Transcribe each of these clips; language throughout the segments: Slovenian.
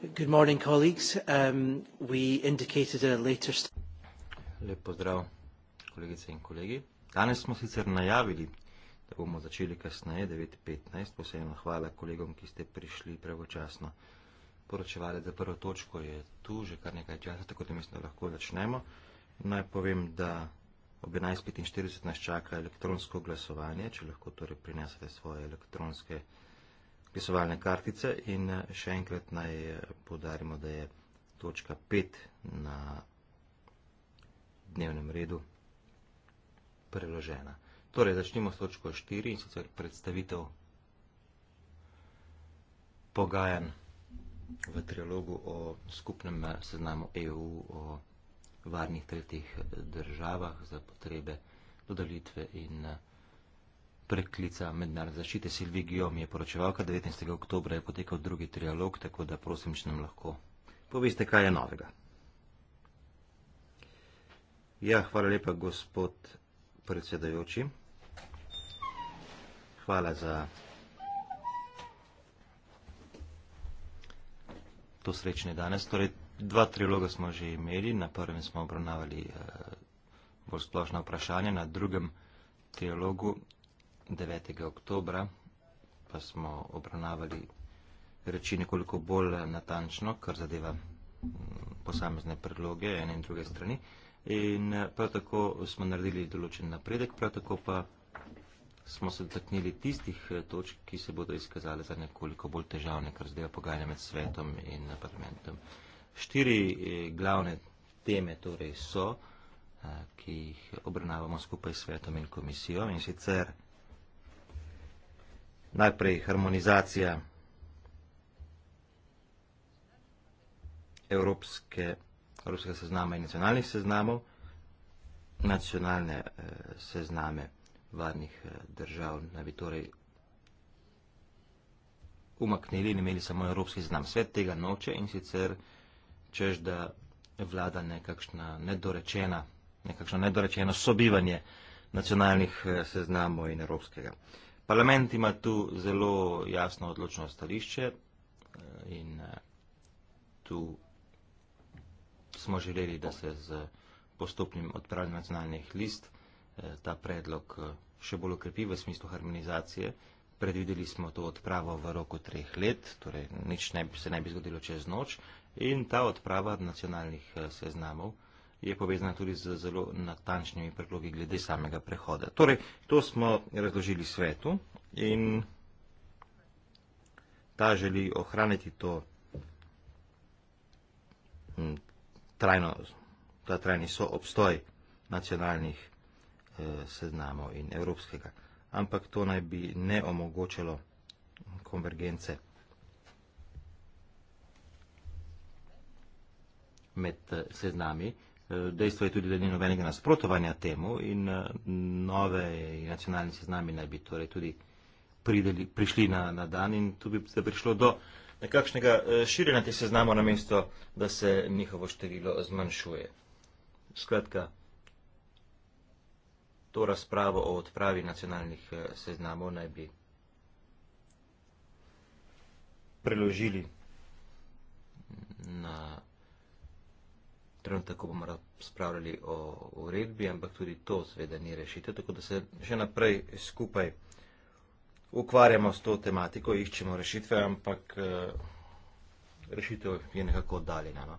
Good morning, colleagues. Um, we indicated a later st- Lep pozdrav, kolegice in kolegi. Danes smo sicer najavili, da bomo začeli kasneje, 9.15. Posebno hvala kolegom, ki ste prišli pravočasno. Poročevali, da prvo točko je tu, že kar nekaj časa, tako da mislim, da lahko začnemo. Naj povem, da ob 11.45 nas čaka elektronsko glasovanje, če lahko torej prinesete svoje elektronske glasovanje pisovalne kartice in eh, še enkrat naj eh, podarimo, da je točka 5 na dnevnem redu preložena. Torej, začnimo s točko 4 in sicer predstavitev pogajan v trialogu o skupnem eh, seznamu EU o varnih tretjih državah za potrebe dodelitve in vsega preklica mednarodne zaščite Silvi Gijom je poročevalka. 19. oktobra je potekal drugi trialog, tako da prosim, če nam lahko poveste, kaj je novega. Ja, hvala lepa, gospod predsedajoči. Hvala za to srečne danes. Torej, dva triloga smo že imeli. Na prvem smo obravnavali eh, bolj splošna vprašanja, na drugem triologu 9. oktobra, pa smo obravnavali reči nekoliko bolj natančno, kar zadeva mm, posamezne predloge ene in druge strani. In eh, prav tako smo naredili določen napredek, prav tako pa smo se dotaknili tistih eh, točk, ki se bodo izkazale za nekoliko bolj težavne, kar zadeva pogajanja med svetom in eh, parlamentom. Štiri glavne teme torej so, ki jih obravnavamo skupaj s svetom in komisijo in sicer najprej harmonizacija evropske, evropske seznama in nacionalnih seznamov, nacionalne eh, sezname varnih eh, držav, da bi torej umaknili in imeli samo evropski seznam. Svet tega noče in sicer čež, da vlada nekakšna nedorečena, nekakšno nedorečeno sobivanje nacionalnih eh, seznamov in evropskega. Eh, Parlament ima tu zelo jasno odločno stališče eh, in eh, tu smo želeli, da se z postopnim odpravljanjem nacionalnih list eh, ta predlog še bolj ukrepi v smislu harmonizacije. Predvideli smo to odpravo v roku treh let, torej nič ne, se ne bi zgodilo čez noč in ta odprava nacionalnih seznamov je povezana tudi z zelo natančnimi predlogi glede samega prehoda. Torej, to smo razložili svetu in ta želi ohraniti to mm, trajno, ta trajni so obstoj nacionalnih eh, seznamov in evropskega. Ampak to naj bi ne omogočalo konvergence med eh, seznami eh, Dejstvo je tudi, da ni nobenega nasprotovanja temu in eh, nove nacionalni seznami naj bi torej tudi prideli, prišli na, na dan in tu bi se prišlo do nekakšnega eh, širjenja te seznamo na mesto, da se njihovo število zmanjšuje. Skratka, to razpravo o odpravi nacionalnih eh, seznamov naj bi preložili na trenutno bomo razpravljali o uredbi, ampak tudi to seveda ni rešitev, tako da se še naprej skupaj ukvarjamo s to tematiko, iščemo rešitve, ampak eh, rešitev je nekako oddaljena. No.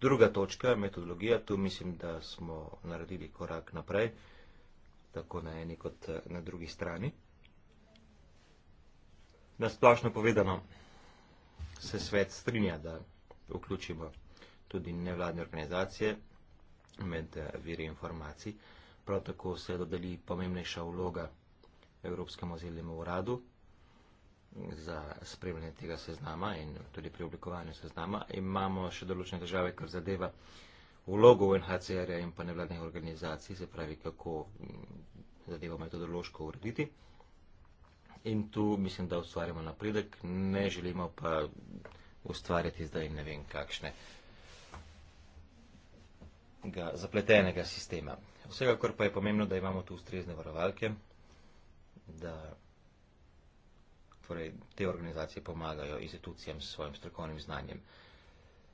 Druga točka, metodologija, tu mislim, da smo naredili korak naprej, tako na eni kot eh, na drugi strani. Nasplošno povedano, se svet strinja, da vključimo tudi nevladne organizacije med eh, viri informacij. Prav tako se dodeli pomembnejša vloga Evropskemu zeljemu uradu mm, za spremljanje tega seznama in tudi pri oblikovanju seznama. Imamo še določene države, kar zadeva vlogo UNHCR-ja in pa nevladnih organizacij, se pravi, kako mm, zadevo metodološko urediti. In tu mislim, da ustvarjamo napredek, ne želimo pa ustvarjati zdaj ne vem kakšne ga zapletenega sistema. Vsekakor pa je pomembno, da imamo tu ustrezne varovalke, da torej, te organizacije pomagajo institucijam s svojim strokovnim znanjem.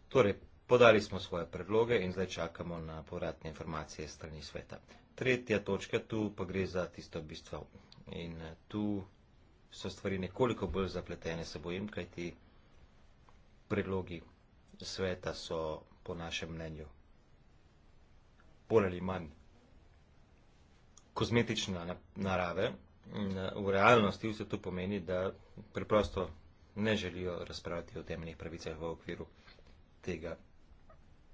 Torej, podali smo svoje predloge in zdaj čakamo na povratne informacije strani sveta. Tretja točka, tu pa gre za tisto bistvo. In eh, tu so stvari nekoliko bolj zapletene, se bojim, kajti predlogi sveta so po našem mnenju bolj ali manj kozmetične narave. Eh, v realnosti vse to pomeni, da preprosto ne želijo razpravljati o temeljnih pravicah v okviru tega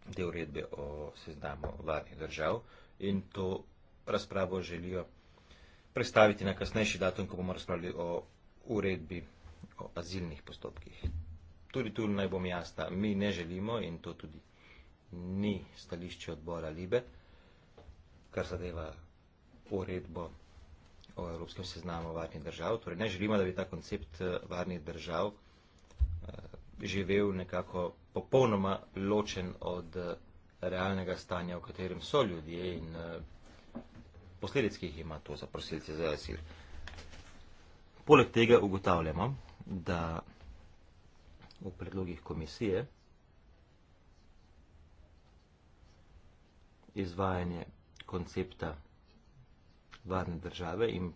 del uredbe o seznamu varnih držav in to razpravo želijo predstaviti na kasnejši datum, ko bomo razpravljali o uredbi o azilnih postopkih. Tudi tu naj bom jasna, mi ne želimo in to tudi ni stališče odbora Libe, kar zadeva uredbo o Evropskem seznamu varnih držav. Torej, ne želimo, da bi ta koncept eh, varnih držav eh, živel nekako popolnoma ločen od eh, realnega stanja, v katerem so ljudje in posledic, ki jih ima to za prosilce za asil. Poleg tega ugotavljamo, da v predlogih komisije izvajanje koncepta varne države in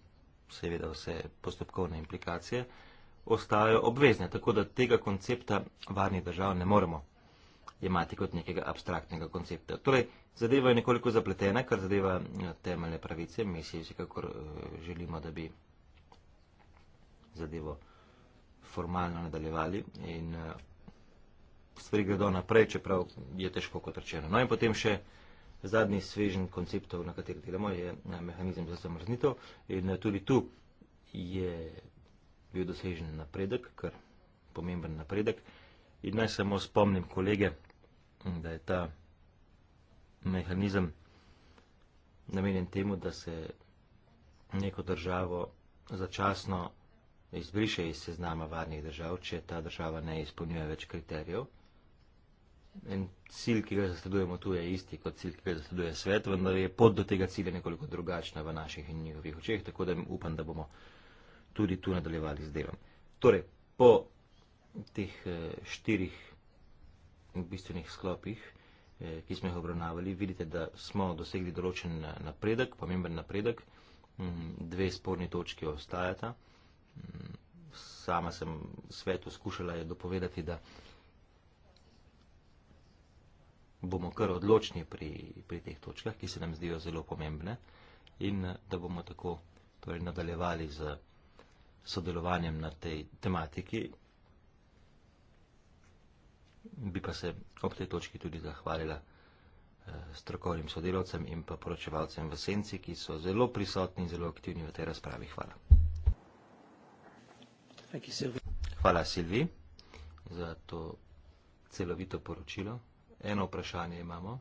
seveda vse postopkovne implikacije ostajajo obvezne, tako da tega koncepta varnih držav ne moremo jemati kot nekega abstraktnega koncepta. Torej, zadeva je nekoliko zapletena, kar zadeva eh, temeljne pravice. Mi si vsekakor eh, želimo, da bi zadevo formalno nadaljevali in eh, stvari gredo naprej, čeprav je težko kot rečeno. No in potem še zadnji svežen konceptov, na kateri delamo, je eh, mehanizem za zamrznitev in eh, tudi tu je bil dosežen napredek, kar pomemben napredek. In naj samo spomnim kolege, hm, da je ta mehanizem namenjen temu, da se neko državo začasno izbriše iz seznama varnih držav, če ta država ne izpolnjuje več kriterijev. In cilj, ki ga zasledujemo tu, je isti kot cilj, ki ga zasleduje svet, vendar je pot do tega cilja nekoliko drugačna v naših in njihovih očeh, tako da upam, da bomo tudi tu nadaljevali z delom. Torej, po teh eh, štirih bistvenih sklopih, eh, ki smo jih obravnavali, vidite, da smo dosegli določen eh, napredek, pomemben napredek, mm, dve sporni točki ostajata. Mm, sama sem svetu skušala je dopovedati, da bomo kar odločni pri, pri teh točkah, ki se nam zdijo zelo pomembne in eh, da bomo tako torej, nadaljevali z sodelovanjem na tej tematiki. Bi pa se ob tej točki tudi zahvalila eh, strokovnim sodelovcem in pa poročevalcem v Senci, ki so zelo prisotni in zelo aktivni v tej razpravi. Hvala. Hvala Silvi za to celovito poročilo. Eno vprašanje imamo,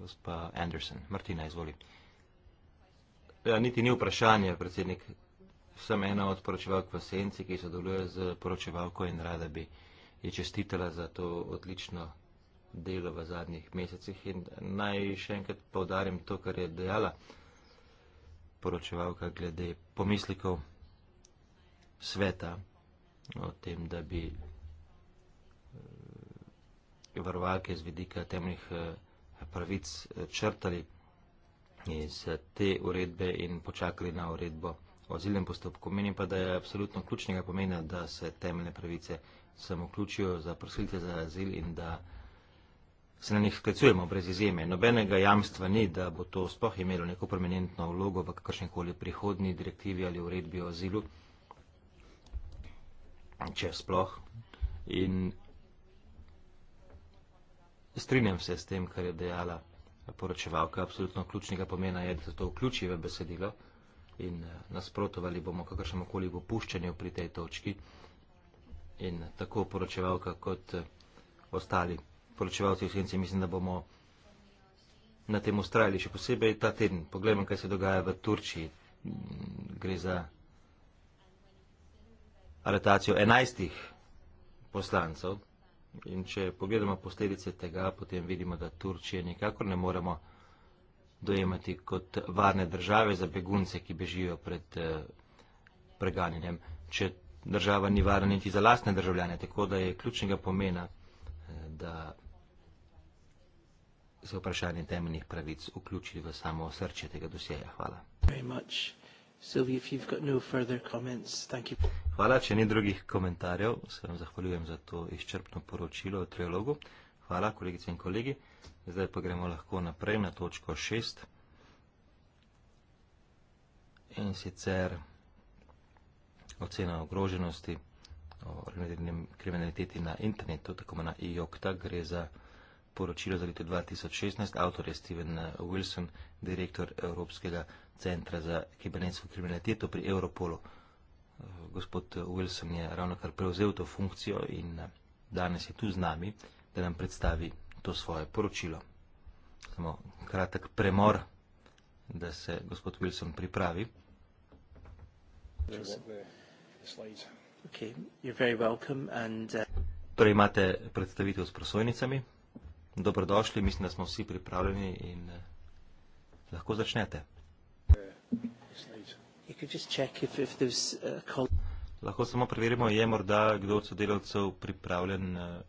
gospa Anderson. Martina, izvoli. Ja, niti ni vprašanje, predsednik. Sem ena od poročevalk v Senci, ki sodeluje z poročevalko in rada bi je čestitela za to odlično delo v zadnjih mesecih. In naj še enkrat povdarim to, kar je dejala poročevalka glede pomislikov sveta o tem, da bi varovalke z vidika temeljih eh, pravic eh, črtali iz eh, te uredbe in počakali na uredbo o zilnem postopku. Menim pa, da je absolutno ključnega pomena, da se temeljne pravice sem vključijo za prosilce za azil in da se na njih sklecujemo brez izjeme. Nobenega jamstva ni, da bo to sploh imelo neko permanentno vlogo v kakršnekoli prihodni direktivi ali uredbi o azilu, če sploh. In Strinjam se s tem, kar je dejala poročevalka. Absolutno ključnega pomena je, da se to vključi v besedilo in eh, nasprotovali bomo kakršnemu koli popuščanju pri tej točki. In eh, tako poročevalka kot eh, ostali poročevalci v senci mislim, da bomo na tem ustrajali. Še posebej ta teden. Poglejmo, kaj se dogaja v Turčiji. Mm, gre za aretacijo enajstih poslancev In če pogledamo posledice tega, potem vidimo, da Turčije nikakor ne moremo dojemati kot varne države za begunce, ki bežijo pred eh, preganjenjem. Če država ni varna niti za lastne državljane, tako da je ključnega pomena, eh, da se vprašanje temeljnih pravic vključi v samo srče tega dosjeja. Hvala. Sylvie, if you've got no further comments, thank you. Hvala, če ni drugih komentarjev, se vam zahvaljujem za to izčrpno poročilo o trilogu. Hvala, kolegice in kolegi. Zdaj pa gremo lahko naprej na točko šest. In sicer ocena ogroženosti o kriminaliteti na internetu, tako na IOKTA, gre za poročilo za leto 2016. Avtor je Steven Wilson, direktor Evropskega centra za kibernetsko kriminaliteto pri Europolu. Eh, gospod Wilson je ravno kar prevzel to funkcijo in eh, danes je tu z nami, da nam predstavi to svoje poročilo. Samo kratek premor, da se gospod Wilson pripravi. Uh, torej imate predstavitev s prosojnicami. Dobrodošli, mislim, da smo vsi pripravljeni in eh, lahko začnete. Lahko samo preverimo, je morda kdo od sodelavcev pripravljen eh,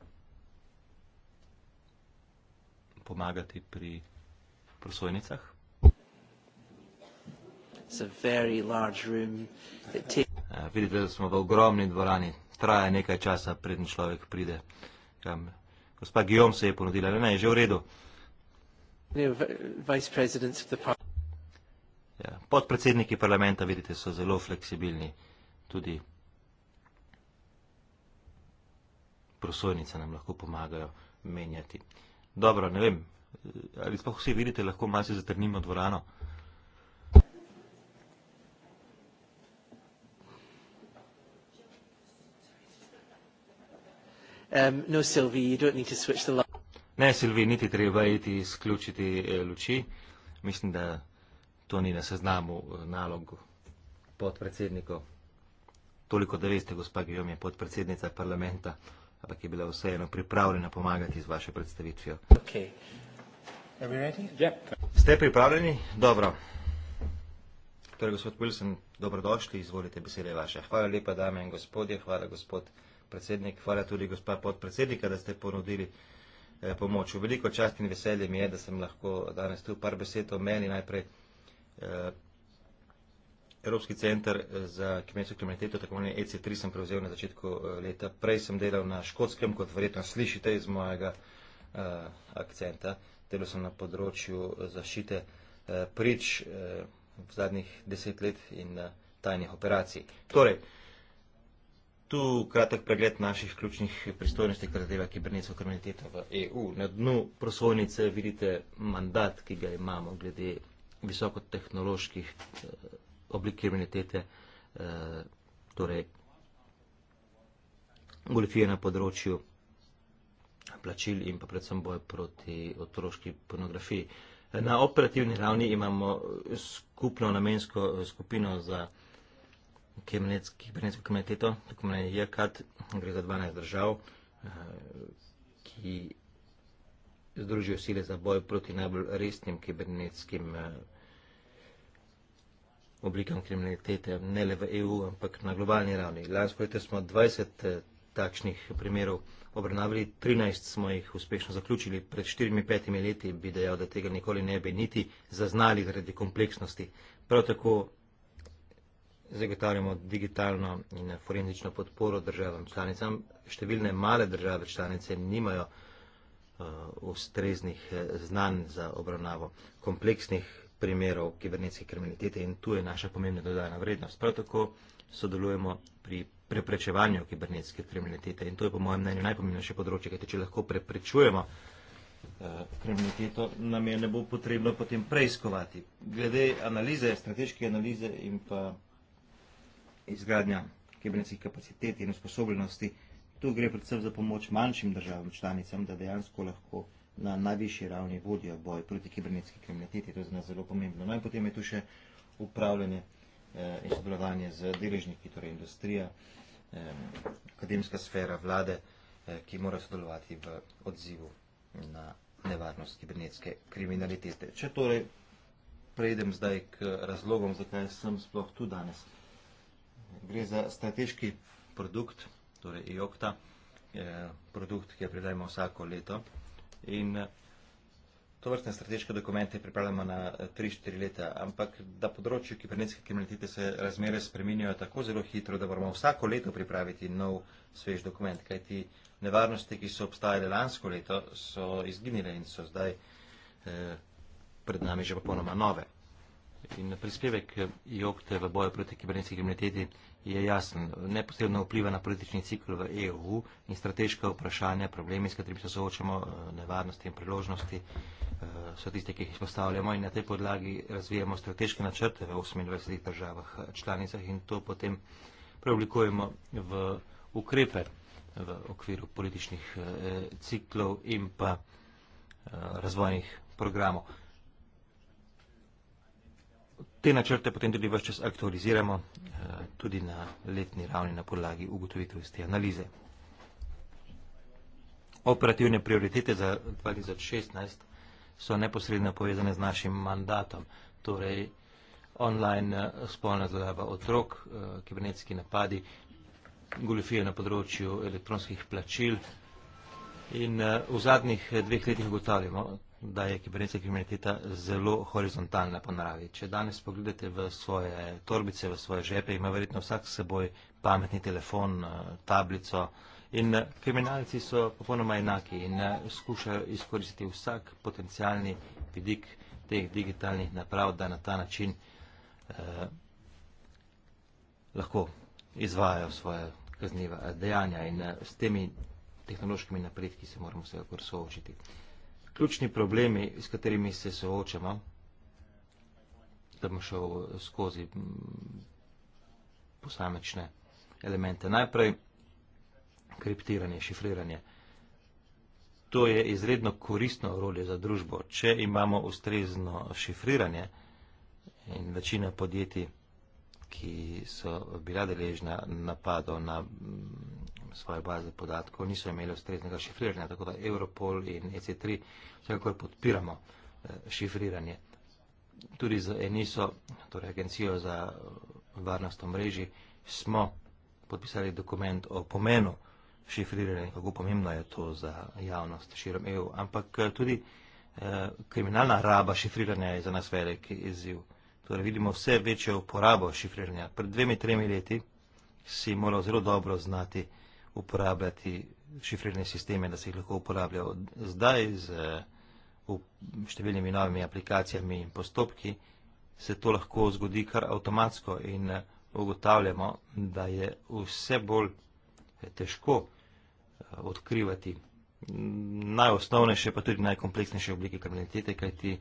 pomagati pri prosojnicah? Eh, vidite, da smo v ogromni dvorani. Traja nekaj časa, preden človek pride. Ja, gospa Guillaume se je ponudila. Ne, ne, je že v redu. Vice president of the party podpredsedniki parlamenta, vidite, so zelo fleksibilni. Tudi prosojnice nam lahko pomagajo menjati. Dobro, ne vem, ali spoh vsi vidite, lahko malce zatrnimo dvorano. Um, no, ne, Silvi, niti treba iti izključiti eh, luči. Mislim, da to ni na seznamu eh, nalog podpredsednikov. Toliko, da veste, gospa Gijom je podpredsednica parlamenta, ampak je bila vseeno pripravljena pomagati z vaše predstavitvijo. Okay. Yeah. Ja. Ste pripravljeni? Dobro. Torej, gospod Wilson, dobrodošli, izvolite, besede vaše. Hvala lepa, dame in gospodje, hvala gospod predsednik, hvala tudi gospa podpredsednika, da ste ponudili eh, pomoč. Veliko čast in veselje mi je, da sem lahko danes tu par besed o meni najprej. Eh, Evropski center eh, za kmetijsko kriminaliteto, tako imenovani EC3, sem prevzel na začetku eh, leta. Prej sem delal na škotskem, kot verjetno slišite iz mojega uh, akcenta. Delal sem na področju zaščite uh, prič uh, v zadnjih deset let in uh, tajnih operacij. Torej, tu kratek pregled naših ključnih pristojnosti, kar zadeva kibernetsko kriminaliteto v EU. Na dnu prosojnice vidite mandat, ki ga imamo glede visokotehnoloških eh, oblik kriminalitete, eh, torej golfije na področju plačil in pa predvsem boj proti otroški pornografiji. Na operativni ravni imamo skupno namensko eh, skupino za kibernetsko kriminaliteto, tako imenovani JAKAT, gre za 12 držav, ki združijo sile za boj proti najbolj resnim kibernetskim eh, oblikam kriminalitete, ne le v EU, ampak na globalni ravni. Lansko leto smo 20 eh, takšnih primerov obravnavali, 13 smo jih uspešno zaključili, pred 4-5 leti bi dejal, da tega nikoli ne bi niti zaznali zaradi kompleksnosti. Prav tako zagotavljamo digitalno in forenzično podporo državam članicam. Številne male države članice nimajo uh, ustreznih eh, znanj za obravnavo kompleksnih primerov kibernetske kriminalitete in tu je naša pomembna dodana vrednost. Prav tako sodelujemo pri preprečevanju kibernetske kriminalitete in to je po mojem mnenju najpomembnejše področje, kajte če lahko preprečujemo eh, kriminaliteto, nam je ne bo potrebno potem preiskovati. Glede analize, strateške analize in pa izgradnja kibernetskih kapacitet in usposobljenosti, uh, Tu gre predvsem za pomoč manjšim državam članicam, da dejansko lahko na najvišji ravni vodijo boj proti kibernetski kriminaliteti. To je zna zelo pomembno. No in potem je tu še upravljanje eh, in sodelovanje z deležniki, torej industrija, akademska sfera, vlade, eh, ki mora sodelovati v odzivu na nevarnost kibernetske kriminalitete. Če torej prejdem zdaj k razlogom, zakaj sem sploh tu danes. Gre za strateški produkt, torej EOKTA, produkt, ki ga predajemo vsako leto. In eh, to vrstne strateške dokumente pripravljamo na 3-4 eh, leta, ampak da področju kibernetske kriminalitete se razmere spreminjajo tako zelo hitro, da moramo vsako leto pripraviti nov svež dokument, kajti nevarnosti, ki so obstajale lansko leto, so izginile in so zdaj eh, pred nami že popolnoma nove. In prispevek IOKTE v boju proti kibernetski kriminaliteti je jasen. Neposredno vpliva na politični cikl v EU in strateška vprašanja, problemi, s katerimi se soočamo, eh, nevarnosti in priložnosti, eh, so tiste, ki jih izpostavljamo in na tej podlagi razvijamo strateške načrte v 28 državah eh, članicah in to potem preoblikujemo v ukrepe v okviru političnih ciklov in pa razvojnih programov. Te načrte potem tudi vse čas aktualiziramo, eh, tudi na letni ravni na podlagi ugotovitev iz te analize. Operativne prioritete za 2016 so neposredno povezane z našim mandatom, torej online eh, spolna zlorava otrok, eh, kibernetski napadi, golfije na področju elektronskih plačil in v zadnjih dveh letih ugotavljamo, da je kibernetska kriminaliteta zelo horizontalna po naravi. Če danes pogledate v svoje torbice, v svoje žepe, ima verjetno vsak s seboj pametni telefon, eh, tablico in eh, kriminalci so popolnoma enaki in eh, skušajo izkoristiti vsak potencialni vidik teh digitalnih naprav, da na ta način eh, lahko izvajajo svoje kazniva dejanja in eh, s temi tehnološkimi napredki se moramo vsekakor soočiti ključni problemi, s katerimi se soočamo, da bomo šel skozi posamečne elemente. Najprej kriptiranje, šifriranje. To je izredno koristno orodje za družbo. Če imamo ustrezno šifriranje in večina podjetij, ki so bila deležna napadov na svoje baze podatkov, niso imeli ustreznega šifriranja, tako da Europol in EC3 vsekakor podpiramo eh, šifriranje. Tudi z ENISO, torej Agencijo za eh, varnost omrežji, smo podpisali dokument o pomenu šifriranja, kako pomembno je to za javnost širom EU. Ampak eh, tudi eh, kriminalna raba šifriranja je za nas velik izziv. Torej vidimo vse večjo uporabo šifriranja. Pred dvemi, tremi leti si moral zelo dobro znati eh, uporabljati šifrirane sisteme, da se jih lahko uporablja zdaj z številnimi novimi aplikacijami in postopki, se to lahko zgodi kar avtomatsko in ugotavljamo, da je vse bolj težko odkrivati najosnovnejše, pa tudi najkompleksnejše oblike kriminalitete, kajti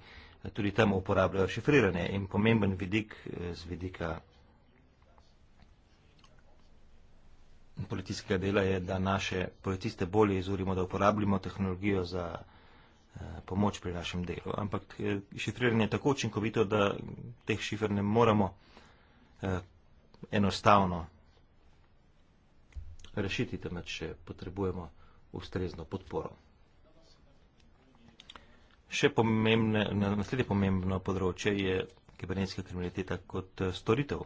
tudi tam uporabljajo šifriranje in pomemben vidik z vidika policijskega dela je, da naše policiste bolje izurimo, da uporabljamo tehnologijo za eh, pomoč pri našem delu. Ampak eh, šifriranje je tako učinkovito, da teh šifr ne moramo eh, enostavno rešiti, temveč potrebujemo ustrezno podporo. Še pomembne, naslednje pomembno področje je kibernetska kriminaliteta kot storitev.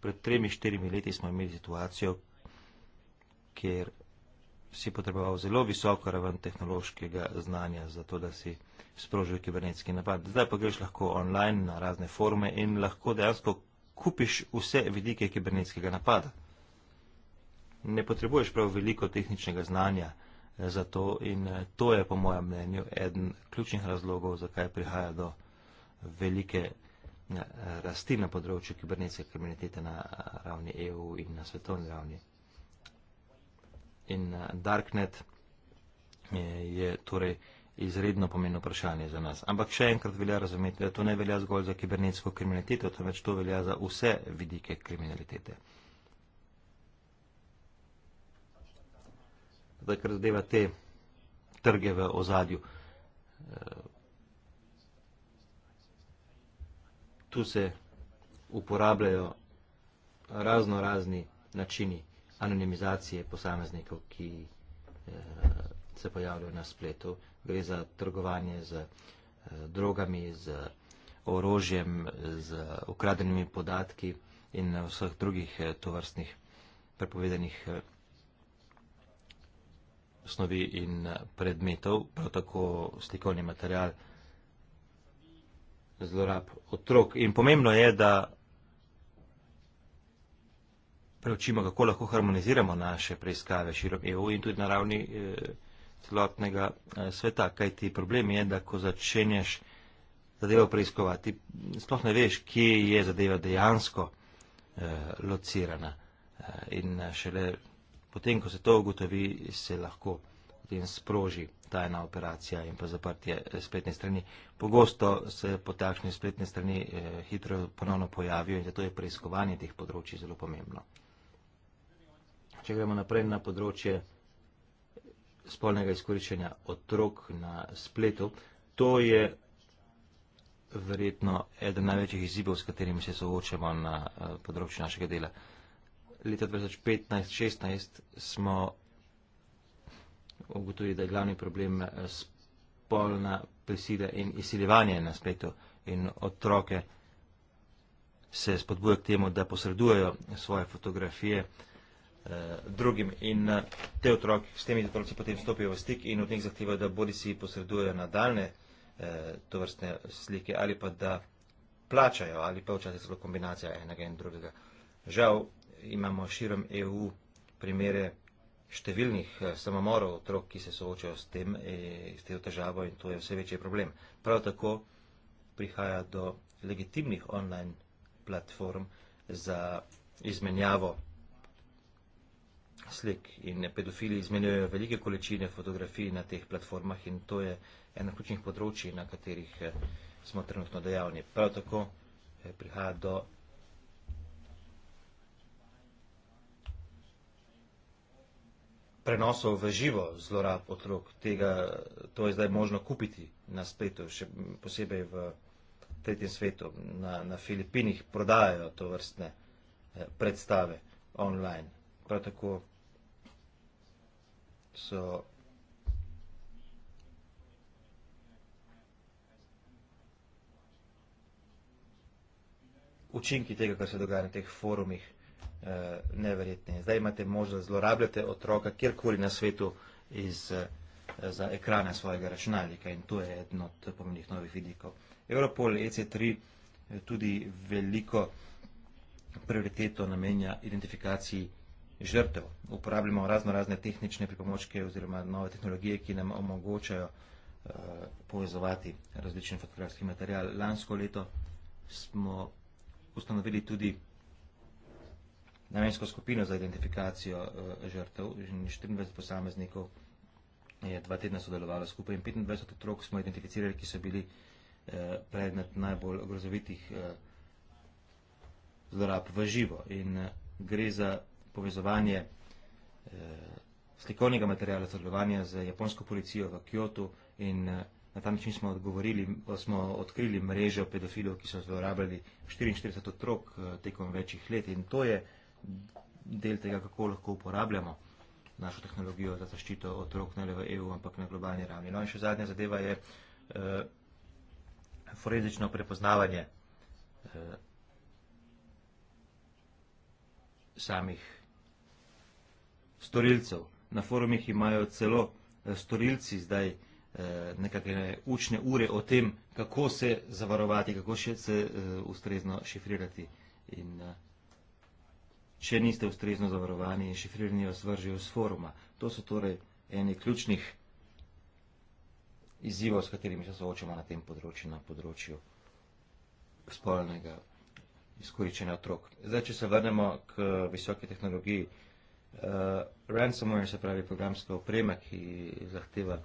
Pred tremi, štirimi leti smo imeli situacijo, kjer si potreboval zelo visoko raven tehnološkega znanja, zato da si sprožil kibernetski napad. Zdaj pa greš lahko online na razne forme in lahko dejansko kupiš vse vidike kibernetskega napada. Ne potrebuješ prav veliko tehničnega znanja eh, za to in eh, to je po mojem mnenju eden ključnih razlogov, zakaj prihaja do velike eh, rasti na področju kibernetske kriminalitete na ravni EU in na svetovni ravni in eh, Darknet eh, je torej izredno pomeno vprašanje za nas. Ampak še enkrat velja razumeti, da to ne velja zgolj za kibernetsko kriminaliteto, temveč to velja za vse vidike kriminalitete. Da kar zadeva te trge v ozadju. Eh, tu se uporabljajo razno razni načini anonimizacije posameznikov, ki eh, se pojavljajo na spletu. Gre za trgovanje z eh, drogami, z orožjem, z ukradenimi podatki in vseh drugih eh, tovrstnih prepovedanih eh, snovi in eh, predmetov, prav tako slikovni material zlorab otrok. In pomembno je, da preučimo, kako lahko harmoniziramo naše preiskave širom EU in tudi na ravni eh, celotnega eh, sveta. Kaj ti problem je, da ko začenješ zadevo preiskovati, sploh ne veš, kje je zadeva dejansko eh, locirana. Eh, in eh, šele potem, ko se to ugotovi, se lahko potem sproži tajna operacija in pa zaprtje eh, spletne strani. Pogosto se po takšni spletni strani eh, hitro ponovno pojavijo in zato je preiskovanje teh področji zelo pomembno če gremo naprej na področje spolnega izkoriščanja otrok na spletu, to je verjetno eden največjih izzivov, s katerimi se soočamo na eh, področju našega dela. Leta 2015-16 smo ugotovili, da je glavni problem eh, spolna prisila in izsiljevanje na spletu in otroke se spodbuja k temu, da posredujejo svoje fotografije uh, Eh, drugim. In eh, te otroki, s temi otroci potem stopijo v stik in od njih zahtevajo, da bodi si posredujejo nadaljne eh, to vrstne slike ali pa da plačajo ali pa včasih celo kombinacija enega in drugega. Žal imamo širom EU primere številnih samomorov otrok, ki se soočajo s tem, s tem težavo in to je vse večji problem. Prav tako prihaja do legitimnih online platform za izmenjavo slik in pedofili izmenjujejo velike količine fotografij na teh platformah in to je ena ključnih področji, na katerih eh, smo trenutno dejavni. Prav tako eh, prihaja do prenosov v živo zlorab otrok. Tega, to je zdaj možno kupiti na spletu, še posebej v tretjem svetu. Na, na Filipinih prodajajo to vrstne eh, predstave online. Prav tako So učinki tega, kar se dogaja na teh forumih, eh, neverjetni. Zdaj imate možnost, zlorabljate otroka kjerkoli na svetu iz, eh, za ekrane svojega računalnika in to je eden od pomembnih novih vidikov. Europol EC3 eh, tudi veliko prioriteto namenja identifikaciji žrtev. Uporabljamo razno razne tehnične pripomočke oziroma nove tehnologije, ki nam omogočajo uh, povezovati različen fotografski material. Lansko leto smo ustanovili tudi namensko skupino za identifikacijo uh, žrtev. 24 posameznikov je dva tedna sodelovalo skupaj in 25 otrok smo identificirali, ki so bili eh, predmet najbolj grozovitih zlorab v živo. In gre za povezovanje eh, slikovnega materiala trgovanja z japonsko policijo v Kyoto in eh, na ta način smo odgovorili, smo odkrili mrežo pedofilov, ki so zlorabljali 44 otrok eh, tekom večjih let in to je del tega, kako lahko uporabljamo našo tehnologijo za zaščito otrok ne le v EU, ampak na globalni ravni. No in še zadnja zadeva je eh, forenzično prepoznavanje eh, samih storilcev. Na forumih imajo celo eh, storilci zdaj eh, nekakšne učne ure o tem, kako se zavarovati, kako še se eh, ustrezno šifrirati. In če niste ustrezno zavarovani in šifrirani, vas vržijo z foruma. To so torej eni ključnih izzivov, s katerimi se soočamo na tem področju, na področju spolnega izkoriščenja otrok. Zdaj, če se vrnemo k visoki tehnologiji, Uh, ransomware se pravi programska oprema, ki zahteva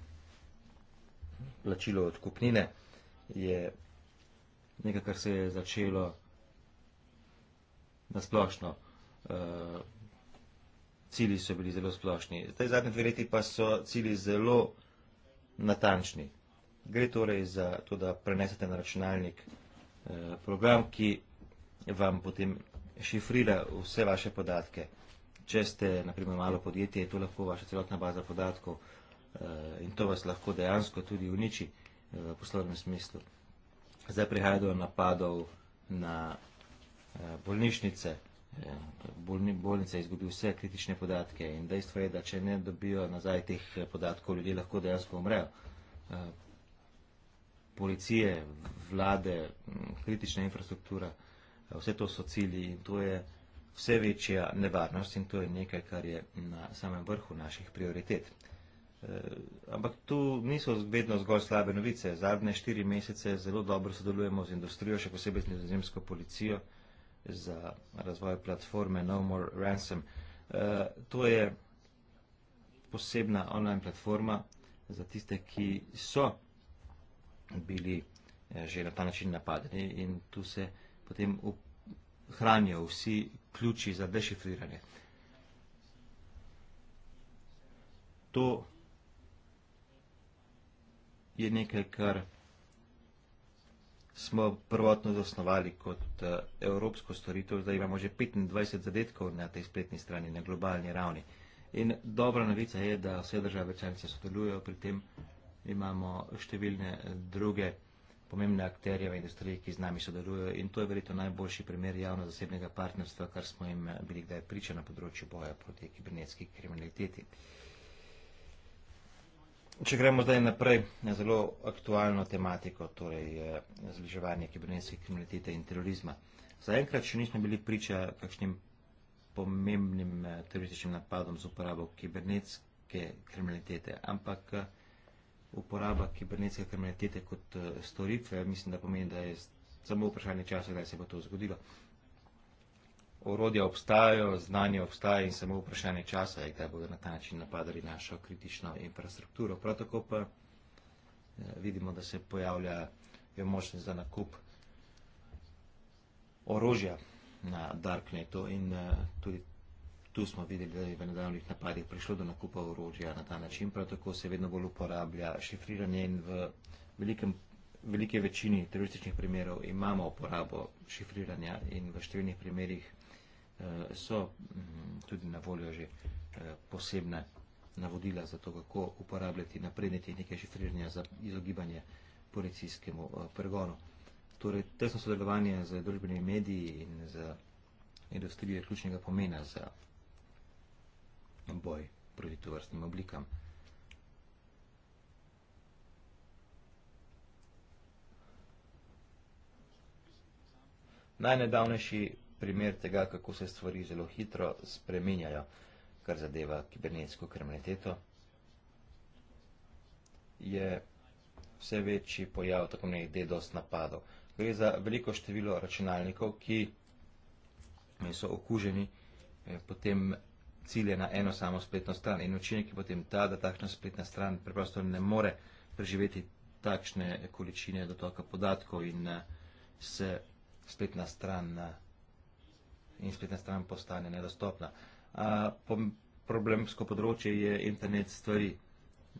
plačilo odkupnine, je nekaj, kar se je začelo na splošno. Uh, eh, cili so bili zelo splošni. Zdaj zadnji dve leti pa so cili zelo natančni. Gre torej za to, da prenesete na računalnik eh, program, ki vam potem šifrira vse vaše podatke če ste, naprimer, malo podjetje, je to lahko vaša celotna baza podatkov eh, in to vas lahko dejansko tudi uniči eh, v poslovnem smislu. Zdaj prihaja do napadov na eh, bolnišnice. Bolnica je izgubila vse kritične podatke in dejstvo je, da če ne dobijo nazaj teh podatkov, ljudje lahko dejansko umrejo. Policije, vlade, kritična infrastruktura, vse to so cilji in to je vse večja nevarnost in to je nekaj, kar je na samem vrhu naših prioritet. E, ampak tu niso vedno zgolj slabe novice. Zadnje štiri mesece zelo dobro sodelujemo z industrijo, še posebej z nizozemsko policijo za razvoj platforme No More Ransom. E, to je posebna online platforma za tiste, ki so bili e, že na ta način napadeni in tu se potem hranijo vsi ključi za dešifriranje. To je nekaj, kar smo prvotno zasnovali kot eh, evropsko storitev, zdaj imamo že 25 zadetkov na tej spletni strani, na globalni ravni. In dobra novica je, da vse države članice sodelujejo pri tem, imamo številne druge pomembne akterje v industriji, ki z nami sodelujo in to je verjetno najboljši primer javno-zasebnega partnerstva, kar smo jim bili kdaj priča na področju boja proti kibernetski kriminaliteti. Če gremo zdaj naprej na zelo aktualno tematiko, torej eh, zbliževanje kibernetske kriminalitete in terorizma. Zaenkrat še nismo bili priča kakšnim pomembnim eh, terorističnim napadom z uporabo kibernetske kriminalitete, ampak eh, uporaba kibernetske kriminalitete kot eh, storitve, mislim, da pomeni, da je samo vprašanje časa, kdaj se bo to zgodilo. Orodja obstajajo, znanje obstaja in samo vprašanje časa je, kdaj bodo na ta način napadali našo kritično infrastrukturo. Prav tako pa eh, vidimo, da se pojavlja možnost za nakup orožja na darknetu in eh, tudi Tu smo videli, da je v nedavnih napadih prišlo do nakupa orožja na ta način, prav tako se vedno bolj uporablja šifriranje in v velikem, velike večini terorističnih primerov imamo uporabo šifriranja in v številnih primerih uh, so um, tudi na voljo že uh, eh, posebne navodila za to, kako uporabljati napredne tehnike šifriranja za izogibanje policijskemu uh, pregonu. Torej, tesno sodelovanje z družbenimi mediji in z industrijo je ključnega pomena za boj proti tovrstnim oblikam. Najnedavnejši primer tega, kako se stvari zelo hitro spreminjajo, kar zadeva kibernetsko kriminaliteto, je vse večji pojav tako mnenih DDoS napadov. Gre za veliko število računalnikov, ki so okuženi, eh, potem cilje na eno samo spletno stran in učinek je potem ta, da takšna spletna stran preprosto ne more preživeti takšne količine dotoka podatkov in eh, se spletna stran eh, in spletna stran postane nedostopna. Problemsko področje je internet stvari.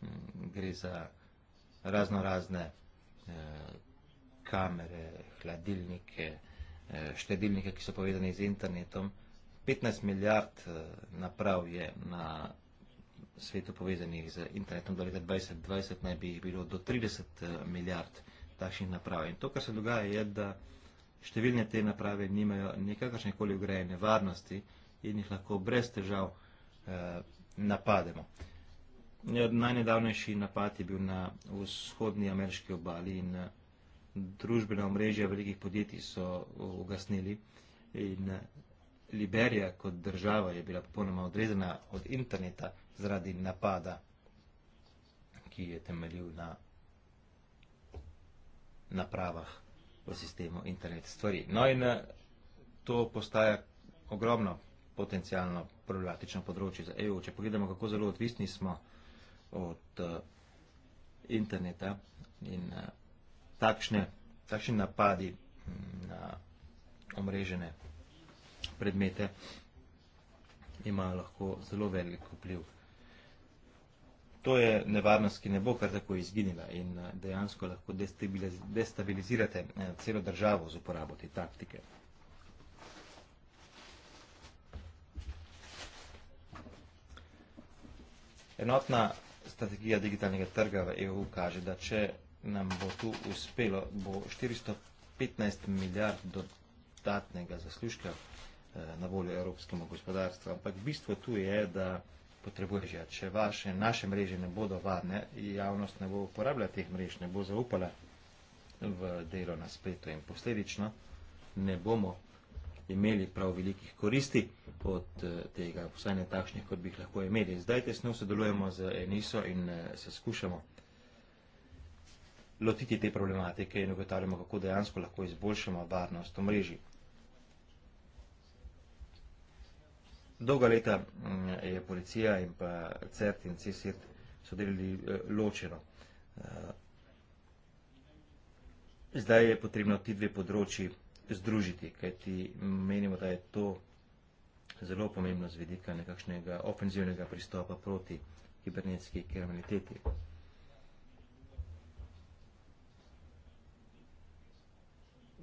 Mm, gre za razno razne eh, kamere, hladilnike, štedilnike, ki so povedani z internetom, 15 milijard eh, naprav je na svetu povezanih z internetom, do leta 2020 naj bi jih bilo do 30 eh, milijard takšnih naprav. In to, kar se dogaja, je, da številne te naprave nimajo nikakršne koli ugrajene varnosti in jih lahko brez težav eh, napademo. Ja, najnedavnejši napad je bil na vzhodni ameriški obali in eh, družbena omrežja velikih podjetij so eh, ugasnili in eh, Liberija kot država je bila popolnoma odrezana od interneta zaradi napada, ki je temeljil na napravah v sistemu internet stvari. No in eh, to postaja ogromno potencijalno problematično področje za EU. Če pogledamo, kako zelo odvisni smo od uh, interneta in uh, takšne, takšni napadi hm, na omrežene predmete, ima lahko zelo velik vpliv. To je nevarnost, ki ne bo kar tako izginila in eh, dejansko lahko destabilizirate eh, celo državo z uporabo te taktike. Enotna strategija digitalnega trga v EU kaže, da če nam bo tu uspelo, bo 415 milijard dodatnega zaslužka Eh, na voljo evropskemu gospodarstvu. Ampak bistvo tu je, da potrebuje že, če vaše, naše mreže ne bodo varne, javnost ne bo uporabljala teh mrež, ne bo zaupala v delo na spletu in posledično ne bomo imeli prav velikih koristi od eh, tega, vsaj ne takšnih, kot bi jih lahko imeli. Zdaj tesno sodelujemo z Eniso in eh, se skušamo lotiti te problematike in ugotavljamo, kako dejansko lahko izboljšamo varnost v mreži. Dolga leta mm, je policija in pa CERT in CISIT so delili eh, ločeno. Eh, zdaj je potrebno ti dve področji združiti, kajti menimo, da je to zelo pomembno z vidika nekakšnega ofenzivnega pristopa proti kibernetski kriminaliteti.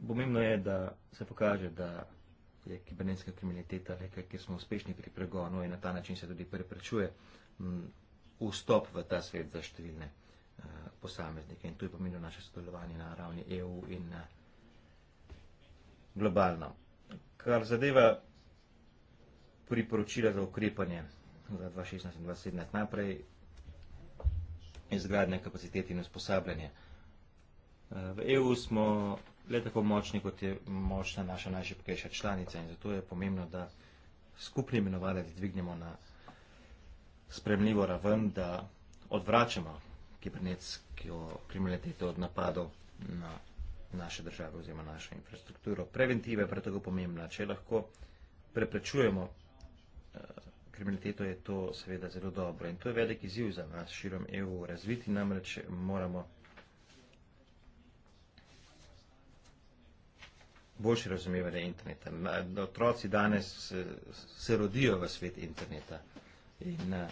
Pomembno je, da se pokaže, da je kibernetska kriminaliteta nekaj, kjer smo uspešni pri pregonu in na ta način se tudi preprečuje mm, vstop v ta svet za številne eh, posameznike. In to je pomenilo naše sodelovanje na ravni EU in eh, globalno. Kar zadeva priporočila za ukrepanje za 2016 in 2017 naprej, izgradnje kapacitete in usposabljanje. Eh, v EU smo le tako močni, kot je močna naša najšipkejša članica in zato je pomembno, da skupni imenovalec dvignemo na spremljivo raven, da odvračamo kibernetski kriminalitete od napadov na naše države oziroma našo infrastrukturo. Preventiva je prav tako pomembna. Če lahko preprečujemo eh, kriminaliteto, je to seveda zelo dobro. In to je velik izziv za nas širom EU. Razviti namreč moramo boljše razumevanje interneta. Otroci danes eh, se rodijo v svet interneta in eh,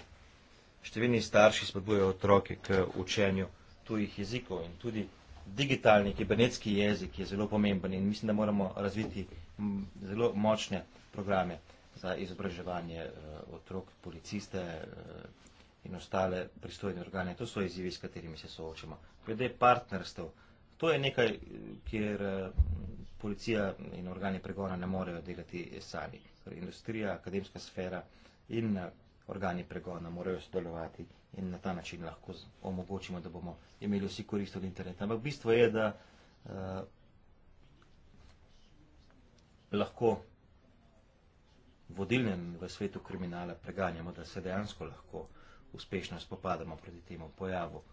številni starši spodbujajo otroke k učenju tujih jezikov in tudi digitalni kibernetski jezik je zelo pomemben in mislim, da moramo razviti zelo močne programe za izobraževanje eh, otrok, policiste in ostale pristojne organe. To so izzivi, s katerimi se soočamo. Glede partnerstv, to je nekaj, kjer policija in organi pregona ne morejo delati sami. Torej, industrija, akademska sfera in eh, organi pregona morajo sodelovati in na ta način lahko omogočimo, da bomo imeli vsi korist od interneta. Ampak bistvo je, da uh, lahko vodilnem v svetu kriminala preganjamo, da se dejansko lahko uspešno spopadamo proti temu pojavu. Uh,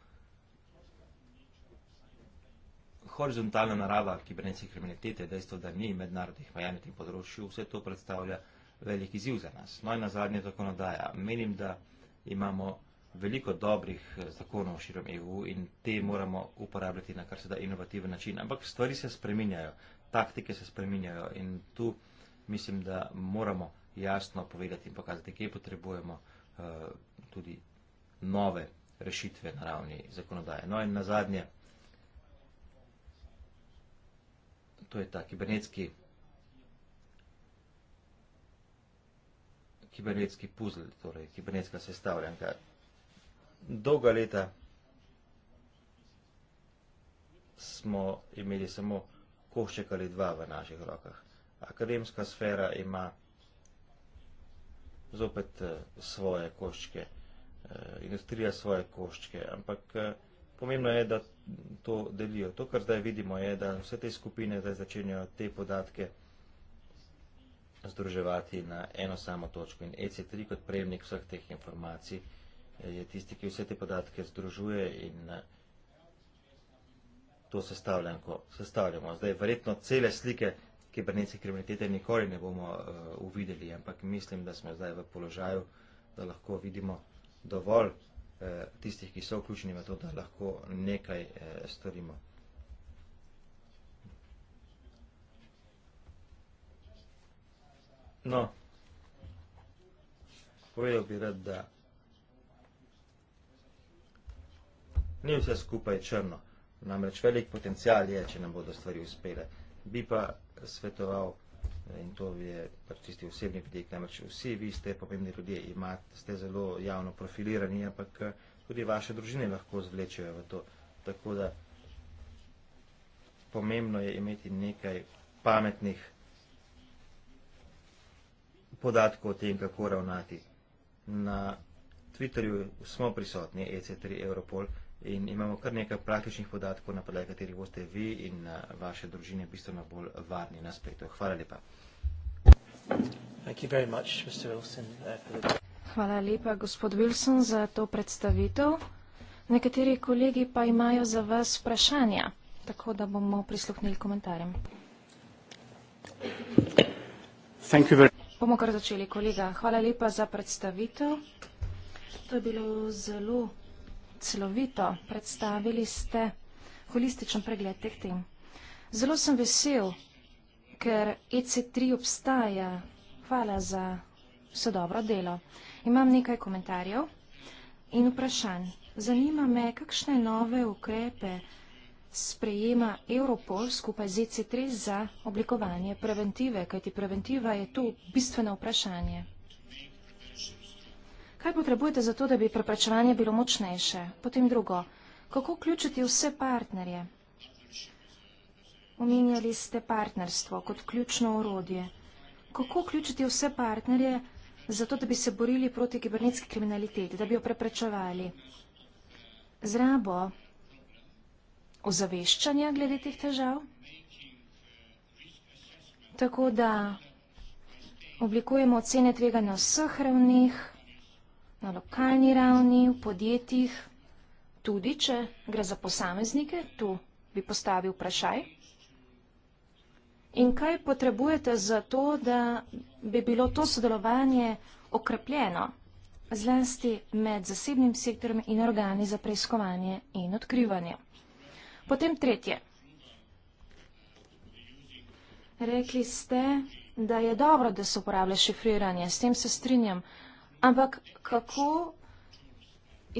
horizontalna narava kibernetske kriminalitete, dejstvo, da ni mednarodnih meja na tem področju, vse to predstavlja velik izziv za nas. No in na zadnje zakonodaja. Menim, da imamo veliko dobrih eh, zakonov širom EU in te moramo uporabljati na kar se da inovativen način. Ampak stvari se spreminjajo, taktike se spreminjajo in tu mislim, da moramo jasno povedati in pokazati, kje potrebujemo uh, tudi nove rešitve na ravni zakonodaje. No in na zadnje, to je ta kibernetski kibernetski puzzle, torej kibernetska sestavljanka. Dolga leta smo imeli samo košček ali dva v naših rokah. Akademska sfera ima zopet eh, svoje koščke, eh, industrija svoje koščke, ampak vsega, eh, Pomembno je, da to delijo. To, kar zdaj vidimo, je, da vse te skupine zdaj začenjajo te podatke združevati na eno samo točko. In EC3 kot prejemnik vseh teh informacij eh, je tisti, ki vse te podatke združuje in eh, to sestavljamo. sestavljamo. Zdaj, verjetno cele slike kibernetske kriminalitete nikoli ne bomo uh, uvideli, ampak mislim, da smo zdaj v položaju, da lahko vidimo dovolj. Eh, tistih, ki so vključeni v to, da lahko nekaj eh, storimo. No, povedal bi rad, da ni vse skupaj črno, namreč velik potencial je, če nam bodo stvari uspele. Bi pa svetoval, da in to je pač tisti osebni vidik, namreč vsi vi ste pomembni ljudje, imate, ste zelo javno profilirani, ampak eh, tudi vaše družine lahko zvlečejo v to. Tako da pomembno je imeti nekaj pametnih podatkov o tem, kako ravnati. Na Twitterju smo prisotni, EC3 Europol in imamo kar nekaj praktičnih podatkov, na podlagi katerih boste vi in eh, vaše družine bistveno bolj varni na spletu. Hvala lepa. Uh, Hvala lepa, gospod Wilson, za to predstavitev. Nekateri kolegi pa imajo za vas vprašanja, tako da bomo prisluhnili komentarjem. Bomo kar začeli, kolega. Hvala lepa za predstavitev. To je bilo zelo celovito predstavili ste holističen pregled teh tem. Zelo sem vesel, ker EC3 obstaja. Hvala za vse dobro delo. Imam nekaj komentarjev in vprašanj. Zanima me, kakšne nove ukrepe sprejema Europol skupaj z EC3 za oblikovanje preventive, kajti preventiva je tu bistveno vprašanje. Kaj potrebujete za to, da bi preprečevanje bilo močnejše? Potem drugo, kako vključiti vse partnerje? Omenjali ste partnerstvo kot ključno orodje. Kako vključiti vse partnerje za to, da bi se borili proti kibernetski kriminaliteti, da bi jo preprečevali? Zrabo ozaveščanja glede teh težav? Tako da oblikujemo ocene tveganja na vseh ravnih, na lokalni ravni, v podjetjih, tudi če gre za posameznike, tu bi postavil vprašaj. In kaj potrebujete za to, da bi bilo to sodelovanje okrepljeno zlasti med zasebnim sektorom in organi za preiskovanje in odkrivanje? Potem tretje. Rekli ste, da je dobro, da se uporablja šifriranje. S tem se strinjam ampak kako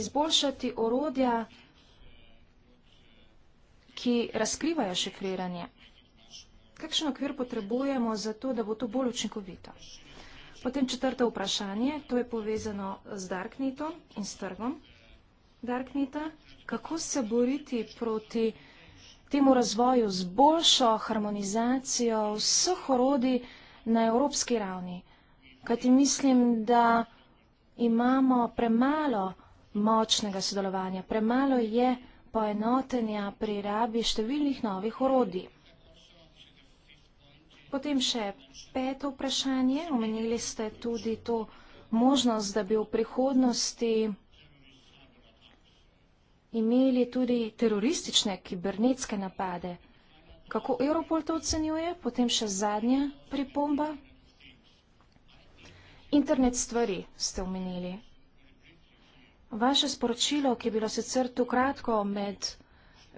izboljšati orodja, ki razkrivajo šifriranje. Kakšen okvir potrebujemo za to, da bo to bolj učinkovito? Potem četrto vprašanje, to je povezano z Darknetom in s trgom Darkneta. Kako se boriti proti temu razvoju z boljšo harmonizacijo vseh orodij na evropski ravni? Kajti mislim, da imamo premalo močnega sodelovanja, premalo je poenotenja pri rabi številnih novih orodij. Potem še peto vprašanje, omenili ste tudi to možnost, da bi v prihodnosti imeli tudi teroristične kibernetske napade. Kako Europol to ocenjuje? Potem še zadnja pripomba. Internet stvari ste omenili. Vaše sporočilo, ki je bilo sicer tu kratko med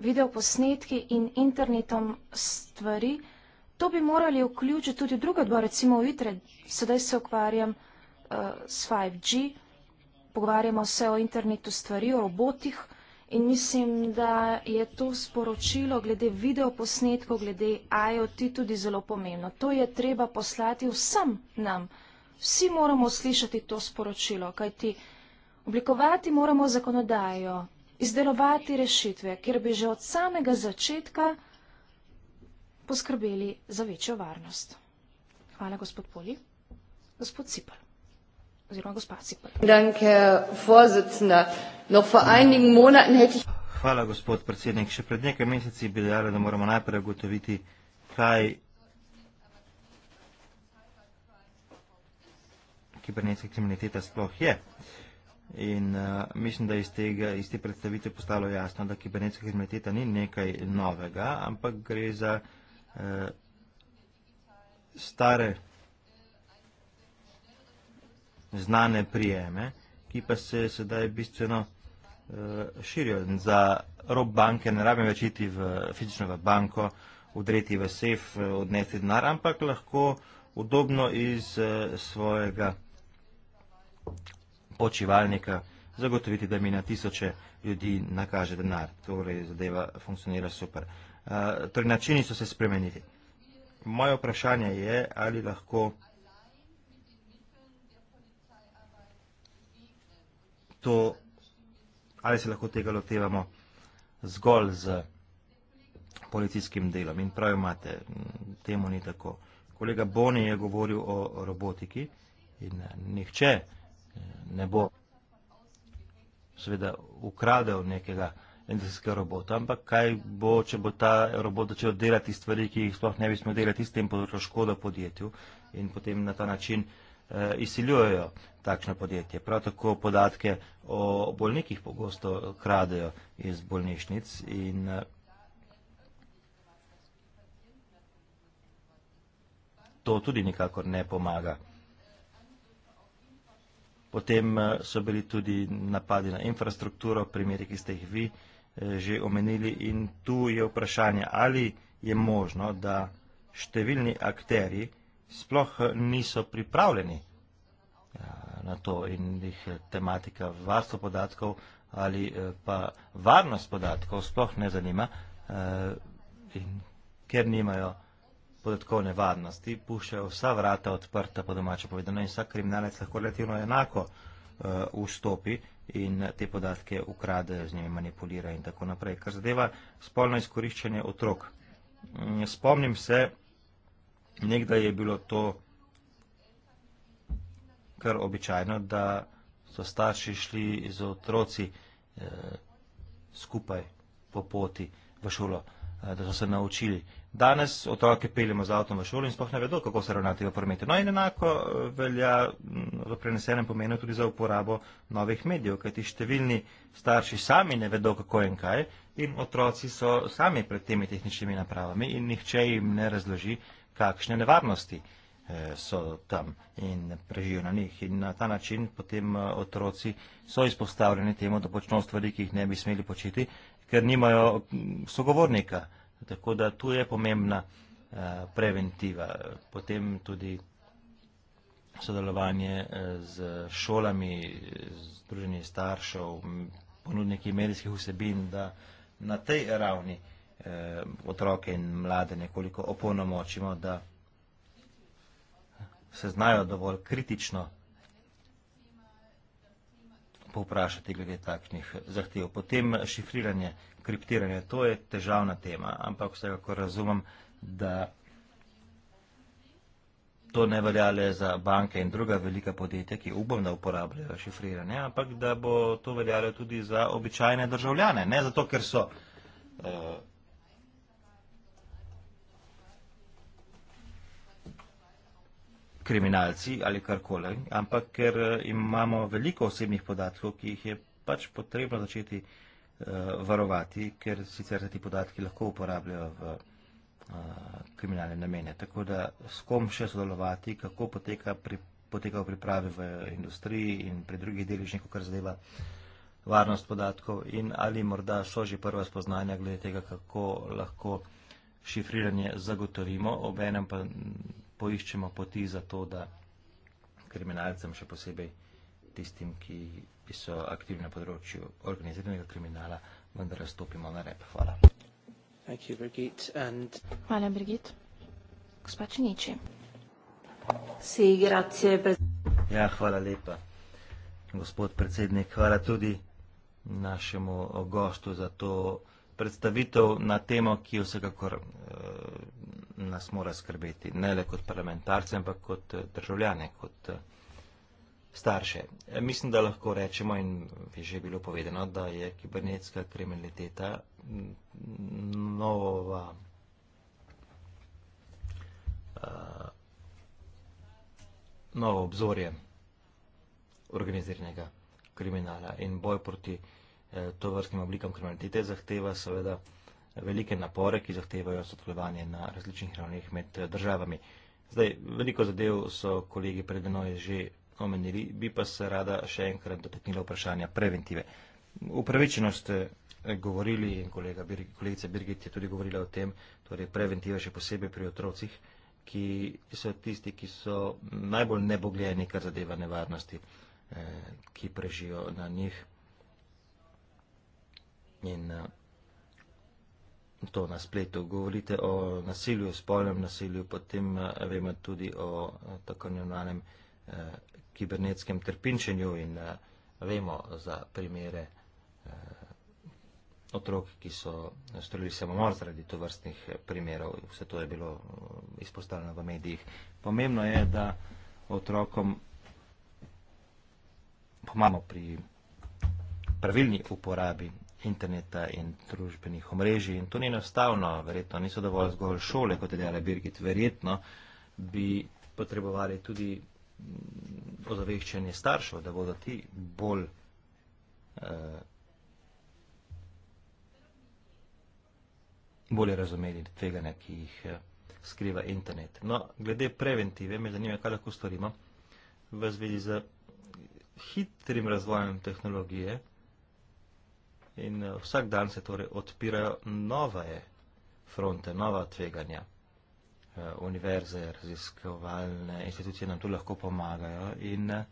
videoposnetki in internetom stvari, to bi morali vključiti tudi druga dva, recimo v ITRE. Sedaj se ukvarjam uh, s 5G, pogovarjamo se o internetu stvari, o robotih in mislim, da je to sporočilo glede videoposnetkov, glede IoT tudi zelo pomembno. To je treba poslati vsem nam. Vsi moramo slišati to sporočilo, kajti oblikovati moramo zakonodajo, izdelovati rešitve, kjer bi že od samega začetka poskrbeli za večjo varnost. Hvala, gospod Poli. Gospod Cipel. Oziroma, gospod Cipel. Eh, Hvala, gospod predsednik. Še pred nekaj meseci bi dejala, da moramo najprej ugotoviti, kaj kibernetske kriminalitete sploh je. In uh, mislim, da je iz, tega, iz te predstavitve postalo jasno, da kibernetska kriminaliteta ni nekaj novega, ampak gre za uh, stare znane prijeme, ki pa se sedaj bistveno uh, širijo. Za rob banke ne rabim več iti v fizično v banko, udreti v sef, odnesti denar, ampak lahko udobno iz uh, svojega počivalnika, zagotoviti, da mi na tisoče ljudi nakaže denar. Torej, zadeva funkcionira super. Uh, torej, načini so se spremenili. Moje vprašanje je, ali lahko to, ali se lahko tega lotevamo zgolj z policijskim delom. In pravi imate, temu ni tako. Kolega Boni je govoril o robotiki in eh, nihče, ne bo seveda ukradel nekega endosijskega robota, ampak kaj bo, če bo ta robot začel delati stvari, ki jih sploh ne bi smel delati, s tem področju škoda podjetju in potem na ta način eh, izsiljujejo takšno podjetje. Prav tako podatke o bolnikih pogosto kradejo iz bolnišnic in eh, to tudi nikakor ne pomaga. Potem eh, so bili tudi napadi na infrastrukturo, primeri, ki ste jih vi eh, že omenili. In tu je vprašanje, ali je možno, da številni akteri sploh eh, niso pripravljeni na to in jih tematika varstva podatkov ali pa varnost podatkov sploh ne zanima, ker nimajo podatkovne varnosti, puščajo vsa vrata odprta, po domače povedano, in vsak kriminalec lahko relativno enako uh, vstopi in te podatke ukrade, z njimi manipulira in tako naprej. Kar zadeva spolno izkoriščanje otrok. Mm, spomnim se, nekdaj je bilo to kar običajno, da so starši šli z otroci eh, skupaj po poti v šolo, eh, da so se naučili Danes otroke peljemo z avtom v šolo in sploh ne vedo, kako se ravnati v prometu. No in enako eh, velja mm, v prenesenem pomenu tudi za uporabo novih medijev, kajti številni starši sami ne vedo, kako in kaj in otroci so sami pred temi tehničnimi napravami in nihče jim ne razloži, kakšne nevarnosti eh, so tam in prežijo na njih. In na ta način potem eh, otroci so izpostavljeni temu, da počnejo stvari, ki jih ne bi smeli početi, ker nimajo mm, sogovornika. Tako da tu je pomembna eh, preventiva. Potem tudi sodelovanje eh, z šolami, združenje staršev, ponudniki medijskih vsebin, da na tej ravni eh, otroke in mlade nekoliko oponomočimo, da se znajo dovolj kritično povprašati glede takšnih zahtev. Potem šifriranje, kriptiranje. To je težavna tema, ampak vsekakor razumem, da to ne velja le za banke in druga velika podjetja, ki upam, da uporabljajo šifriranje, ampak da bo to veljalo tudi za običajne državljane. Ne zato, ker so. Uh, kriminalci ali karkoli, ampak ker eh, imamo veliko osebnih podatkov, ki jih je pač potrebno začeti uh, uh, varovati, ker sicer se ti podatki lahko uporabljajo v uh, kriminalne namene. Tako da s kom še sodelovati, kako poteka pri, potekajo priprave v industriji in pri drugih deležnikov, kar zadeva varnost podatkov in ali morda so že prva spoznanja glede tega, kako lahko šifriranje zagotovimo, obenem pa poiščemo poti za to, da kriminalcem še posebej tistim, ki ki so aktivni na področju organiziranega kriminala, vendar stopimo na rep. Hvala. Thank you, Brigit. And... Hvala, Brigit. Gospa Činiči. Si, grazie. Bez... Ja, hvala lepa. Gospod predsednik, hvala tudi našemu gostu za to predstavitev na temo, ki vsekakor eh, nas mora skrbeti. Ne le kot parlamentarce, ampak kot eh, državljane, kot eh, starše. Mislim, da lahko rečemo in je že bilo povedano, da je kibernetska kriminaliteta nova uh, novo obzorje organiziranega kriminala in boj proti eh, to vrstnim oblikam kriminalitete zahteva seveda velike napore, ki zahtevajo sodelovanje na različnih ravneh med eh, državami. Zdaj, veliko zadev so kolegi pred mano že omenili, bi pa se rada še enkrat dotaknila vprašanja preventive. Upravičeno ste eh, govorili in Bir, kolegica Birgit je tudi govorila o tem, torej preventiva še posebej pri otrocih, ki so tisti, ki so najbolj nebogljeni, kar zadeva nevarnosti, eh, ki prežijo na njih. In eh, to na spletu. Govorite o nasilju, spolnem nasilju, potem eh, vemo tudi o tako njenem kibernetskem trpinčenju in uh, vemo za primere uh, otrok, ki so storili samomor zaradi to vrstnih eh, primerov. Vse to je bilo izpostavljeno v medijih. Pomembno je, da otrokom pomamo pri pravilni uporabi interneta in družbenih omrežij in to ni enostavno, verjetno niso dovolj zgolj šole, kot je dejala Birgit, verjetno bi potrebovali tudi ozaveščanje staršev, da bodo ti bolj uh, bolje razumeli tveganja, ki jih uh, skriva internet. No, glede preventive, me zanima, kaj lahko storimo v zvezi z hitrim razvojem tehnologije in uh, vsak dan se torej odpirajo nove fronte, nova tveganja. Eh, univerze, raziskovalne institucije nam tu lahko pomagajo in eh,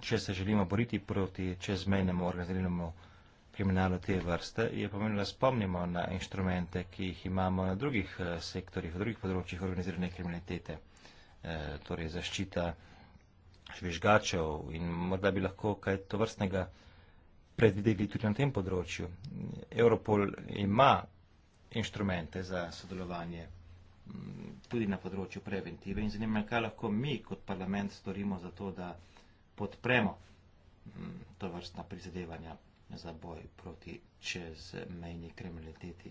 če se želimo boriti proti čezmejnemu organiziranemu kriminalu te vrste, je pomembno, da spomnimo na inštrumente, ki jih imamo na drugih eh, sektorjih, v drugih področjih organizirane kriminalitete, torej zaščita žvižgačev in morda bi lahko kaj to vrstnega predvideli tudi na tem področju. Europol ima inštrumente za sodelovanje mm, tudi na področju preventive in zanimajo, kaj lahko mi kot parlament storimo za to, da podpremo mm, to vrstna prizadevanja za boj proti čezmejni kriminaliteti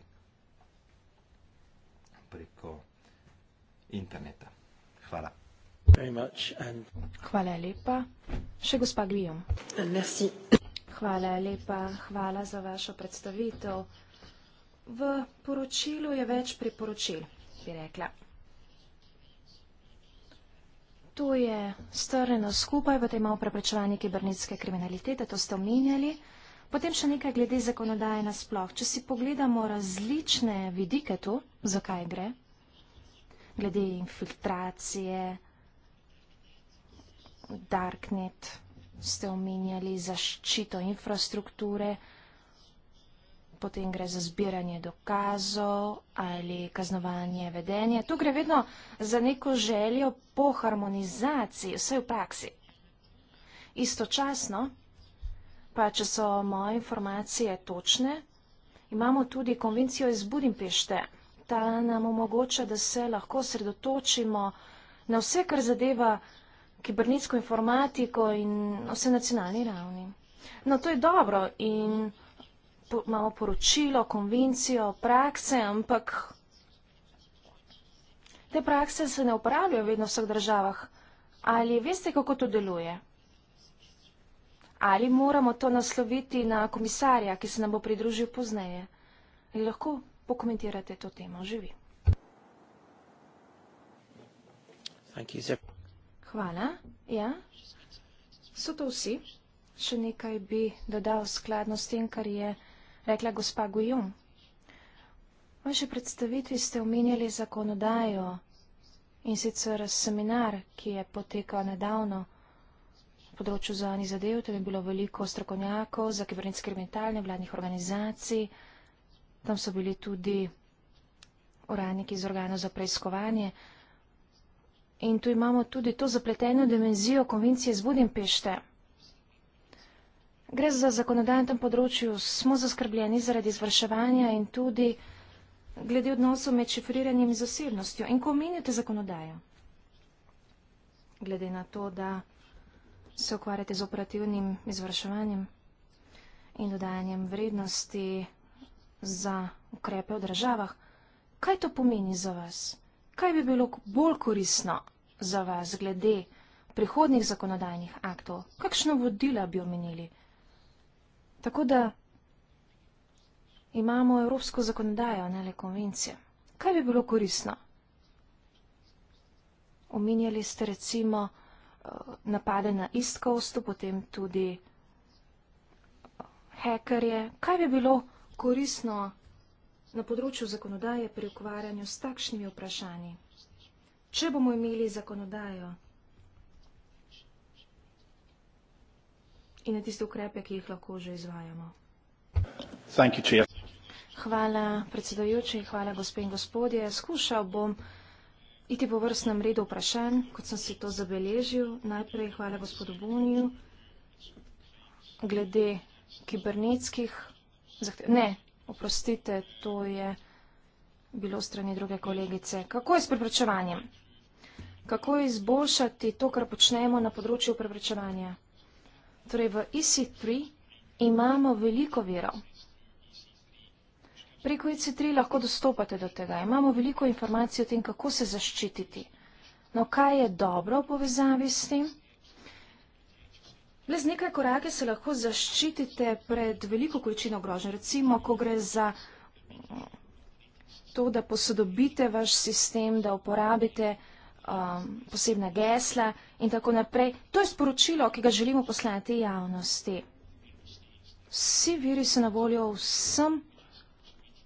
preko interneta. Hvala. Hvala lepa. Še gospa Gvijom. Hvala lepa. Hvala za vašo predstavitev. V poročilu je več priporočil, bi rekla. To je strneno skupaj v temo preprečevanje kibernetske kriminalitete, to ste omenjali. Potem še nekaj glede zakonodaje nasploh. Če si pogledamo različne vidike tu, zakaj gre, glede infiltracije, darknet, ste omenjali zaščito infrastrukture, potem gre za zbiranje dokazov ali kaznovanje vedenja. Tu gre vedno za neko željo po harmonizaciji, vse v praksi. Istočasno, pa če so moje informacije točne, imamo tudi konvencijo iz Budimpešte. Ta nam omogoča, da se lahko sredotočimo na vse, kar zadeva kibernetsko informatiko in vse nacionalni ravni. No, to je dobro in imamo poročilo, konvencijo, prakse, ampak te prakse se ne uporabljajo vedno v vseh državah. Ali veste, kako to deluje? Ali moramo to nasloviti na komisarja, ki se nam bo pridružil pozneje? Ali lahko pokomentirate to temo? Živi. Hvala. Ja. So to vsi? Še nekaj bi dodal skladno s tem, kar je vsega rekla gospa Gujum. V vaši predstavitvi ste omenjali zakonodajo in sicer seminar, ki je potekal nedavno v področju zani zadev, tam je bilo veliko strokovnjakov za kibernetske mentalne vladnih organizacij, tam so bili tudi uradniki iz organov za preiskovanje. In tu imamo tudi to zapleteno dimenzijo konvencije z Budimpešte. Gre za zakonodajnem področju, smo zaskrbljeni zaradi izvrševanja in tudi glede odnosov med šifriranjem in zasebnostjo. In ko omenjate zakonodajo, glede na to, da se ukvarjate z operativnim izvrševanjem in dodajanjem vrednosti za ukrepe v državah, kaj to pomeni za vas? Kaj bi bilo bolj korisno za vas glede prihodnih zakonodajnih aktov? Kakšno vodila bi omenili? Tako da imamo evropsko zakonodajo, ne le konvencije. Kaj bi bilo korisno? Omenjali ste recimo eh, napade na East Coastu, potem tudi eh, hekerje. Kaj bi bilo korisno na področju zakonodaje pri ukvarjanju s takšnimi vprašanji? Če bomo imeli zakonodajo, in na tiste ukrepe, ki jih lahko že izvajamo. You, hvala predsedojoči, hvala gospe in gospodje. Skušal bom iti po vrstnem redu vprašanj, kot sem si to zabeležil. Najprej hvala gospodu Boniju glede kibernetskih zahtev. Ne, oprostite, to je bilo strani druge kolegice. Kako je s preprečevanjem? Kako izboljšati to, kar počnemo na področju preprečevanja? torej v EC3, imamo veliko virov. Preko EC3 lahko dostopate do tega. Imamo veliko informacij o tem, kako se zaščititi. No, kaj je dobro v povezavi s tem? Le z nekaj korake se lahko zaščitite pred veliko količino grožnje. Recimo, ko gre za to, da posodobite vaš sistem, da uporabite um, posebne gesle in tako naprej. To je sporočilo, ki ga želimo poslati javnosti. Vsi viri so na voljo vsem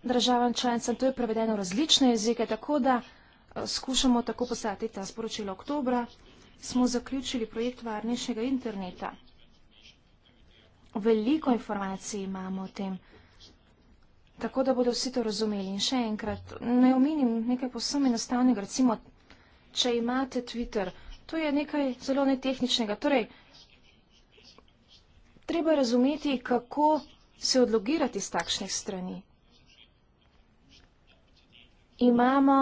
državam članicam, to je prevedeno v različne jezike, tako da uh, skušamo tako poslati ta sporočilo. Oktobra smo zaključili projekt varnejšega interneta. Veliko informacij imamo o tem, tako da bodo vsi to razumeli. In še enkrat, ne omenim nekaj posebno enostavnega, recimo če imate Twitter. To je nekaj zelo netehničnega. Torej, treba razumeti, kako se odlogirati z takšnih strani. Imamo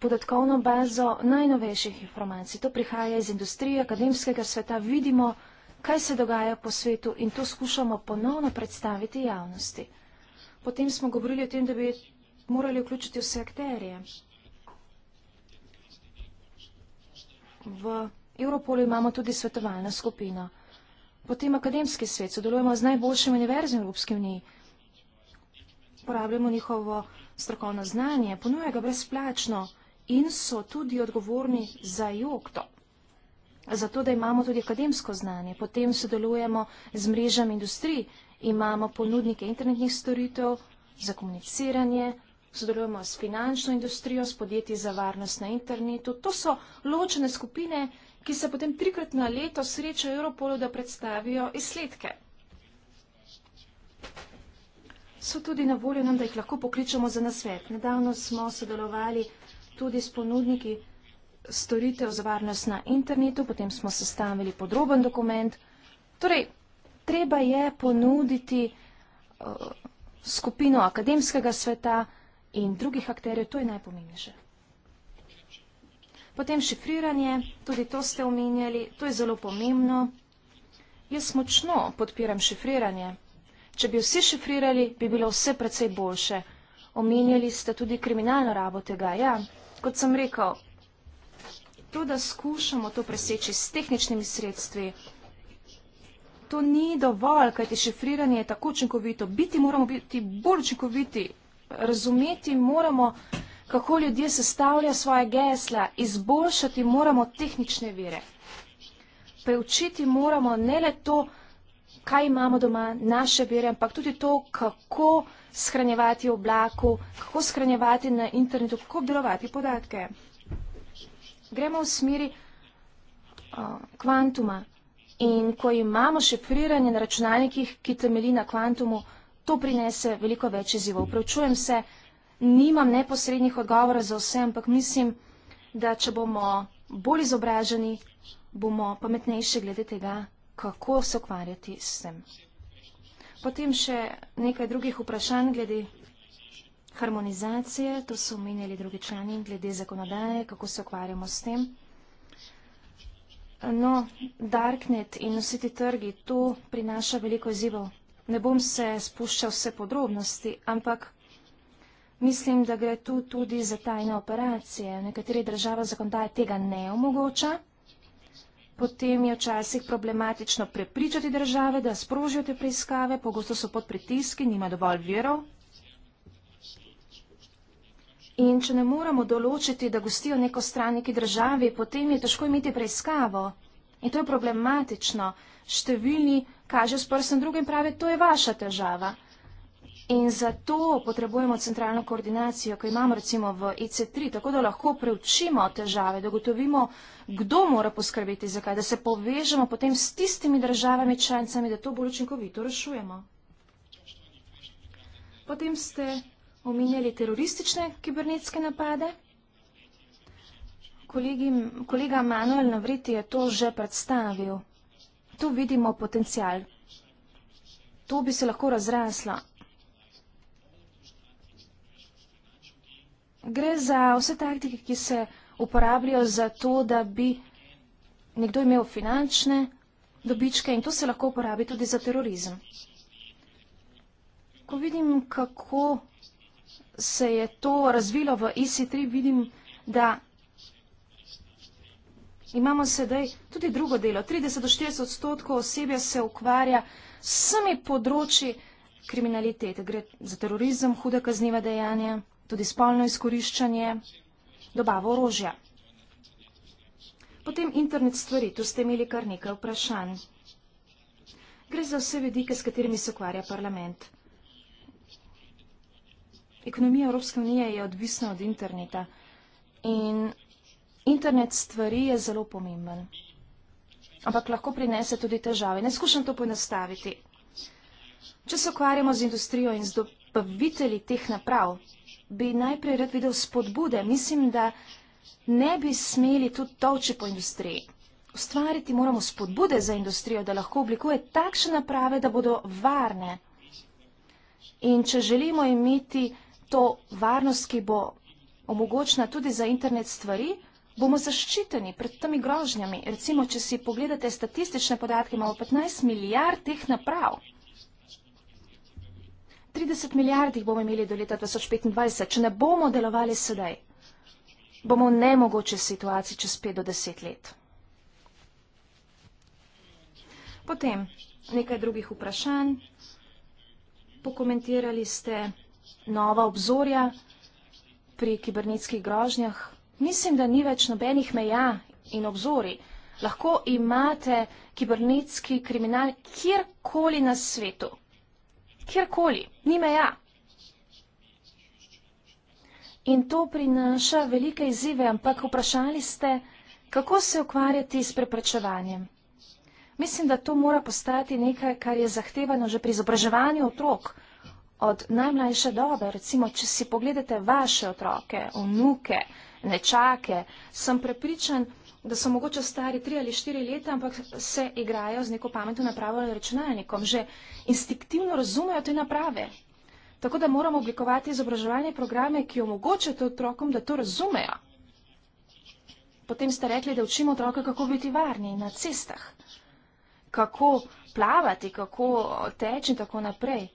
podatkovno bazo najnovejših informacij. To prihaja iz industrije, akademskega sveta. Vidimo, kaj se dogaja po svetu in to skušamo ponovno predstaviti javnosti. Potem smo govorili o tem, da bi morali vključiti vse akterije. V Evropolu imamo tudi svetovalna skupina. Potem akademski svet, sodelujemo z najboljšim univerzim v Evropski uniji. Porabljamo njihovo strokovno znanje, ponujajo ga brezplačno in so tudi odgovorni za jokto. Zato, da imamo tudi akademsko znanje. Potem sodelujemo z mrežami industrij, imamo ponudnike internetnih storitev za komuniciranje, sodelujemo s finančno industrijo, s podjetji za varnost na internetu. To so ločene skupine, ki se potem trikrat na leto srečajo v Europolu, da predstavijo izsledke. So tudi na voljo nam, da jih lahko pokličemo za nasvet. Nedavno smo sodelovali tudi s ponudniki storitev za varnost na internetu, potem smo sestavili podroben dokument. Torej, treba je ponuditi uh, skupino akademskega sveta, in drugih akterjev, to je najpomembnejše. Potem šifriranje, tudi to ste omenjali, to je zelo pomembno. Jaz močno podpiram šifriranje. Če bi vsi šifrirali, bi bilo vse precej boljše. Omenjali ste tudi kriminalno rabo tega. Ja, kot sem rekel, to, da skušamo to preseči s tehničnimi sredstvi, to ni dovolj, kajti šifriranje je tako učinkovito. Biti moramo biti bolj učinkoviti razumeti moramo, kako ljudje sestavlja svoje gesla, izboljšati moramo tehnične vire. Preučiti moramo ne le to, kaj imamo doma, naše vire, ampak tudi to, kako shranjevati v oblaku, kako shranjevati na internetu, kako obdelovati podatke. Gremo v smeri uh, kvantuma in ko imamo šifriranje na računalnikih, ki temeli na kvantumu, to prinese veliko več izzivov. Pravčujem se, nimam neposrednih odgovorov za vse, ampak mislim, da če bomo bolj izobraženi, bomo pametnejši glede tega, kako se ukvarjati s tem. Potem še nekaj drugih vprašanj glede harmonizacije, to so omenjali drugi člani, glede zakonodaje, kako se ukvarjamo s tem. No, Darknet in vsi ti trgi, to prinaša veliko izzivov ne bom se spuščal vse podrobnosti, ampak mislim, da gre tu tudi za tajne operacije. Nekatere države zakonodaje tega ne omogoča. Potem je včasih problematično prepričati države, da sprožijo te preiskave, pogosto so pod pritiski, nima dovolj virov. In če ne moramo določiti, da gostijo neko stran neki državi, potem je težko imeti preiskavo. In to je problematično številni kaže s prstem drugim in pravi, to je vaša težava. In zato potrebujemo centralno koordinacijo, ki imamo recimo v EC3, tako da lahko preučimo težave, da gotovimo, kdo mora poskrbeti za kaj, da se povežemo potem s tistimi državami članicami, da to bolj učinkovito rešujemo. Potem ste omenjali teroristične kibernetske napade. Kolegi, kolega Manuel Navriti je to že predstavil tu vidimo potencijal. To bi se lahko razreslo. Gre za vse taktike, ki se uporabljajo za to, da bi nekdo imel finančne dobičke in to se lahko uporabi tudi za terorizem. Ko vidim, kako se je to razvilo v IC3, vidim, da imamo sedaj tudi drugo delo. 30 do 40 odstotkov osebja se ukvarja s vsemi področji kriminalitete. Gre za terorizem, huda kazniva dejanja, tudi spolno izkoriščanje, dobavo orožja. Potem internet stvari, tu ste imeli kar nekaj vprašanj. Gre za vse vidike, s katerimi se ukvarja parlament. Ekonomija Evropske unije je odvisna od interneta in internet stvari je zelo pomemben. Ampak lahko prinese tudi težave. Ne skušam to poenostaviti. Če se ukvarjamo z industrijo in z dobavitelji teh naprav, bi najprej rad videl spodbude. Mislim, da ne bi smeli tudi tolči po industriji. Ustvariti moramo spodbude za industrijo, da lahko oblikuje takšne naprave, da bodo varne. In če želimo imeti to varnost, ki bo omogočena tudi za internet stvari, bomo zaščiteni pred temi grožnjami. Recimo, če si pogledate statistične podatke, imamo 15 milijard teh naprav. 30 milijard jih bomo imeli do leta 2025, če ne bomo delovali sedaj, bomo v nemogoče situaciji čez 5 do 10 let. Potem nekaj drugih vprašanj. Pokomentirali ste nova obzorja pri kibernetskih grožnjah. Mislim, da ni več nobenih meja in obzori. Lahko imate kibernetski kriminal kjerkoli na svetu. Kjerkoli. Ni meja. In to prinaša velike izzive, ampak vprašali ste, kako se ukvarjati s preprečevanjem. Mislim, da to mora postati nekaj, kar je zahtevano že pri izobraževanju otrok. Od najmlajše dobe, recimo, če si pogledate vaše otroke, vnuke, nečake. Sem prepričan, da so mogoče stari tri ali štiri leta, ampak se igrajo z neko pametno napravo ali računalnikom. Že instinktivno razumejo te naprave. Tako da moramo oblikovati izobraževalne programe, ki omogočajo to otrokom, da to razumejo. Potem ste rekli, da učimo otroke, kako biti varni na cestah, kako plavati, kako teči in tako naprej.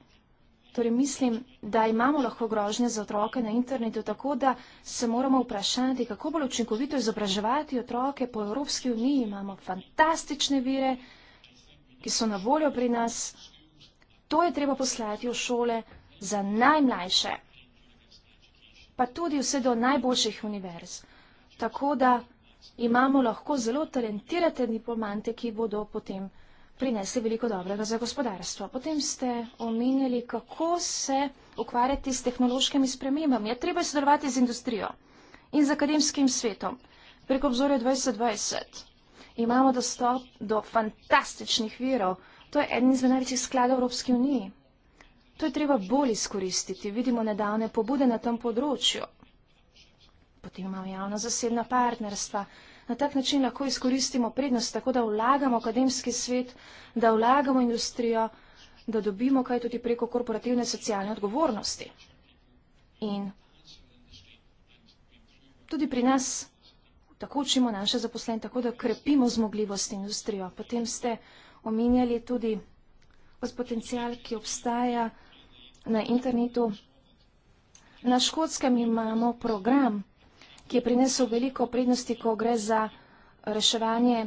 Torej, mislim, da imamo lahko grožnje za otroke na internetu, tako da se moramo vprašati, kako bolj učinkovito izobraževati otroke. Po Evropski uniji imamo fantastične vire, ki so na voljo pri nas. To je treba poslati v šole za najmlajše, pa tudi vse do najboljših univerz. Tako da imamo lahko zelo talentirate diplomante, ki bodo potem prinesli veliko dobrega za gospodarstvo. Potem ste omenjali, kako se ukvarjati s tehnološkimi spremembami. Je treba sodelovati z industrijo in z akademskim svetom. Preko obzorja 2020 imamo dostop do fantastičnih virov. To je eden izmed največjih skladov Evropske unije. To je treba bolj izkoristiti. Vidimo nedavne pobude na tem področju. Potem imamo javno-zasebna partnerstva. Na tak način lahko izkoristimo prednost, tako da vlagamo v akademski svet, da vlagamo v industrijo, da dobimo kaj tudi preko korporativne socialne odgovornosti. In tudi pri nas tako učimo naše zaposlenje, tako da krepimo zmogljivost industrijo. Potem ste omenjali tudi potencial, ki obstaja na internetu. Na Škotskem imamo program, ki je prinesel veliko prednosti, ko gre za reševanje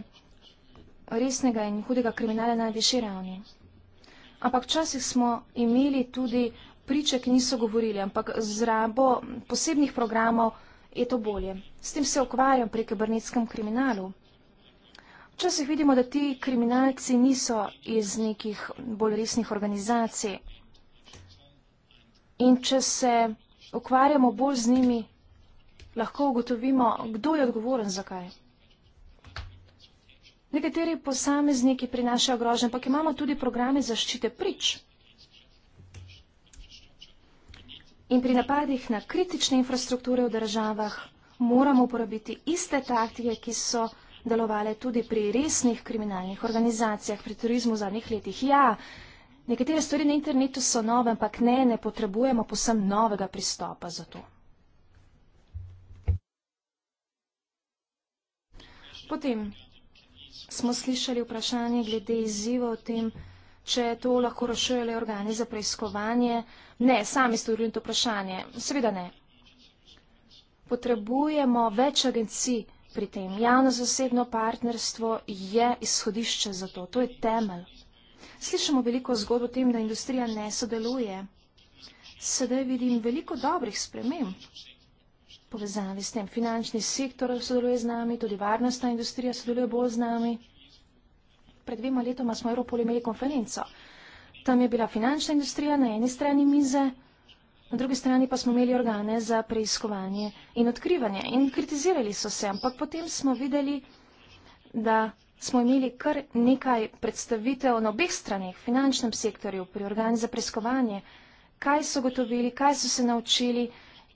resnega in hudega kriminala na najvišji ravni. Ampak včasih smo imeli tudi priče, ki niso govorili, ampak z rabo posebnih programov je to bolje. S tem se ukvarjam pri kibernetskem kriminalu. Včasih vidimo, da ti kriminalci niso iz nekih bolj resnih organizacij. In če se ukvarjamo bolj z njimi, lahko ugotovimo, kdo je odgovoren za kaj. Nekateri posamezniki prinašajo grožnje, ampak imamo tudi programe zaščite prič. In pri napadih na kritične infrastrukture v državah moramo uporabiti iste taktike, ki so delovale tudi pri resnih kriminalnih organizacijah, pri turizmu v zadnjih letih. Ja, nekatere stvari na internetu so nove, ampak ne, ne potrebujemo posem novega pristopa za to. Potem smo slišali vprašanje glede izziva o tem, če to lahko rošujo le organi za preiskovanje. Ne, sami ste odgovorili to vprašanje. Seveda ne. Potrebujemo več agencij pri tem. Javno zasebno partnerstvo je izhodišče za to. To je temelj. Slišimo veliko zgodb o tem, da industrija ne sodeluje. Sedaj vidim veliko dobrih sprememb povezavi s tem. Finančni sektor sodeluje z nami, tudi varnostna industrija sodeluje bolj z nami. Pred dvema letoma smo v Evropoli imeli konferenco. Tam je bila finančna industrija na eni strani mize, na drugi strani pa smo imeli organe za preiskovanje in odkrivanje. In kritizirali so se, ampak potem smo videli, da smo imeli kar nekaj predstavitev na obeh stranih, v finančnem sektorju, pri organi za preiskovanje, kaj so gotovili, kaj so se naučili.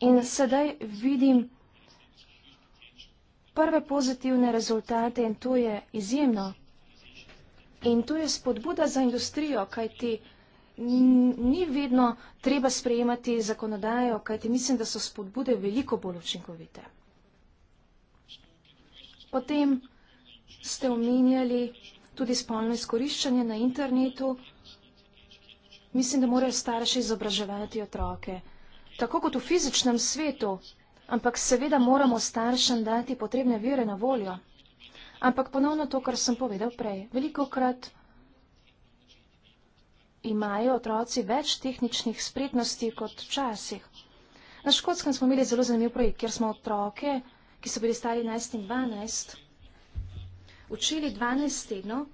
In sedaj vidim prve pozitivne rezultate in to je izjemno. In to je spodbuda za industrijo, kaj ti ni vedno treba sprejemati zakonodajo, kaj ti mislim, da so spodbude veliko bolj učinkovite. Potem ste omenjali tudi spolno izkoriščanje na internetu. Mislim, da morajo starši izobraževati otroke tako kot v fizičnem svetu, ampak seveda moramo staršem dati potrebne vire na voljo. Ampak ponovno to, kar sem povedal prej, veliko krat imajo otroci več tehničnih spretnosti kot včasih. Na Škotskem smo imeli zelo zanimiv projekt, kjer smo otroke, ki so bili stari 11 in 12, učili 12 tedno,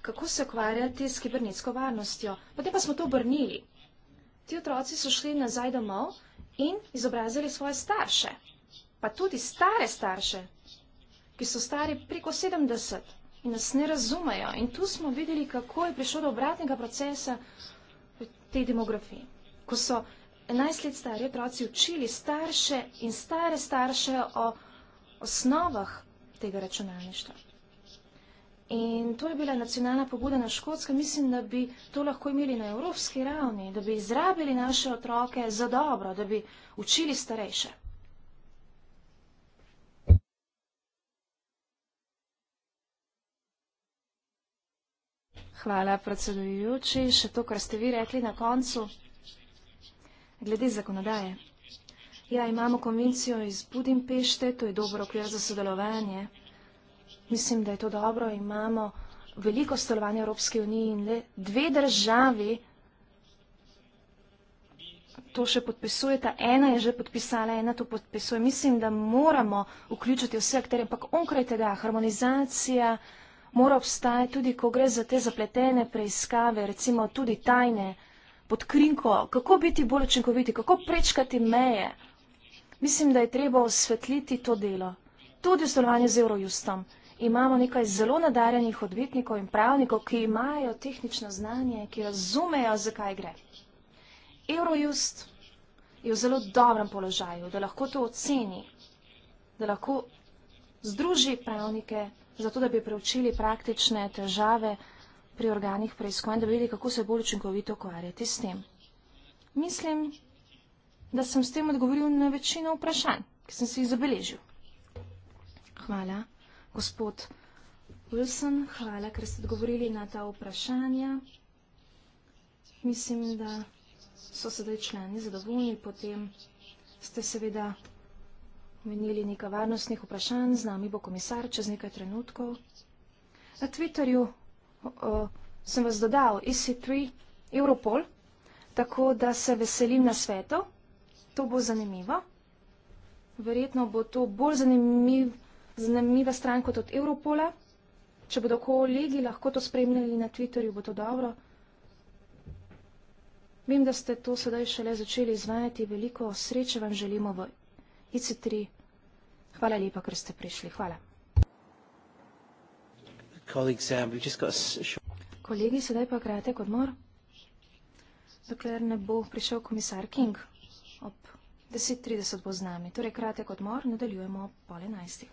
kako se ukvarjati s kibernetsko varnostjo. Potem pa smo to obrnili. Ti otroci so šli nazaj domov in izobrazili svoje starše, pa tudi stare starše, ki so stari preko 70 in nas ne razumejo. In tu smo videli, kako je prišlo do obratnega procesa te demografije. Ko so 11 let stari otroci učili starše in stare starše o osnovah tega računalništva. In to je bila nacionalna pobuda na Škotskem. Mislim, da bi to lahko imeli na evropski ravni, da bi izrabili naše otroke za dobro, da bi učili starejše. Hvala, predsedujoči. Še to, kar ste vi rekli na koncu, glede zakonodaje. Ja, imamo konvencijo iz Budimpešte, to je dobro okvir za sodelovanje. Mislim, da je to dobro. Imamo veliko stolovanja Evropske unije in le dve državi to še podpisujeta. Ena je že podpisala, ena to podpisuje. Mislim, da moramo vključiti vse akterje, ampak onkraj tega harmonizacija mora obstajati tudi, ko gre za te zapletene preiskave, recimo tudi tajne pod krinko, kako biti bolj učinkoviti, kako prečkati meje. Mislim, da je treba osvetliti to delo. Tudi v sodelovanju z Eurojustom imamo nekaj zelo nadarjenih odvetnikov in pravnikov, ki imajo tehnično znanje, ki razumejo, zakaj gre. Eurojust je v zelo dobrem položaju, da lahko to oceni, da lahko združi pravnike, zato da bi preučili praktične težave pri organih preiskovanja, da bi videli, kako se bolj učinkovito ukvarjati s tem. Mislim, da sem s tem odgovoril na večino vprašanj, ki sem si jih zabeležil. Hvala. Gospod Wilson, hvala, ker ste odgovorili na ta vprašanja. Mislim, da so sedaj člani zadovoljni, potem ste seveda menili nekaj varnostnih vprašanj, z nami bo komisar čez nekaj trenutkov. Na Twitterju o, o, sem vas dodal EC3 Europol, tako da se veselim na svetu. To bo zanimivo. Verjetno bo to bolj zanimivo zanimiva stran kot od Europola. Če bodo kolegi lahko to spremljali na Twitterju, bo to dobro. Vem, da ste to sedaj šele začeli izvajati. Veliko sreče vam želimo v IC3. Hvala lepa, ker ste prišli. Hvala. Um, kolegi, sedaj pa kratek odmor, dokler ne bo prišel komisar King. Ob 10.30 bo z nami. Torej, kratek odmor, nadaljujemo ob pol enajstih.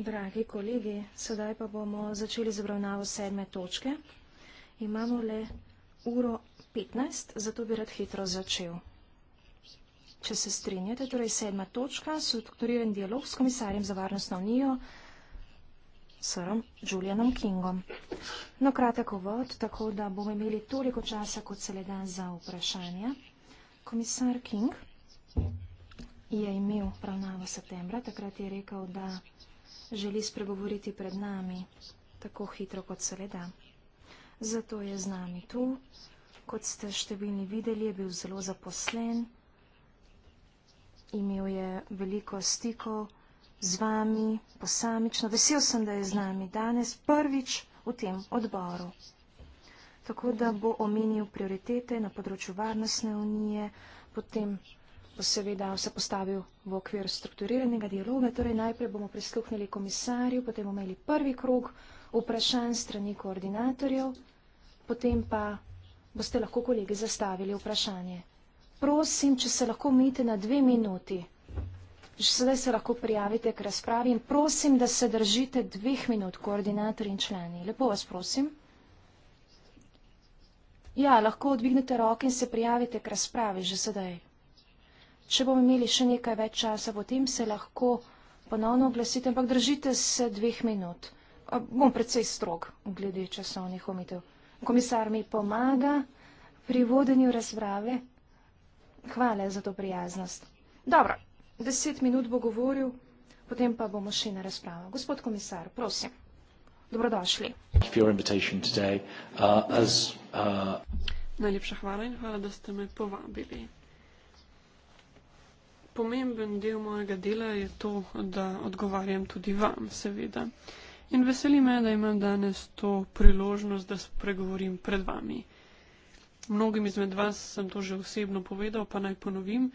Dragi kolegi, sedaj pa bomo začeli z obravnavo sedme točke. Imamo le uro 15, zato bi rad hitro začel. Če se strinjate, torej sedma točka, strukturiran dialog s komisarjem za varnostno unijo, srom Julianom Kingom. No, kratek uvod, tako da bomo imeli toliko časa, kot se le da za vprašanja. Komisar King je imel pravnavo septembra, takrat je rekel, da želi spregovoriti pred nami tako hitro, kot se le da. Zato je z nami tu, kot ste številni videli, je bil zelo zaposlen, imel je veliko stikov z vami, posamično. Vesel sem, da je z nami danes prvič v tem odboru. Tako da bo omenil prioritete na področju varnostne unije, potem seveda vse postavil v okvir strukturiranega dialoga. Torej najprej bomo prisluhnili komisarju, potem bomo imeli prvi krog vprašanj strani koordinatorjev, potem pa boste lahko kolegi zastavili vprašanje. Prosim, če se lahko umite na dve minuti. Že sedaj se lahko prijavite k razpravi in prosim, da se držite dveh minut, koordinatorji in člani. Lepo vas prosim. Ja, lahko odvignete roke in se prijavite k razpravi že sedaj. Če bomo imeli še nekaj več časa, potem se lahko ponovno oglasite, ampak držite se dveh minut. Bom predvsej strog glede časovnih omitev. Komisar mi pomaga pri vodenju razprave. Hvala za to prijaznost. Dobro, deset minut bo govoril, potem pa bomo šli na razpravo. Gospod komisar, prosim. Dobrodošli. Uh, uh, Najlepša hvala in hvala, da ste me povabili pomemben del mojega dela je to, da odgovarjam tudi vam, seveda. In veseli me, da imam danes to priložnost, da spregovorim pred vami. Mnogim izmed vas sem to že osebno povedal, pa naj ponovim.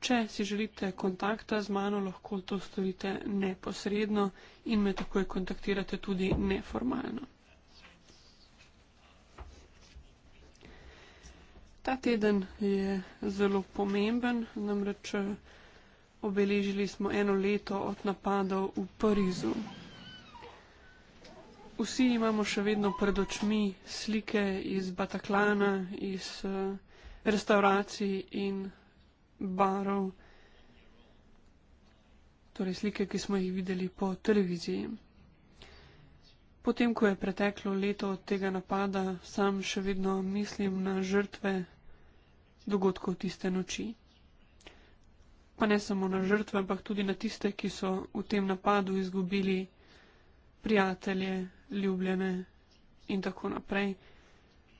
Če si želite kontakta z mano, lahko to storite neposredno in me takoj kontaktirate tudi neformalno. Ta teden je zelo pomemben, namreč obeležili smo eno leto od napadov v Parizu. Vsi imamo še vedno pred očmi slike iz Bataklana, iz eh, restauracij in barov, torej slike, ki smo jih videli po televiziji. Potem, ko je preteklo leto od tega napada, sam še vedno mislim na žrtve dogodkov tiste noči pa ne samo na žrtve, ampak tudi na tiste, ki so v tem napadu izgubili prijatelje, ljubljene in tako naprej.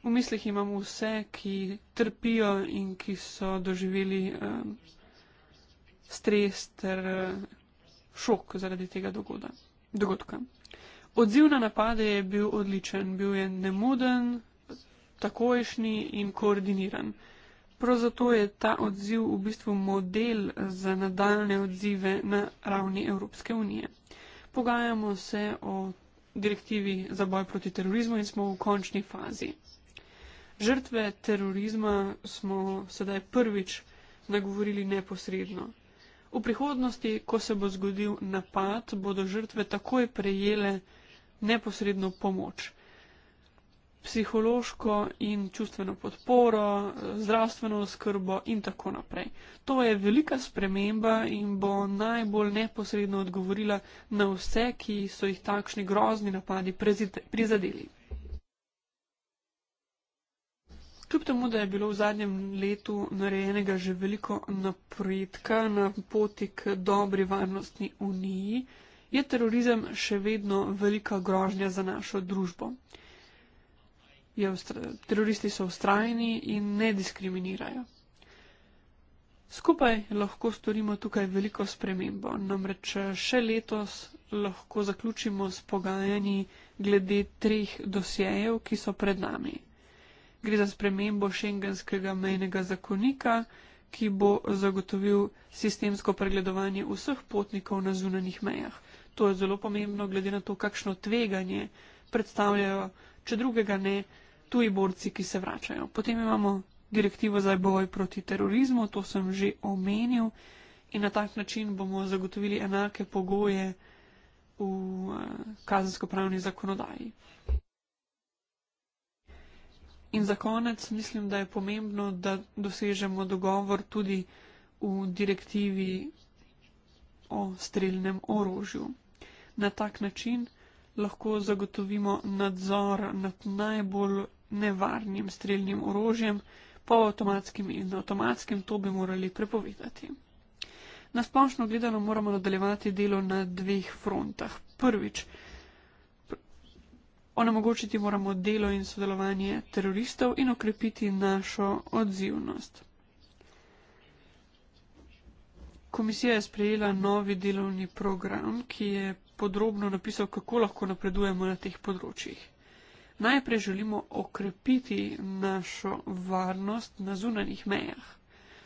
V mislih imamo vse, ki trpijo in ki so doživeli um, stres ter eh, šok zaradi tega dogoda, dogodka. Odziv na napade je bil odličen, bil je nemuden, takojšnji in koordiniran. Prav zato je ta odziv v bistvu model za nadaljne odzive na ravni Evropske unije. Pogajamo se o direktivi za boj proti terorizmu in smo v končni fazi. Žrtve terorizma smo sedaj prvič nagovorili neposredno. V prihodnosti, ko se bo zgodil napad, bodo žrtve takoj prejele neposredno pomoč psihološko in čustveno podporo, zdravstveno oskrbo in tako naprej. To je velika sprememba in bo najbolj neposredno odgovorila na vse, ki so jih takšni grozni napadi prizadeli. Kljub temu, da je bilo v zadnjem letu narejenega že veliko napredka na poti k dobri varnostni uniji, je terorizem še vedno velika grožnja za našo družbo teroristi so ustrajni in ne diskriminirajo. Skupaj lahko storimo tukaj veliko spremembo, namreč še letos lahko zaključimo s pogajanji glede treh dosjejev, ki so pred nami. Gre za spremembo šengenskega mejnega zakonika, ki bo zagotovil sistemsko pregledovanje vseh potnikov na zunanih mejah. To je zelo pomembno, glede na to, kakšno tveganje predstavljajo, če drugega ne, tuji borci, ki se vračajo. Potem imamo direktivo za boj proti terorizmu, to sem že omenil, in na tak način bomo zagotovili enake pogoje v eh, kazensko-pravni zakonodaji. In za konec mislim, da je pomembno, da dosežemo dogovor tudi v direktivi o streljnem orožju. Na tak način lahko zagotovimo nadzor nad najbolj nevarnim streljnim orožjem, polavtomatskim in avtomatskim, to bi morali prepovedati. Nasplošno gledano moramo nadaljevati delo na dveh frontah. Prvič, onemogočiti moramo delo in sodelovanje teroristov in okrepiti našo odzivnost. Komisija je sprejela novi delovni program, ki je podrobno napisal, kako lahko napredujemo na teh področjih najprej želimo okrepiti našo varnost na zunanjih mejah.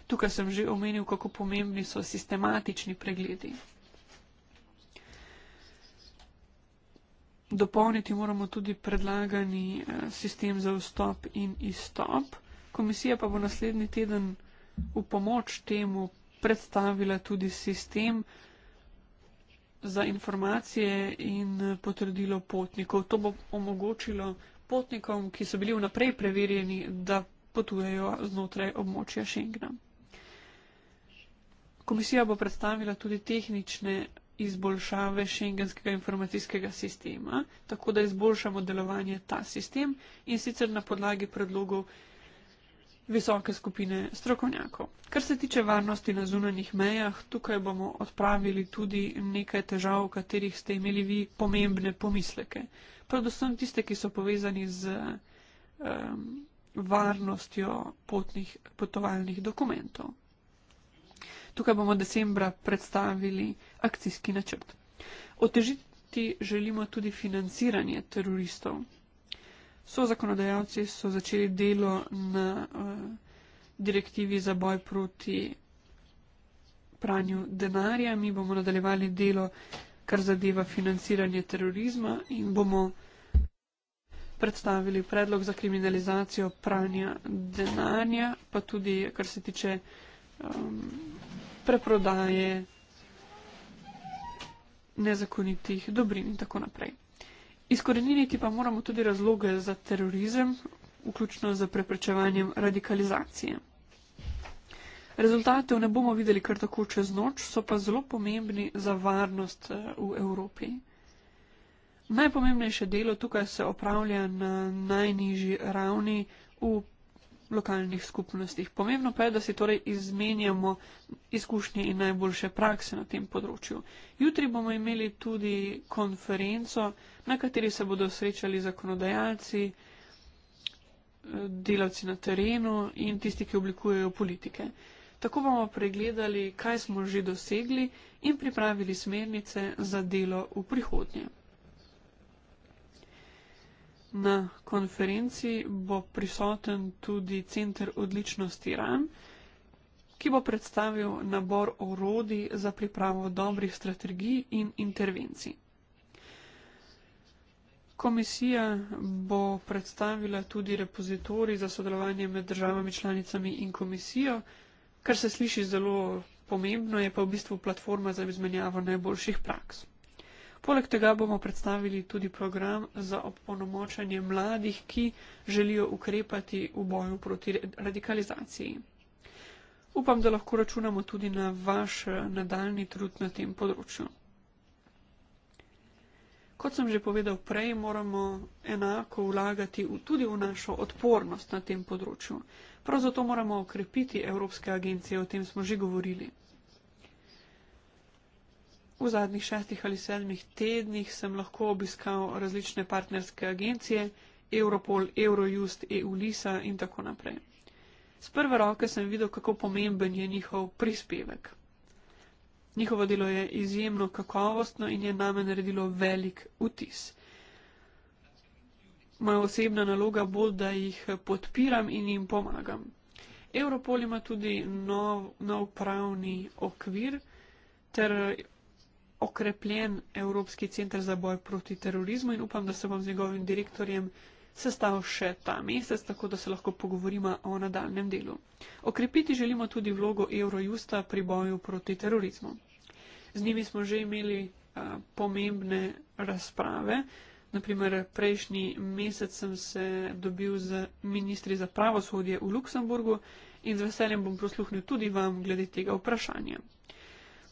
Tukaj sem že omenil, kako pomembni so sistematični pregledi. Dopolniti moramo tudi predlagani eh, sistem za vstop in izstop. Komisija pa bo naslednji teden v pomoč temu predstavila tudi sistem, za informacije in eh, potrdilo potnikov. To bo omogočilo potnikom, ki so bili vnaprej preverjeni, da potujejo znotraj območja Schengna. Komisija bo predstavila tudi tehnične izboljšave šengenskega informacijskega sistema, tako da izboljšamo delovanje ta sistem in sicer na podlagi predlogov visoke skupine strokovnjakov. Kar se tiče varnosti na zunanjih mejah, tukaj bomo odpravili tudi nekaj težav, v katerih ste imeli vi pomembne pomisleke. Predvsem tiste, ki so povezani z um, varnostjo potnih potovalnih dokumentov. Tukaj bomo decembra predstavili akcijski načrt. Otežiti želimo tudi financiranje teroristov so zakonodajalci so začeli delo na uh, direktivi za boj proti pranju denarja. Mi bomo nadaljevali delo, kar zadeva financiranje terorizma in bomo predstavili predlog za kriminalizacijo pranja denarja, pa tudi kar se tiče um, preprodaje nezakonitih dobrin in tako naprej. Izkoreniniti pa moramo tudi razloge za terorizem, vključno z preprečevanjem radikalizacije. Rezultate ne bomo videli kar tako čez noč, so pa zelo pomembni za varnost eh, v Evropi. Najpomembnejše delo tukaj se opravlja na najnižji ravni v lokalnih skupnostih. Pomembno pa je, da si torej izmenjamo izkušnje in najboljše prakse na tem področju. Jutri bomo imeli tudi konferenco, na kateri se bodo srečali zakonodajalci, delavci na terenu in tisti, ki oblikujejo politike. Tako bomo pregledali, kaj smo že dosegli in pripravili smernice za delo v prihodnje. Na konferenci bo prisoten tudi Center odličnosti RAN, ki bo predstavil nabor orodij za pripravo dobrih strategij in intervencij. Komisija bo predstavila tudi repozitorij za sodelovanje med državami članicami in komisijo, kar se sliši zelo pomembno, je pa v bistvu platforma za izmenjavo najboljših praks. Poleg tega bomo predstavili tudi program za opolnomočanje mladih, ki želijo ukrepati v boju proti radikalizaciji. Upam, da lahko računamo tudi na vaš nadaljni trud na tem področju. Kot sem že povedal prej, moramo enako vlagati tudi v našo odpornost na tem področju. Prav zato moramo okrepiti evropske agencije, o tem smo že govorili. V zadnjih šestih ali sedmih tednih sem lahko obiskal različne partnerske agencije, Europol, Eurojust, EULISA in tako naprej. Z prve roke sem videl, kako pomemben je njihov prispevek. Njihovo delo je izjemno kakovostno in je name naredilo velik vtis. Moja osebna naloga bo, da jih podpiram in jim pomagam. Europol ima tudi nov, nov pravni okvir ter okrepljen Evropski center za boj proti terorizmu in upam, da se bom z njegovim direktorjem sestal še ta mesec, tako da se lahko pogovorimo o nadaljem delu. Okrepiti želimo tudi vlogo Eurojusta pri boju proti terorizmu. Z njimi smo že imeli a, pomembne razprave. Naprimer, prejšnji mesec sem se dobil z ministri za pravosodje v Luksemburgu in z veseljem bom prosluhnil tudi vam glede tega vprašanja.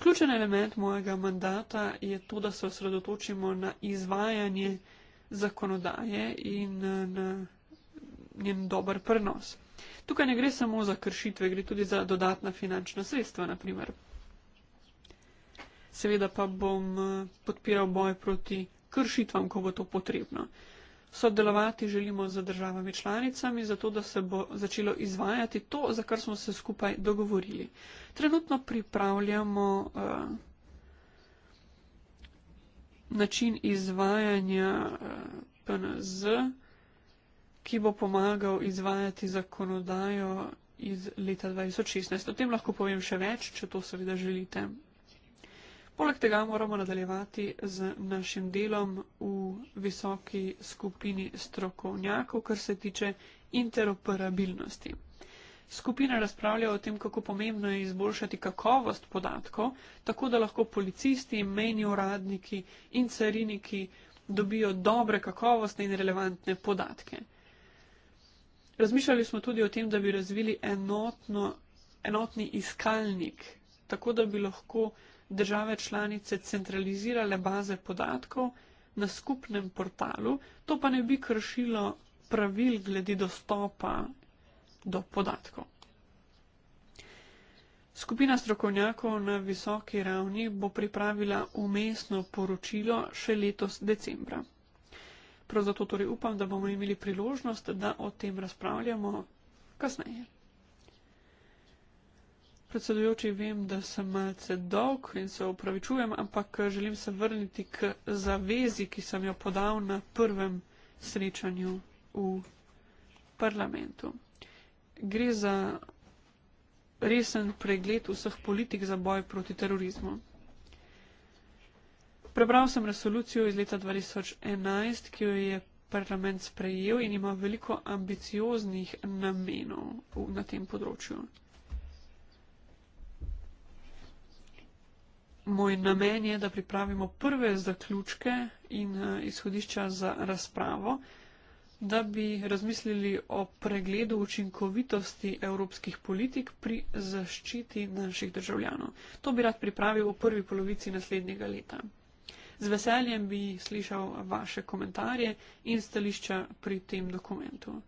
Ključen element mojega mandata je to, da se osredotočimo na izvajanje zakonodaje in eh, na njen dober prenos. Tukaj ne gre samo za kršitve, gre tudi za dodatna finančna sredstva, naprimer. Seveda pa bom eh, podpiral boj proti kršitvam, ko bo to potrebno. Uh, Sodelovati želimo z državami članicami, zato da se bo začelo izvajati to, za kar smo se skupaj dogovorili. Trenutno pripravljamo uh, način izvajanja uh, eh, PNZ, ki bo pomagal izvajati zakonodajo iz leta 2016. O tem lahko povem še več, če to seveda želite Poleg tega moramo nadaljevati z našim delom v visoki skupini strokovnjakov, kar se tiče interoperabilnosti. Skupina razpravlja o tem, kako pomembno je izboljšati kakovost podatkov, tako da lahko policisti, meni uradniki in cariniki dobijo dobre kakovostne in relevantne podatke. Razmišljali smo tudi o tem, da bi razvili enotno, enotni iskalnik, tako da bi lahko države članice centralizirale baze podatkov na skupnem portalu, to pa ne bi kršilo pravil glede dostopa do podatkov. Skupina strokovnjakov na visoki ravni bo pripravila umestno poročilo še letos decembra. Prav zato torej upam, da bomo imeli priložnost, da o tem razpravljamo kasneje. Predsedujoči, vem, da sem malce dolg in se upravičujem, ampak želim se vrniti k zavezi, ki sem jo podal na prvem srečanju v parlamentu. Gre za resen pregled vseh politik za boj proti terorizmu. Prebral sem resolucijo iz leta 2011, ki jo je parlament sprejel in ima veliko ambicioznih namenov na tem področju. moj namen je, da pripravimo prve zaključke in eh, izhodišča za razpravo, da bi razmislili o pregledu učinkovitosti evropskih politik pri zaščiti naših državljanov. To bi rad pripravil v prvi polovici naslednjega leta. Z veseljem bi slišal vaše komentarje in stališča pri tem dokumentu.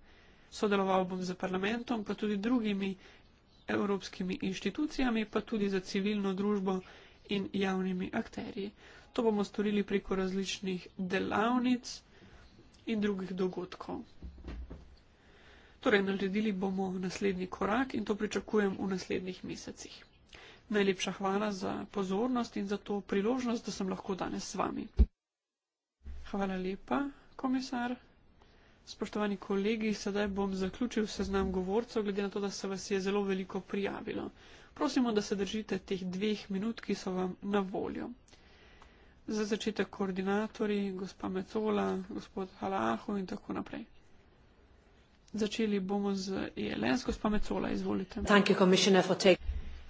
Sodeloval bom z parlamentom, pa tudi drugimi evropskimi inštitucijami, pa tudi za civilno družbo in javnimi akterji. To bomo storili preko različnih delavnic in drugih dogodkov. Torej, naredili bomo naslednji korak in to pričakujem v naslednjih mesecih. Najlepša hvala za pozornost in za to priložnost, da sem lahko danes z vami. Hvala lepa, komisar. Spoštovani kolegi, sedaj bom zaključil seznam govorcev, glede na to, da se vas je zelo veliko prijavilo prosimo, da se držite teh dveh minut, ki so vam na voljo. Za začetek koordinatori, gospa Metola, gospod Halahu in tako naprej. Začeli bomo z ELS, gospa Metola, izvolite.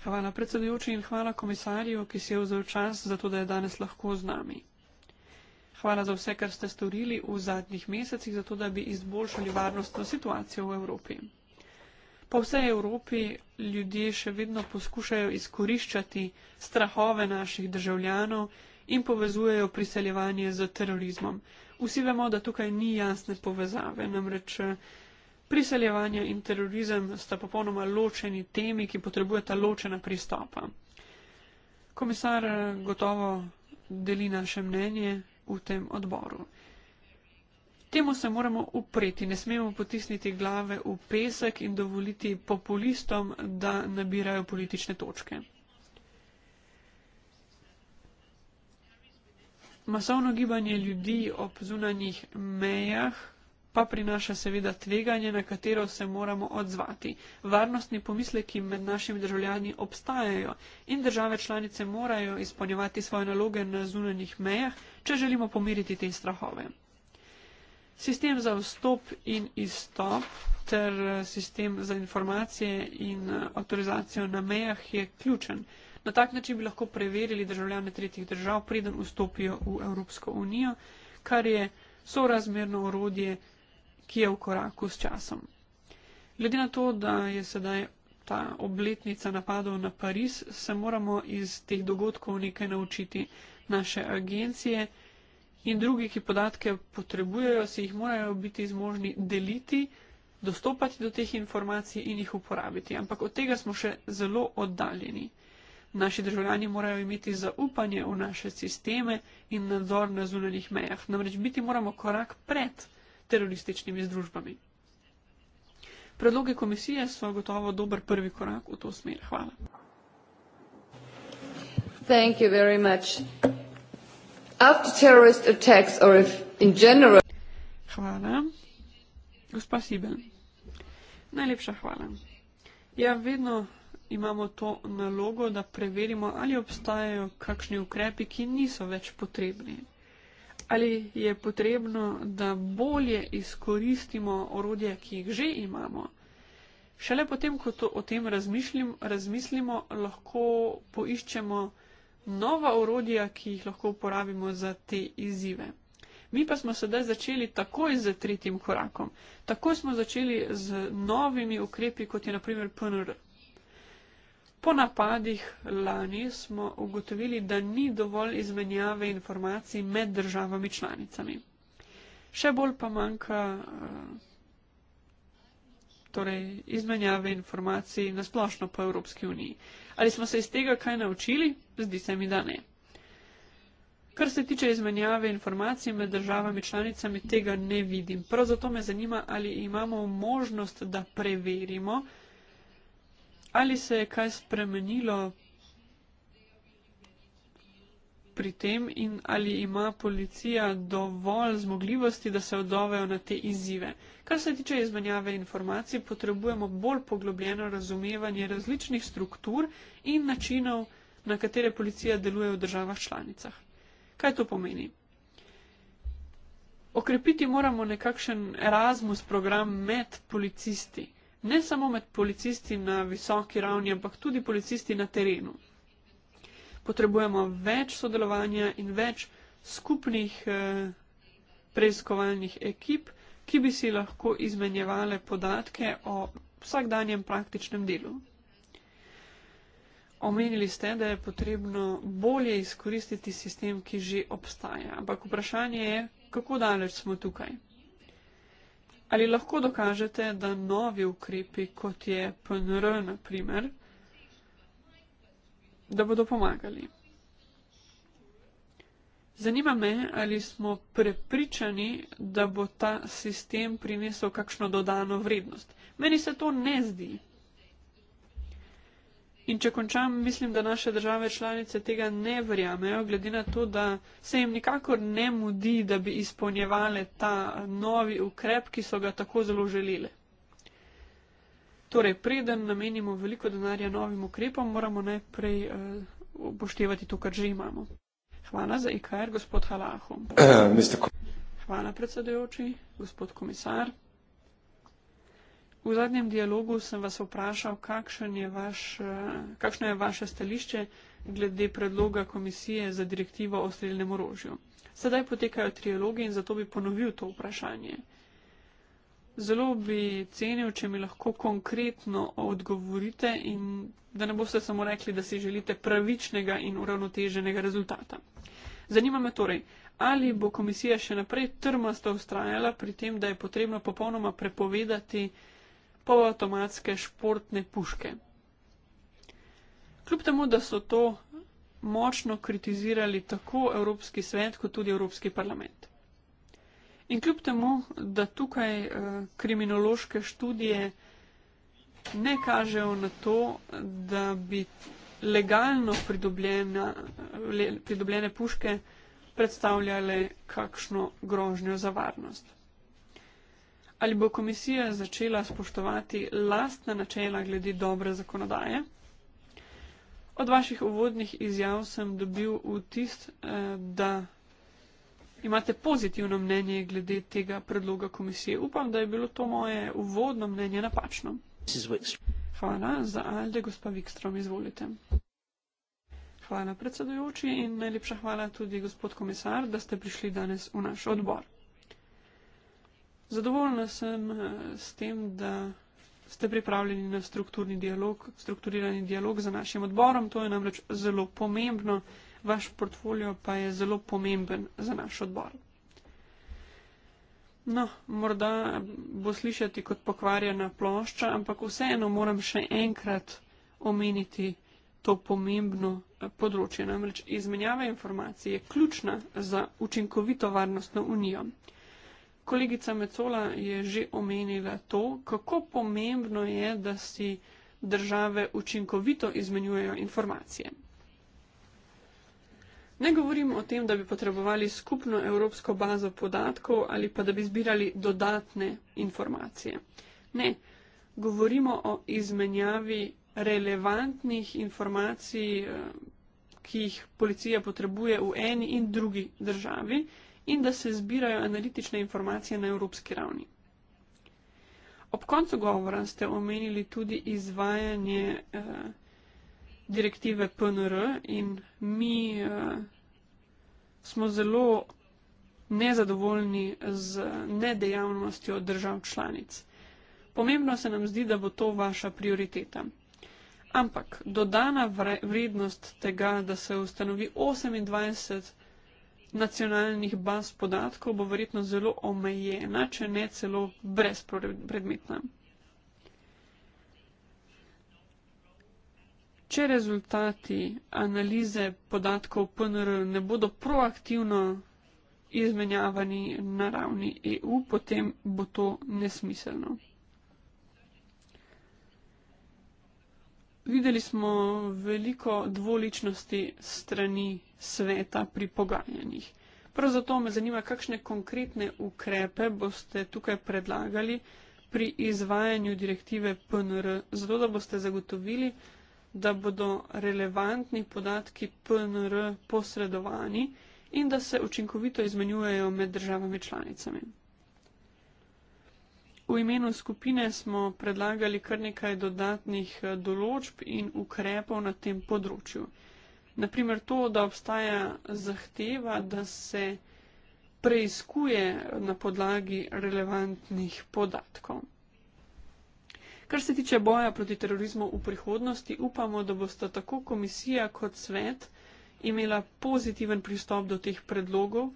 Hvala predsedujoči in hvala komisarju, ki si je vzel čas za to, da je danes lahko z nami. Hvala za vse, kar ste storili v zadnjih mesecih, zato da bi izboljšali varnostno situacijo v Evropi. Po vsej Evropi ljudje še vedno poskušajo izkoriščati strahove naših državljanov in povezujejo priseljevanje z terorizmom. Vsi vemo, da tukaj ni jasne povezave, namreč eh, priseljevanje in terorizem sta popolnoma ločeni temi, ki potrebujeta ločena pristopa. Komisar eh, gotovo deli naše mnenje v tem odboru. Temu se moramo upreti, ne smemo potisniti glave v pesek in dovoliti populistom, da nabirajo politične točke. Masovno gibanje ljudi ob zunanjih mejah pa prinaša seveda tveganje, na katero se moramo odzvati. Varnostni pomisleki med našimi državljani obstajajo in države članice morajo izpolnjevati svoje naloge na zunanjih mejah, če želimo pomiriti te strahove sistem za vstop in izstop ter eh, sistem za informacije in eh, avtorizacijo na mejah je ključen. Na tak način bi lahko preverili državljane tretjih držav, preden vstopijo v Evropsko unijo, kar je sorazmerno orodje, ki je v koraku s časom. Glede na to, da je sedaj ta obletnica napadov na Pariz, se moramo iz teh dogodkov nekaj naučiti naše agencije in drugi, ki podatke potrebujejo, si jih morajo biti zmožni deliti, dostopati do teh informacij in jih uporabiti. Ampak od tega smo še zelo oddaljeni. Naši državljani morajo imeti zaupanje v naše sisteme in nadzor na zunanjih mejah. Namreč biti moramo korak pred terorističnimi združbami. Predloge komisije so gotovo dober prvi korak v to smer. Hvala. Thank you very much. After terrorist attacks or if in general... Hvala. Gospa Sibel. Najlepša hvala. Ja, vedno imamo to nalogo, da preverimo, ali obstajajo kakšni ukrepi, ki niso več potrebni. Ali je potrebno, da bolje izkoristimo orodje, ki jih že imamo. Šele potem, ko o tem razmislim, razmislimo, lahko poiščemo nova orodja, ki jih lahko uporabimo za te izzive. Mi pa smo sedaj začeli takoj z tretjim korakom. Takoj smo začeli z novimi ukrepi, kot je naprimer PNR. Po napadih lani smo ugotovili, da ni dovolj izmenjave informacij med državami članicami. Še bolj pa manjka. Uh, torej izmenjave informacij na splošno po Evropski uniji. Ali smo se iz tega kaj naučili? Zdi se mi, da ne. Kar se tiče izmenjave informacij med državami članicami, tega ne vidim. Prav zato me zanima, ali imamo možnost, da preverimo, ali se je kaj spremenilo pri tem in ali ima policija dovolj zmogljivosti, da se odzovejo na te izzive. Kar se tiče izmenjave informacij, potrebujemo bolj poglobljeno razumevanje različnih struktur in načinov, na katere policija deluje v državah članicah. Kaj to pomeni? Okrepiti moramo nekakšen Erasmus program med policisti. Ne samo med policisti na visoki ravni, ampak tudi policisti na terenu potrebujemo več sodelovanja in več skupnih eh, preiskovalnih ekip, ki bi si lahko izmenjevale podatke o vsakdanjem praktičnem delu. Omenili ste, da je potrebno bolje izkoristiti sistem, ki že obstaja, ampak vprašanje je, kako daleč smo tukaj. Ali lahko dokažete, da novi ukrepi, kot je PNR, naprimer, da bodo pomagali. Zanima me, ali smo prepričani, da bo ta sistem prinesel kakšno dodano vrednost. Meni se to ne zdi. In če končam, mislim, da naše države članice tega ne verjamejo, glede na to, da se jim nikakor ne mudi, da bi izpolnjevale ta novi ukrep, ki so ga tako zelo želeli. Torej, preden namenimo veliko denarja novim ukrepom, moramo najprej uh, upoštevati to, kar že imamo. Hvala za IKR, gospod Halahom. Hvala, predsedujoči, gospod komisar. V zadnjem dialogu sem vas vprašal, je vaš, eh, kakšno je vaše stališče glede predloga komisije za direktivo o streljnem orožju. Sedaj potekajo trialogi in zato bi ponovil to vprašanje. Zelo bi cenil, če mi lahko konkretno odgovorite in da ne boste samo rekli, da si želite pravičnega in uravnoteženega rezultata. Zanima me torej, ali bo komisija še naprej trmasto ustrajala pri tem, da je potrebno popolnoma prepovedati polautomatske športne puške. Kljub temu, da so to močno kritizirali tako Evropski svet, kot tudi Evropski parlament. In kljub temu, da tukaj uh, kriminološke študije ne kažejo na to, da bi legalno pridobljena, le, pridobljene puške predstavljale kakšno grožnjo za varnost. Ali bo komisija začela spoštovati lastna načela glede dobre zakonodaje? Od vaših uvodnih izjav sem dobil vtis, eh, da imate pozitivno mnenje glede tega predloga komisije. Upam, da je bilo to moje uvodno mnenje napačno. Hvala za Alde, gospa Vikstrom, izvolite. Hvala predsedujoči in najlepša hvala tudi gospod komisar, da ste prišli danes v naš odbor. Zadovoljna sem eh, s tem, da ste pripravljeni na strukturni dialog, strukturirani dialog za našim odborom. To je namreč zelo pomembno vaš portfolio pa je zelo pomemben za naš odbor. No, morda bo slišati kot pokvarjena plošča, ampak vseeno moram še enkrat omeniti to pomembno eh, področje. Namreč izmenjava informacij je ključna za učinkovito varnostno unijo. Kolegica Mecola je že omenila to, kako pomembno je, da si države učinkovito izmenjujejo informacije. Ne govorim o tem, da bi potrebovali skupno evropsko bazo podatkov ali pa da bi zbirali dodatne informacije. Ne, govorimo o izmenjavi relevantnih informacij, eh, ki jih policija potrebuje v eni in drugi državi in da se zbirajo analitične informacije na evropski ravni. Ob koncu govora ste omenili tudi izvajanje eh, direktive PNR in mi uh, smo zelo nezadovoljni z nedejavnostjo držav članic. Pomembno se nam zdi, da bo to vaša prioriteta. Ampak dodana vrednost tega, da se ustanovi 28 nacionalnih baz podatkov, bo verjetno zelo omejena, če ne celo brezpredmetna. Pred če rezultati analize podatkov PNR ne bodo proaktivno izmenjavani na ravni EU, potem bo to nesmiselno. Videli smo veliko dvoličnosti strani sveta pri pogajanjih. Prav zato me zanima, kakšne konkretne ukrepe boste tukaj predlagali pri izvajanju direktive PNR, zato da boste zagotovili, da bodo relevantni podatki PNR posredovani in da se učinkovito izmenjujejo med državami članicami. V imenu skupine smo predlagali kar nekaj dodatnih eh, določb in ukrepov na tem področju. Naprimer to, da obstaja zahteva, da se preizkuje na podlagi relevantnih podatkov. Kar se tiče boja proti terorizmu v prihodnosti, upamo, da bosta tako komisija kot svet imela pozitiven pristop do teh predlogov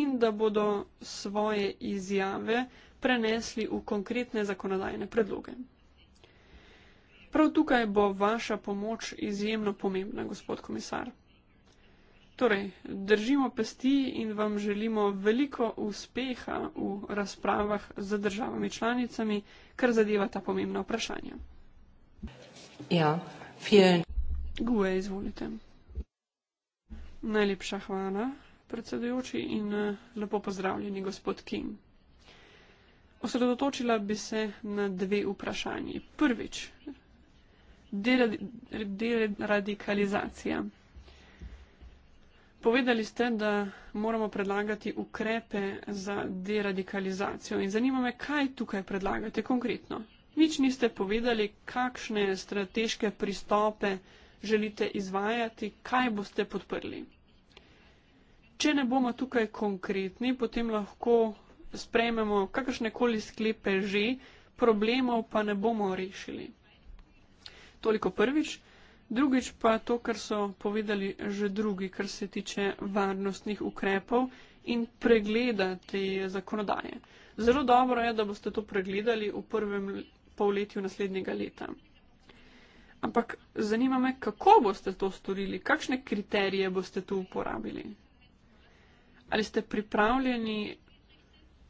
in da bodo svoje izjave prenesli v konkretne zakonodajne predloge. Prav tukaj bo vaša pomoč izjemno pomembna, gospod komisar. Torej, držimo pesti in vam želimo veliko uspeha v razpravah z državami članicami, kar zadeva ta pomembna vprašanja. Ja, vielen. Gue, izvolite. Najlepša hvala, predsedujoči, in eh, lepo pozdravljeni, gospod Kim. Osredotočila bi se na dve vprašanji. Prvič, deradikalizacija. Del Povedali ste, da moramo predlagati ukrepe za deradikalizacijo in zanima me, kaj tukaj predlagate konkretno. Nič niste povedali, kakšne strateške pristope želite izvajati, kaj boste podprli. Če ne bomo tukaj konkretni, potem lahko sprejmemo kakršnekoli sklepe že, problemov pa ne bomo rešili. Toliko prvič drugič pa to, kar so povedali že drugi, kar se tiče varnostnih ukrepov in pregleda te zakonodaje. Zelo dobro je, da boste to pregledali v prvem polletju naslednjega leta. Ampak zanima me, kako boste to storili, kakšne kriterije boste tu uporabili. Ali ste pripravljeni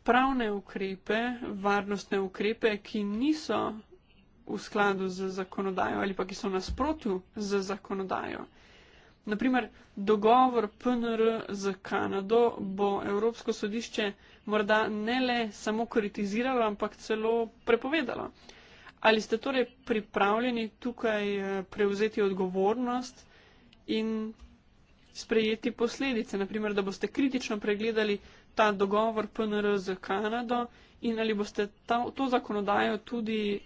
pravne ukrepe, varnostne ukrepe, ki niso v skladu z zakonodajo ali pa ki so nasprotju z zakonodajo. Naprimer, dogovor PNR z Kanado bo Evropsko sodišče morda ne le samo kritiziralo, ampak celo prepovedalo. Ali ste torej pripravljeni tukaj eh, prevzeti odgovornost in sprejeti posledice? Naprimer, da boste kritično pregledali ta dogovor PNR z Kanado in ali boste ta, to zakonodajo tudi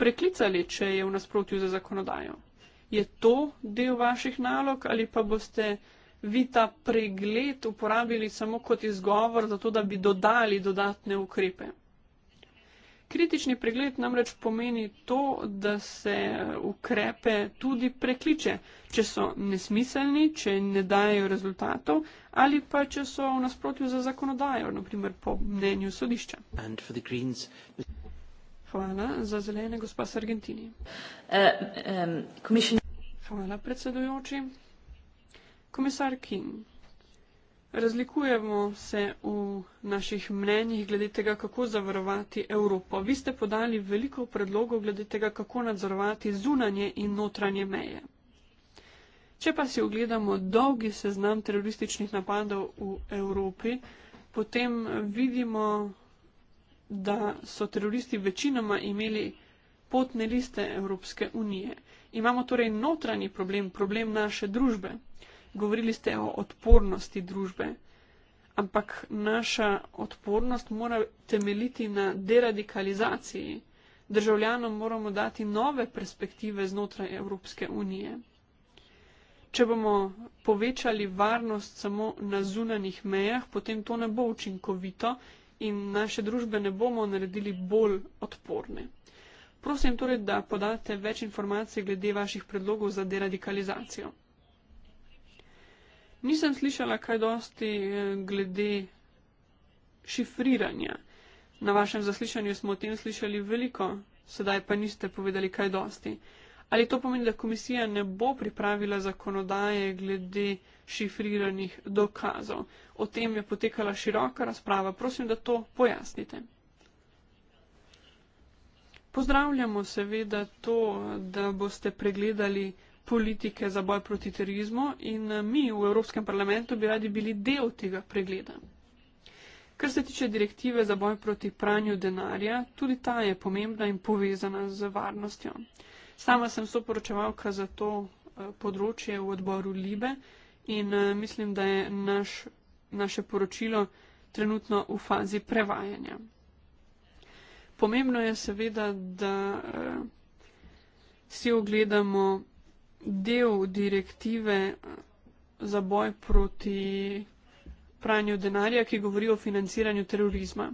preklicali, če je v nasprotju za zakonodajo. Je to del vaših nalog ali pa boste vi ta pregled uporabili samo kot izgovor za to, da bi dodali dodatne ukrepe? Kritični pregled namreč pomeni to, da se ukrepe tudi prekliče, če so nesmiselni, če ne dajo rezultatov ali pa če so v nasprotju za zakonodajo, naprimer po mnenju sodišča. Hvala za zelene, gospa Sargentini. Uh, eh, um, Hvala predsedujoči. Komisar King, razlikujemo se v naših mnenjih glede tega, kako zavarovati Evropo. Vi ste podali veliko predlogov glede tega, kako nadzorovati zunanje in notranje meje. Če pa si ogledamo dolgi seznam terorističnih napadov v Evropi, potem vidimo da so teroristi večinoma imeli potne liste Evropske unije. Imamo torej notranji problem, problem naše družbe. Govorili ste o odpornosti družbe, ampak naša odpornost mora temeljiti na deradikalizaciji. Državljanom moramo dati nove perspektive znotraj Evropske unije. Če bomo povečali varnost samo na zunanjih mejah, potem to ne bo učinkovito in naše družbe ne bomo naredili bolj odporne. Prosim torej, da podate več informacij glede vaših predlogov za deradikalizacijo. Nisem slišala kaj dosti eh, glede šifriranja. Na vašem zaslišanju smo o tem slišali veliko, sedaj pa niste povedali kaj dosti. Ali to pomeni, da komisija ne bo pripravila zakonodaje glede šifriranih dokazov? O tem je potekala široka razprava. Prosim, da to pojasnite. Pozdravljamo seveda to, da boste pregledali politike za boj proti terorizmu in eh, mi v Evropskem parlamentu bi radi bili del tega pregleda. Kar se tiče direktive za boj proti pranju denarja, tudi ta je pomembna in povezana z varnostjo. Sama sem soporočevalka za to eh, področje v odboru Libe in eh, mislim, da je naš, naše poročilo trenutno v fazi prevajanja. Pomembno je seveda, da eh, si ogledamo del direktive za boj proti pranju denarja, ki govori o financiranju terorizma.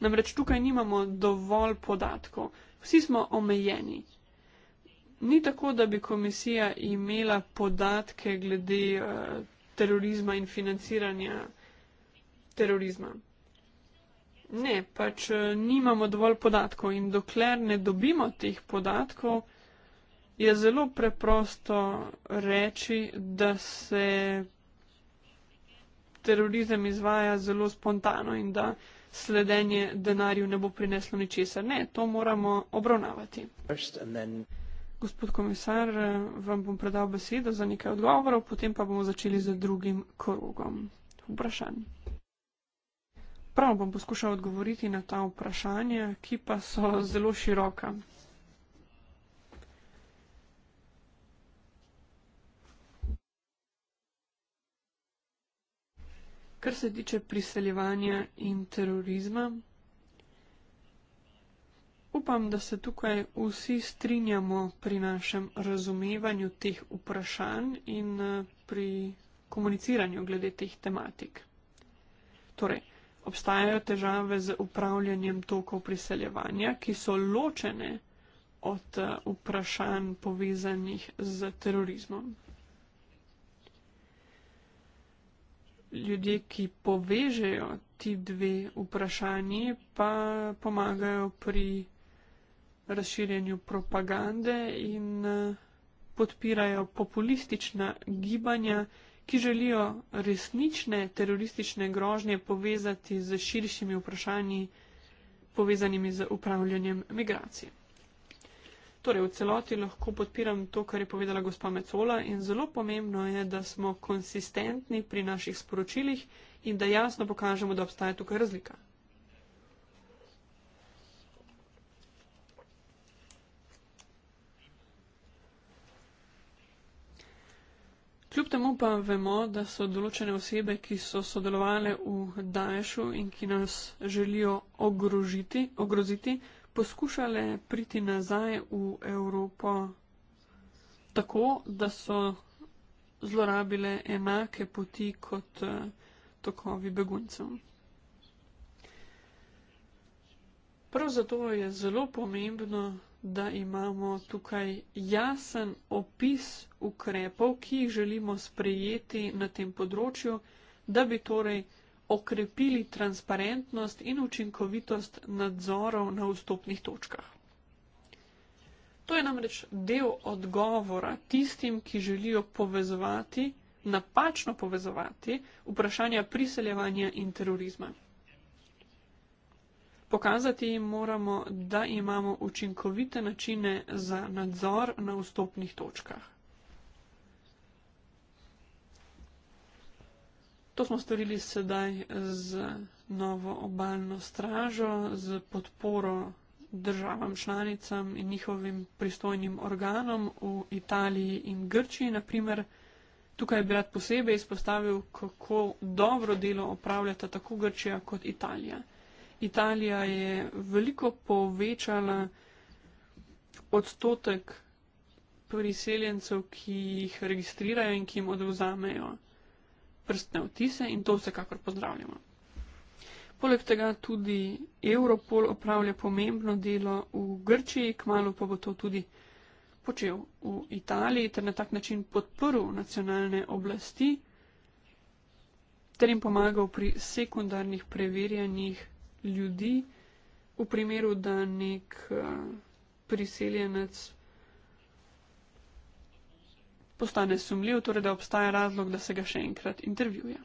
Namreč tukaj nimamo dovolj podatkov. Vsi smo omejeni ni tako, da bi komisija imela podatke glede uh, terorizma in financiranja terorizma. Ne, pač eh, nimamo dovolj podatkov in dokler ne dobimo teh podatkov, je zelo preprosto reči, da se terorizem izvaja zelo spontano in da sledenje denarju ne bo prineslo ničesar. Ne, to moramo obravnavati. First and then... Gospod komisar, vam bom predal besedo za nekaj odgovorov, potem pa bomo začeli z drugim krogom vprašanj. Prav bom poskušal odgovoriti na ta vprašanja, ki pa so zelo široka. Kar se tiče priseljevanja in terorizma, Upam, da se tukaj vsi strinjamo pri našem razumevanju teh vprašanj in eh, pri komuniciranju glede teh tematik. Torej, obstajajo težave z upravljanjem tokov priseljevanja, ki so ločene od eh, vprašanj povezanih z terorizmom. Ljudje, ki povežejo ti dve vprašanji, pa pomagajo pri razširjanju propagande in eh, podpirajo populistična gibanja, ki želijo resnične teroristične grožnje povezati z širšimi vprašanji povezanimi z upravljanjem migracij. Torej, v celoti lahko podpiram to, kar je povedala gospa Mecola in zelo pomembno je, da smo konsistentni pri naših sporočilih in da jasno pokažemo, da obstaja tukaj razlika. Kljub temu pa vemo, da so določene osebe, ki so sodelovali v Daješu in ki nas želijo ogrožiti, ogroziti, poskušale priti nazaj v Evropo tako, da so zlorabile enake poti kot eh, tokovi beguncev. Prav zato je zelo pomembno da imamo tukaj jasen opis ukrepov, ki jih želimo sprejeti na tem področju, da bi torej okrepili transparentnost in učinkovitost nadzorov na vstopnih točkah. To je namreč del odgovora tistim, ki želijo povezovati, napačno povezovati, vprašanja priseljevanja in terorizma. Pokazati jim moramo, da imamo učinkovite načine za nadzor na vstopnih točkah. To smo storili sedaj z novo obaljno stražo, z podporo državam članicam in njihovim pristojnim organom v Italiji in Grčiji. Naprimer, tukaj bi rad posebej izpostavil, kako dobro delo opravljata tako Grčija kot Italija. Italija je veliko povečala odstotek priseljencev, ki jih registrirajo in ki jim odvzamejo prstne vtise in to vsekakor pozdravljamo. Poleg tega tudi Europol opravlja pomembno delo v Grčiji, kmalo pa bo to tudi počel v Italiji ter na tak način podprl nacionalne oblasti ter jim pomagal pri sekundarnih preverjanjih ljudi, v primeru, da nek uh, priseljenec postane sumljiv, torej da obstaja razlog, da se ga še enkrat intervjuje.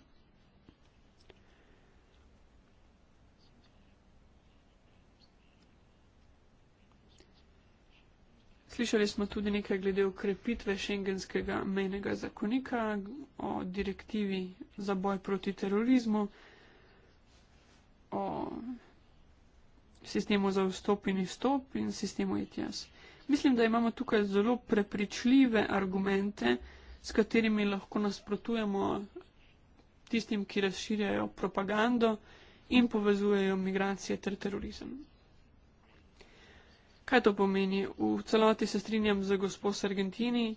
Slišali smo tudi nekaj glede ukrepitve šengenskega menjega zakonika o direktivi za boj proti terorizmu o sistemu za vstop in izstop in sistemu ETS. Mislim, da imamo tukaj zelo prepričljive argumente, s katerimi lahko nasprotujemo tistim, ki razširjajo propagando in povezujejo migracije ter terorizem. Kaj to pomeni? V celoti se strinjam z gospod Argentini,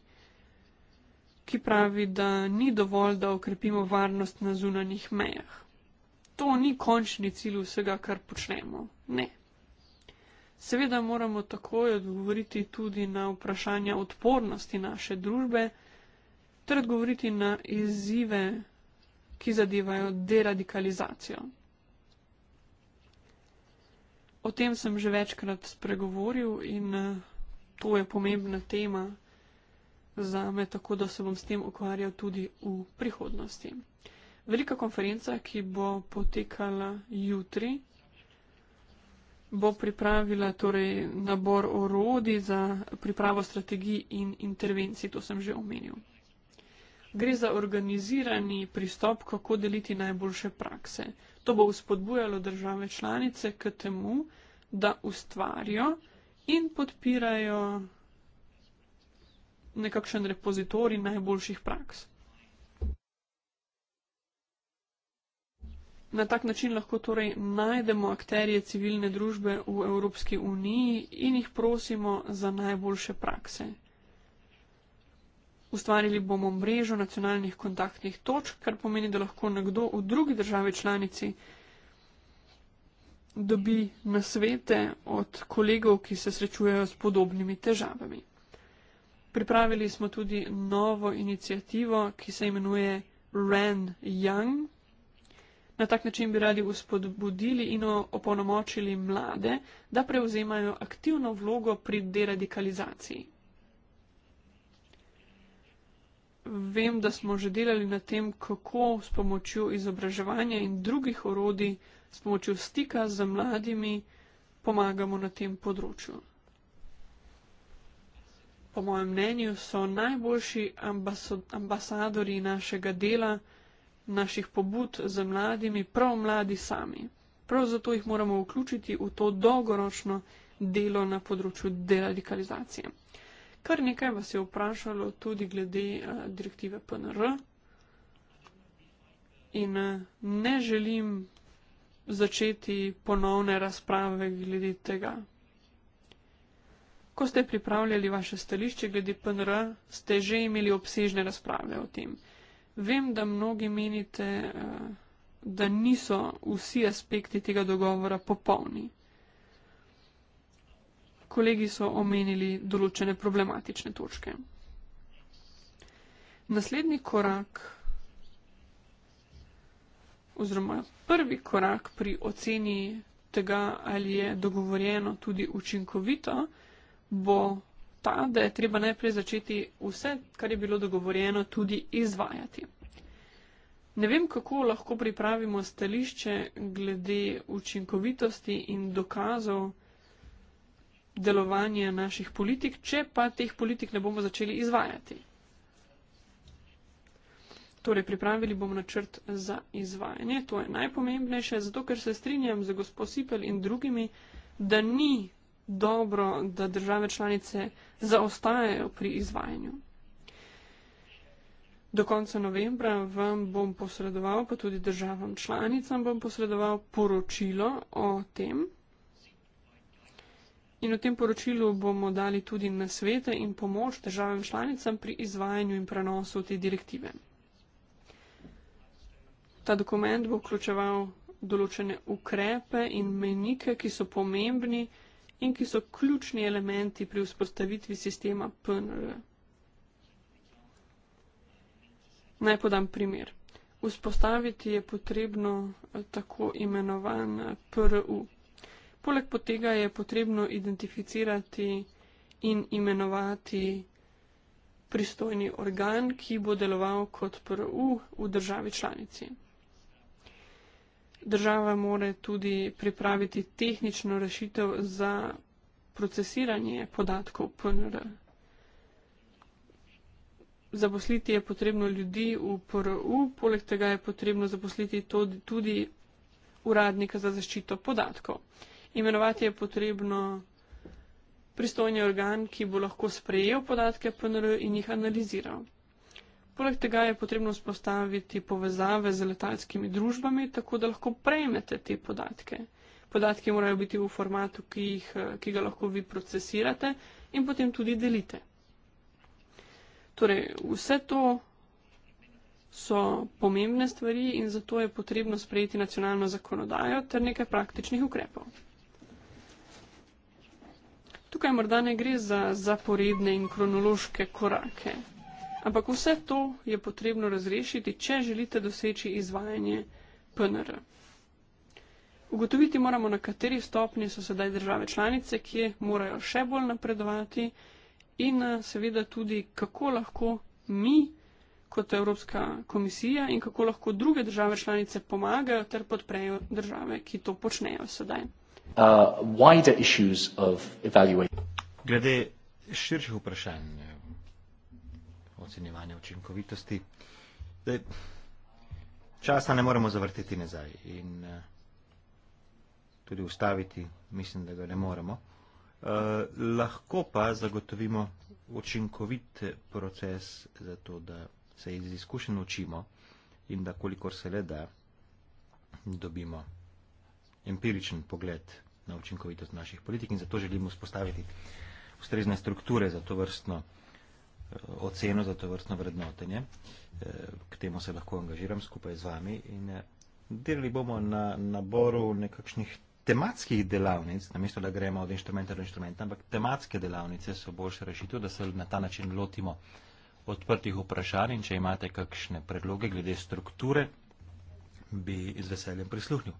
ki pravi, da ni dovolj, da okrepimo varnost na zunanjih mejah to ni končni cilj vsega, kar počnemo. Ne. Seveda moramo takoj odgovoriti tudi na vprašanja odpornosti naše družbe, ter odgovoriti na izzive, ki zadevajo deradikalizacijo. O tem sem že večkrat spregovoril in eh, to je pomembna tema za me, tako da se bom s tem ukvarjal tudi v prihodnosti. Velika konferenca, ki bo potekala jutri, bo pripravila torej nabor orodi za pripravo strategij in intervencij, to sem že omenil. Gre za organizirani pristop, kako deliti najboljše prakse. To bo uspodbujalo države članice k temu, da ustvarijo in podpirajo nekakšen repozitorij najboljših praks. Na tak način lahko torej najdemo akterje civilne družbe v Evropski uniji in jih prosimo za najboljše prakse. Ustvarili bomo mrežo nacionalnih kontaktnih točk, kar pomeni, da lahko nekdo v drugi državi članici dobi nasvete od kolegov, ki se srečujejo s podobnimi težavami. Pripravili smo tudi novo inicijativo, ki se imenuje Ren Young. Na tak način bi radi uspodbudili in opolnomočili mlade, da prevzemajo aktivno vlogo pri deradikalizaciji. Vem, da smo že delali na tem, kako s pomočjo izobraževanja in drugih orodij, s pomočjo stika z mladimi, pomagamo na tem področju. Po mojem mnenju so najboljši ambasadori našega dela naših pobud z mladimi, prav mladi sami. Prav zato jih moramo vključiti v to dolgoročno delo na področju deradikalizacije. Kar nekaj vas je vprašalo tudi glede eh, direktive PNR in eh, ne želim začeti ponovne razprave glede tega. Ko ste pripravljali vaše stališče glede PNR, ste že imeli obsežne razprave o tem. Vem, da mnogi menite, eh, da niso vsi aspekti tega dogovora popolni. Kolegi so omenili določene problematične točke. Naslednji korak oziroma prvi korak pri oceni tega, ali je dogovorjeno tudi učinkovito, bo ta, da je treba najprej začeti vse, kar je bilo dogovorjeno, tudi izvajati. Ne vem, kako lahko pripravimo stališče glede učinkovitosti in dokazov delovanja naših politik, če pa teh politik ne bomo začeli izvajati. Torej, pripravili bomo načrt za izvajanje. To je najpomembnejše, zato ker se strinjam z gospod Sipel in drugimi, da ni dobro, da države članice zaostajajo pri izvajanju. Do konca novembra vam bom posredoval, pa tudi državam članicam bom posredoval poročilo o tem. In v tem poročilu bomo dali tudi nasvete in pomoč državam članicam pri izvajanju in prenosu te direktive. Ta dokument bo vključeval določene ukrepe in menike, ki so pomembni in ki so ključni elementi pri vzpostavitvi sistema PNR. Naj podam primer. Vzpostaviti je potrebno eh, tako imenovan eh, PRU. Poleg potega je potrebno identificirati in imenovati pristojni organ, ki bo deloval kot PRU v državi članici država more tudi pripraviti tehnično rešitev za procesiranje podatkov PNR. Zaposliti je potrebno ljudi v PRU, poleg tega je potrebno zaposliti tudi uradnika za zaščito podatkov. Imenovati je potrebno pristojni organ, ki bo lahko sprejel podatke PNR in jih analiziral. Poleg tega je potrebno vzpostaviti povezave z letalskimi družbami, tako da lahko prejmete te podatke. Podatki morajo biti v formatu, ki, jih, ki ga lahko vi procesirate in potem tudi delite. Torej, vse to so pomembne stvari in zato je potrebno sprejeti nacionalno zakonodajo ter nekaj praktičnih ukrepov. Tukaj morda ne gre za zaporedne in kronološke korake. Ampak vse to je potrebno razrešiti, če želite doseči izvajanje PNR. Ugotoviti moramo, na kateri stopni so sedaj države članice, kje morajo še bolj napredovati in eh, seveda tudi, kako lahko mi kot Evropska komisija in kako lahko druge države članice pomagajo ter podprejo države, ki to počnejo sedaj. Uh, Glede širših vprašanj ocenjevanja učinkovitosti. Da, časa ne moremo zavrteti nazaj in eh, tudi ustaviti, mislim, da ga ne moremo. Uh, lahko pa zagotovimo učinkovit proces za to, da se iz izkušenj učimo in da kolikor se le da, dobimo empiričen pogled na učinkovitost naših politik in zato želimo spostaviti ustrezne strukture za to vrstno oceno za to vrstno vrednotenje. K temu se lahko angažiram skupaj z vami. In eh, delali bomo na naboru nekakšnih tematskih delavnic, namesto da gremo od inštrumenta do inštrumenta, ampak tematske delavnice so boljša rešitev, da se na ta način lotimo odprtih vprašanj in če imate kakšne predloge glede strukture, bi z veseljem prisluhnil.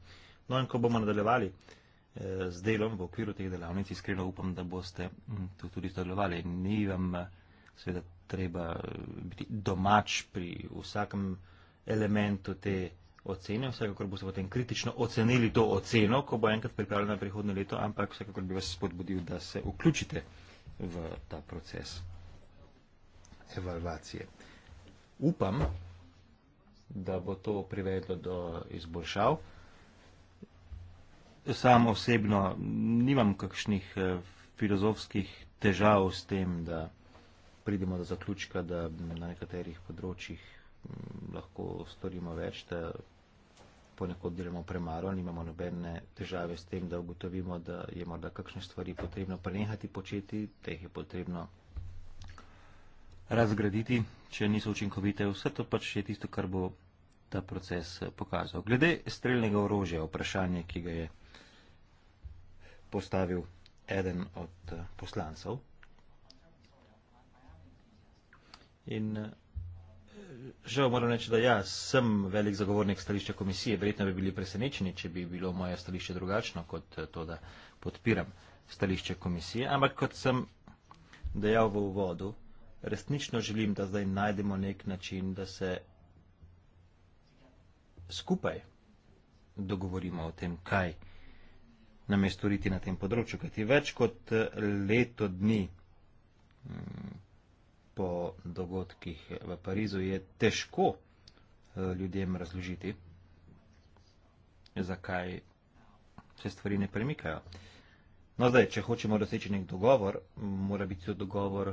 No in ko bomo nadaljevali eh, z delom v okviru teh delavnic, iskreno upam, da boste hm, to tudi sodelovali. Ni vam eh, seveda treba eh, biti domač pri vsakem elementu te ocene, vsekakor boste potem kritično ocenili to oceno, ko bo enkrat pripravljena prihodno leto, ampak vsekakor bi vas spodbudil, da se vključite v ta proces evalvacije. Upam, da bo to privedlo do izboljšav. Sam osebno nimam kakšnih eh, filozofskih težav s tem, da pridemo do zaključka, da na nekaterih področjih mm, lahko storimo več, da ponekod delamo premalo, nimamo nobene težave s tem, da ugotovimo, da je morda kakšne stvari potrebno prenehati početi, da jih je potrebno razgraditi, če niso učinkovite. Vse to pač je tisto, kar bo ta proces eh, pokazal. Glede streljnega orožja, vprašanje, ki ga je postavil eden od eh, poslancev. In eh, žal moram reči, da ja, sem velik zagovornik stališča komisije. Verjetno bi bili presenečeni, če bi bilo moje stališče drugačno kot eh, to, da podpiram stališče komisije. Ampak kot sem dejal v uvodu, resnično želim, da zdaj najdemo nek način, da se skupaj dogovorimo o tem, kaj nam je storiti na tem področju. Kajti več kot eh, leto dni mm, po dogodkih v Parizu je težko eh, ljudem razložiti, zakaj se stvari ne premikajo. No zdaj, če hočemo doseči nek dogovor, mora biti to dogovor,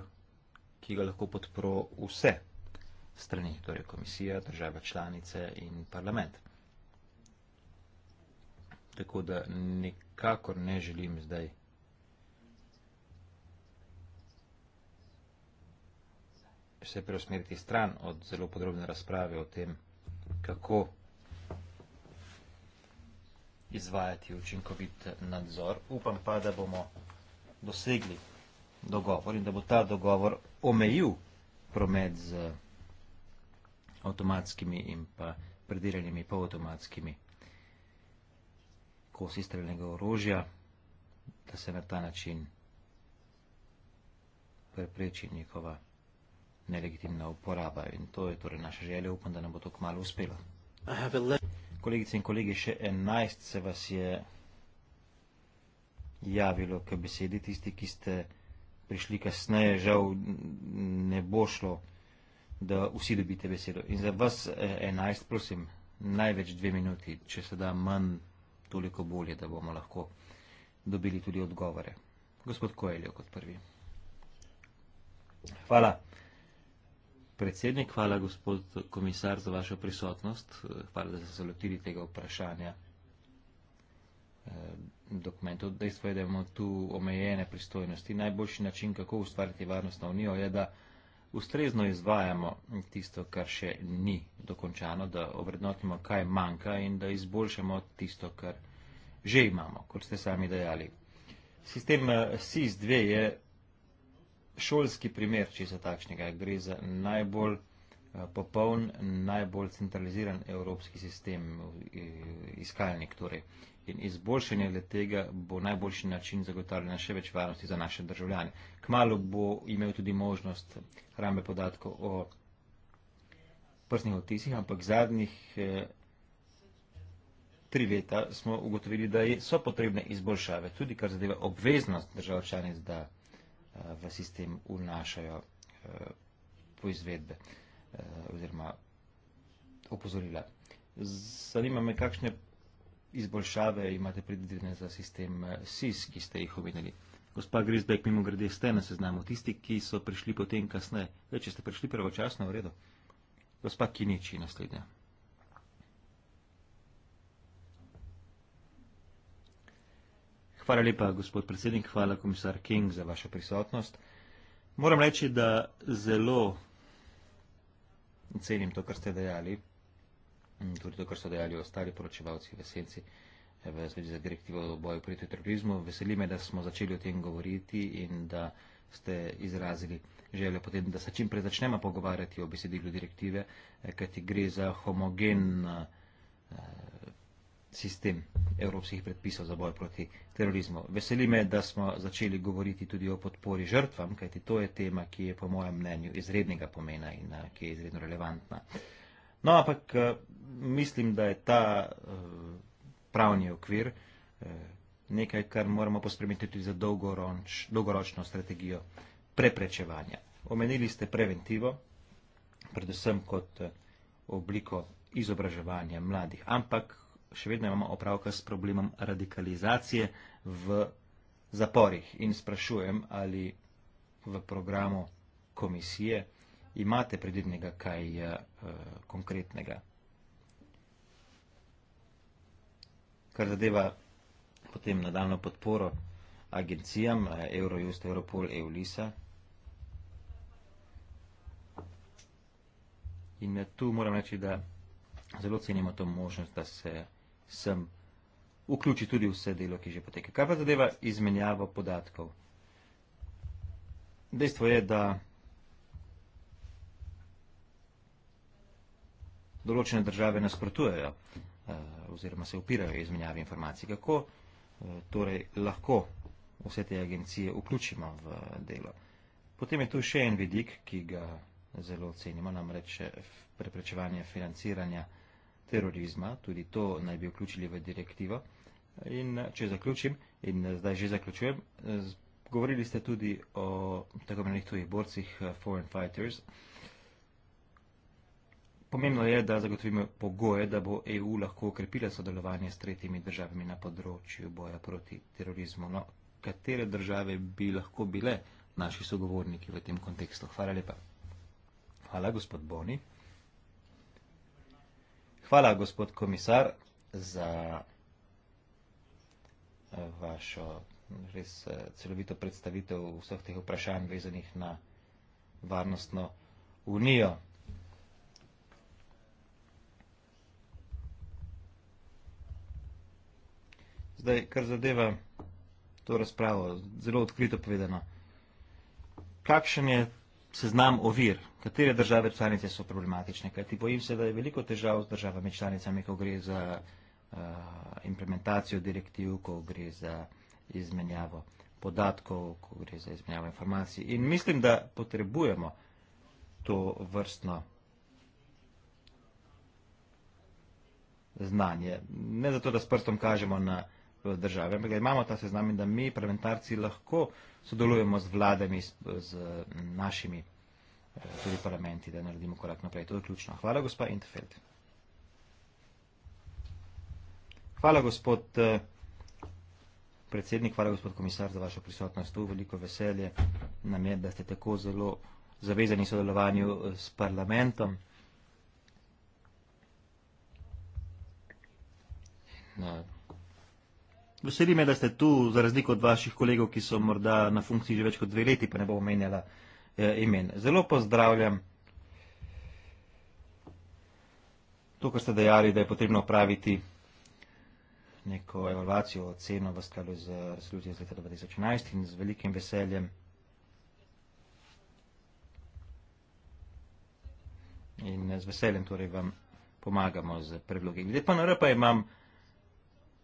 ki ga lahko podpro vse strani, torej komisija, država članice in parlament. Tako da nekakor ne želim zdaj. vse preusmeriti stran od zelo podrobne razprave o tem, kako izvajati učinkovit nadzor. Upam pa, da bomo dosegli dogovor in da bo ta dogovor omejil promet z avtomatskimi in pa prediranimi polavtomatskimi kosi streljnega orožja, da se na ta način prepreči njihova nelegitimna uporaba in to je torej naša želja, upam, da nam bo to kmalo uspelo. Kolegice in kolegi, še enajst se vas je javilo k besedi, tisti, ki ste prišli kasneje, žal ne bo šlo, da vsi dobite besedo. In za vas eh, enajst, prosim, največ dve minuti, če se da manj, toliko bolje, da bomo lahko dobili tudi odgovore. Gospod Koeljo kot prvi. Hvala predsednik, hvala gospod komisar za vašo prisotnost. Hvala, da ste se lotili tega vprašanja eh, dokumentov. Dejstvo je, da imamo tu omejene pristojnosti. Najboljši način, kako ustvariti varnostno unijo, je, da ustrezno izvajamo tisto, kar še ni dokončano, da obrednotimo, kaj manjka in da izboljšamo tisto, kar že imamo, kot ste sami dejali. Sistem eh, SIS-2 je šolski primer, če se takšnega gre za najbolj eh, popoln, najbolj centraliziran evropski sistem, eh, iskalnik torej. In izboljšanje le tega bo najboljši način zagotavljanja še več varnosti za naše državljane. Kmalo bo imel tudi možnost hrambe podatkov o prstnih otisih, ampak zadnjih eh, tri leta smo ugotovili, da so potrebne izboljšave, tudi kar zadeva obveznost državčanic, da je v sistem vnašajo eh, poizvedbe eh, oziroma opozorila. Zanima me, kakšne izboljšave imate predvidene za sistem eh, SIS, ki ste jih omenili. Gospa Grisbek, mimo grede ste na seznamu tisti, ki so prišli potem kasneje. Če ste prišli pravočasno, v redu. Gospa Kiniči naslednja. Hvala lepa, gospod predsednik, hvala komisar King za vašo prisotnost. Moram reči, da zelo cenim to, kar ste dejali, tudi to, kar so dejali ostali poročevalci v esenci v zvezi z direktivo o boju proti terorizmu. Veseli me, da smo začeli o tem govoriti in da ste izrazili željo potem, da se čim prej začnemo pogovarjati o besedilu direktive, eh, kajti gre za homogen eh, sistem evropskih predpisov za boj proti terorizmu. Veseli me, da smo začeli govoriti tudi o podpori žrtvam, kajti to je tema, ki je po mojem mnenju izrednega pomena in eh, ki je izredno relevantna. No, ampak eh, mislim, da je ta eh, pravni okvir nekaj, kar moramo pospremiti tudi za dolgoroč, dolgoročno strategijo preprečevanja. Omenili ste preventivo, predvsem kot obliko izobraževanja mladih, ampak še vedno imamo opravka s problemom radikalizacije v zaporih. In sprašujem, ali v programu komisije imate predvidnega kaj e, konkretnega. Kar zadeva potem nadaljno podporo agencijam eh, Eurojust, Europol, EULISA. In eh, tu moram reči, da zelo cenimo to možnost, da se sem vključi tudi vse delo, ki že poteka. Kaj pa zadeva izmenjavo podatkov? Dejstvo je, da določene države nasprotujejo eh, oziroma se upirajo izmenjavi informacij. Kako eh, torej lahko vse te agencije vključimo v delo? Potem je tu še en vidik, ki ga zelo ocenimo, namreč eh, preprečevanje financiranja informacij terorizma, tudi to naj bi vključili v direktivo. In če zaključim, in eh, zdaj že zaključujem, eh, govorili ste tudi o tako imenih tujih borcih, eh, foreign fighters. Pomembno je, da zagotovimo pogoje, da bo EU lahko ukrepila sodelovanje s tretjimi državami na področju boja proti terorizmu. No, katere države bi lahko bile naši sogovorniki v tem kontekstu? Hvala lepa. Hvala, gospod Boni. Hvala, gospod komisar, za eh, vašo res eh, celovito predstavitev vseh teh vprašanj vezanih na varnostno unijo. Zdaj, kar zadeva to razpravo, zelo odkrito povedano, kakšen je seznam ovir, katere države članice so problematične. Kajti bojim se, da je veliko težav z državami članicami, ko gre za uh, implementacijo direktiv, ko gre za izmenjavo podatkov, ko gre za izmenjavo informacij. In mislim, da potrebujemo to vrstno znanje. Ne zato, da s prstom kažemo na države, ampak da imamo ta seznam in da mi, parlamentarci, lahko sodelujemo z vladami, z, z našimi Torej, tudi parlamenti, da naredimo korak naprej. To je ključno. Hvala, gospa Interfeld. Hvala, gospod eh, predsednik, hvala, gospod komisar, za vašo prisotnost tu. Veliko veselje nam je, da ste tako zelo zavezani v sodelovanju eh, s parlamentom. No. Veseli me, da ste tu, za razliko od vaših kolegov, ki so morda na funkciji že več kot dve leti, pa ne bom omenjala Eh, imen. Zelo pozdravljam to, kar ste dejali, da je potrebno opraviti neko evalvacijo, oceno v skladu z resolucijo iz leta 2011 in z velikim veseljem in z veseljem torej vam pomagamo z predlogi. Glede pa na repa imam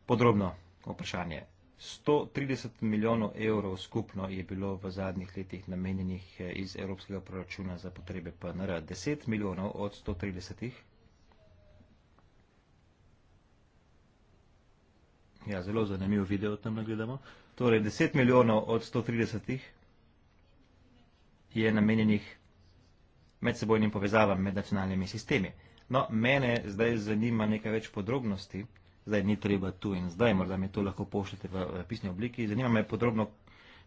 podrobno vprašanje. 130 milijonov evrov skupno je bilo v zadnjih letih namenjenih eh, iz evropskega proračuna za potrebe PNR. 10 milijonov od 130. Ja, zelo zanimiv video tam nagledamo. Torej, 10 milijonov od 130 je namenjenih medsebojnim povezavam med nacionalnimi sistemi. No, mene zdaj zanima nekaj več podrobnosti zdaj ni treba tu in zdaj, morda mi to lahko pošljete v, v pisni obliki. Zanima me podrobno,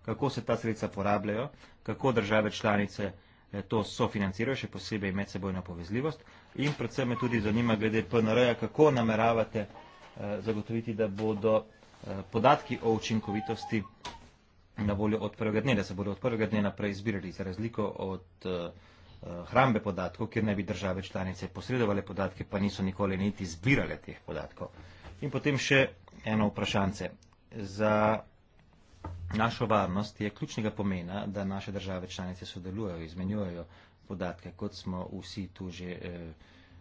kako se ta sredstva porabljajo, kako države članice eh, to sofinancirajo, še posebej medsebojno povezljivost. In predvsem me tudi zanima glede PNR-ja, kako nameravate eh, zagotoviti, da bodo eh, podatki o učinkovitosti na voljo od prvega dne, da se bodo od prvega dne naprej zbirali, za razliko od eh, eh hrambe podatkov, kjer naj bi države članice posredovale podatke, pa niso nikoli niti zbirale teh podatkov. In potem še eno vprašanje. Za našo varnost je ključnega pomena, da naše države članice sodelujejo, izmenjujejo podatke, kot smo vsi tu že eh,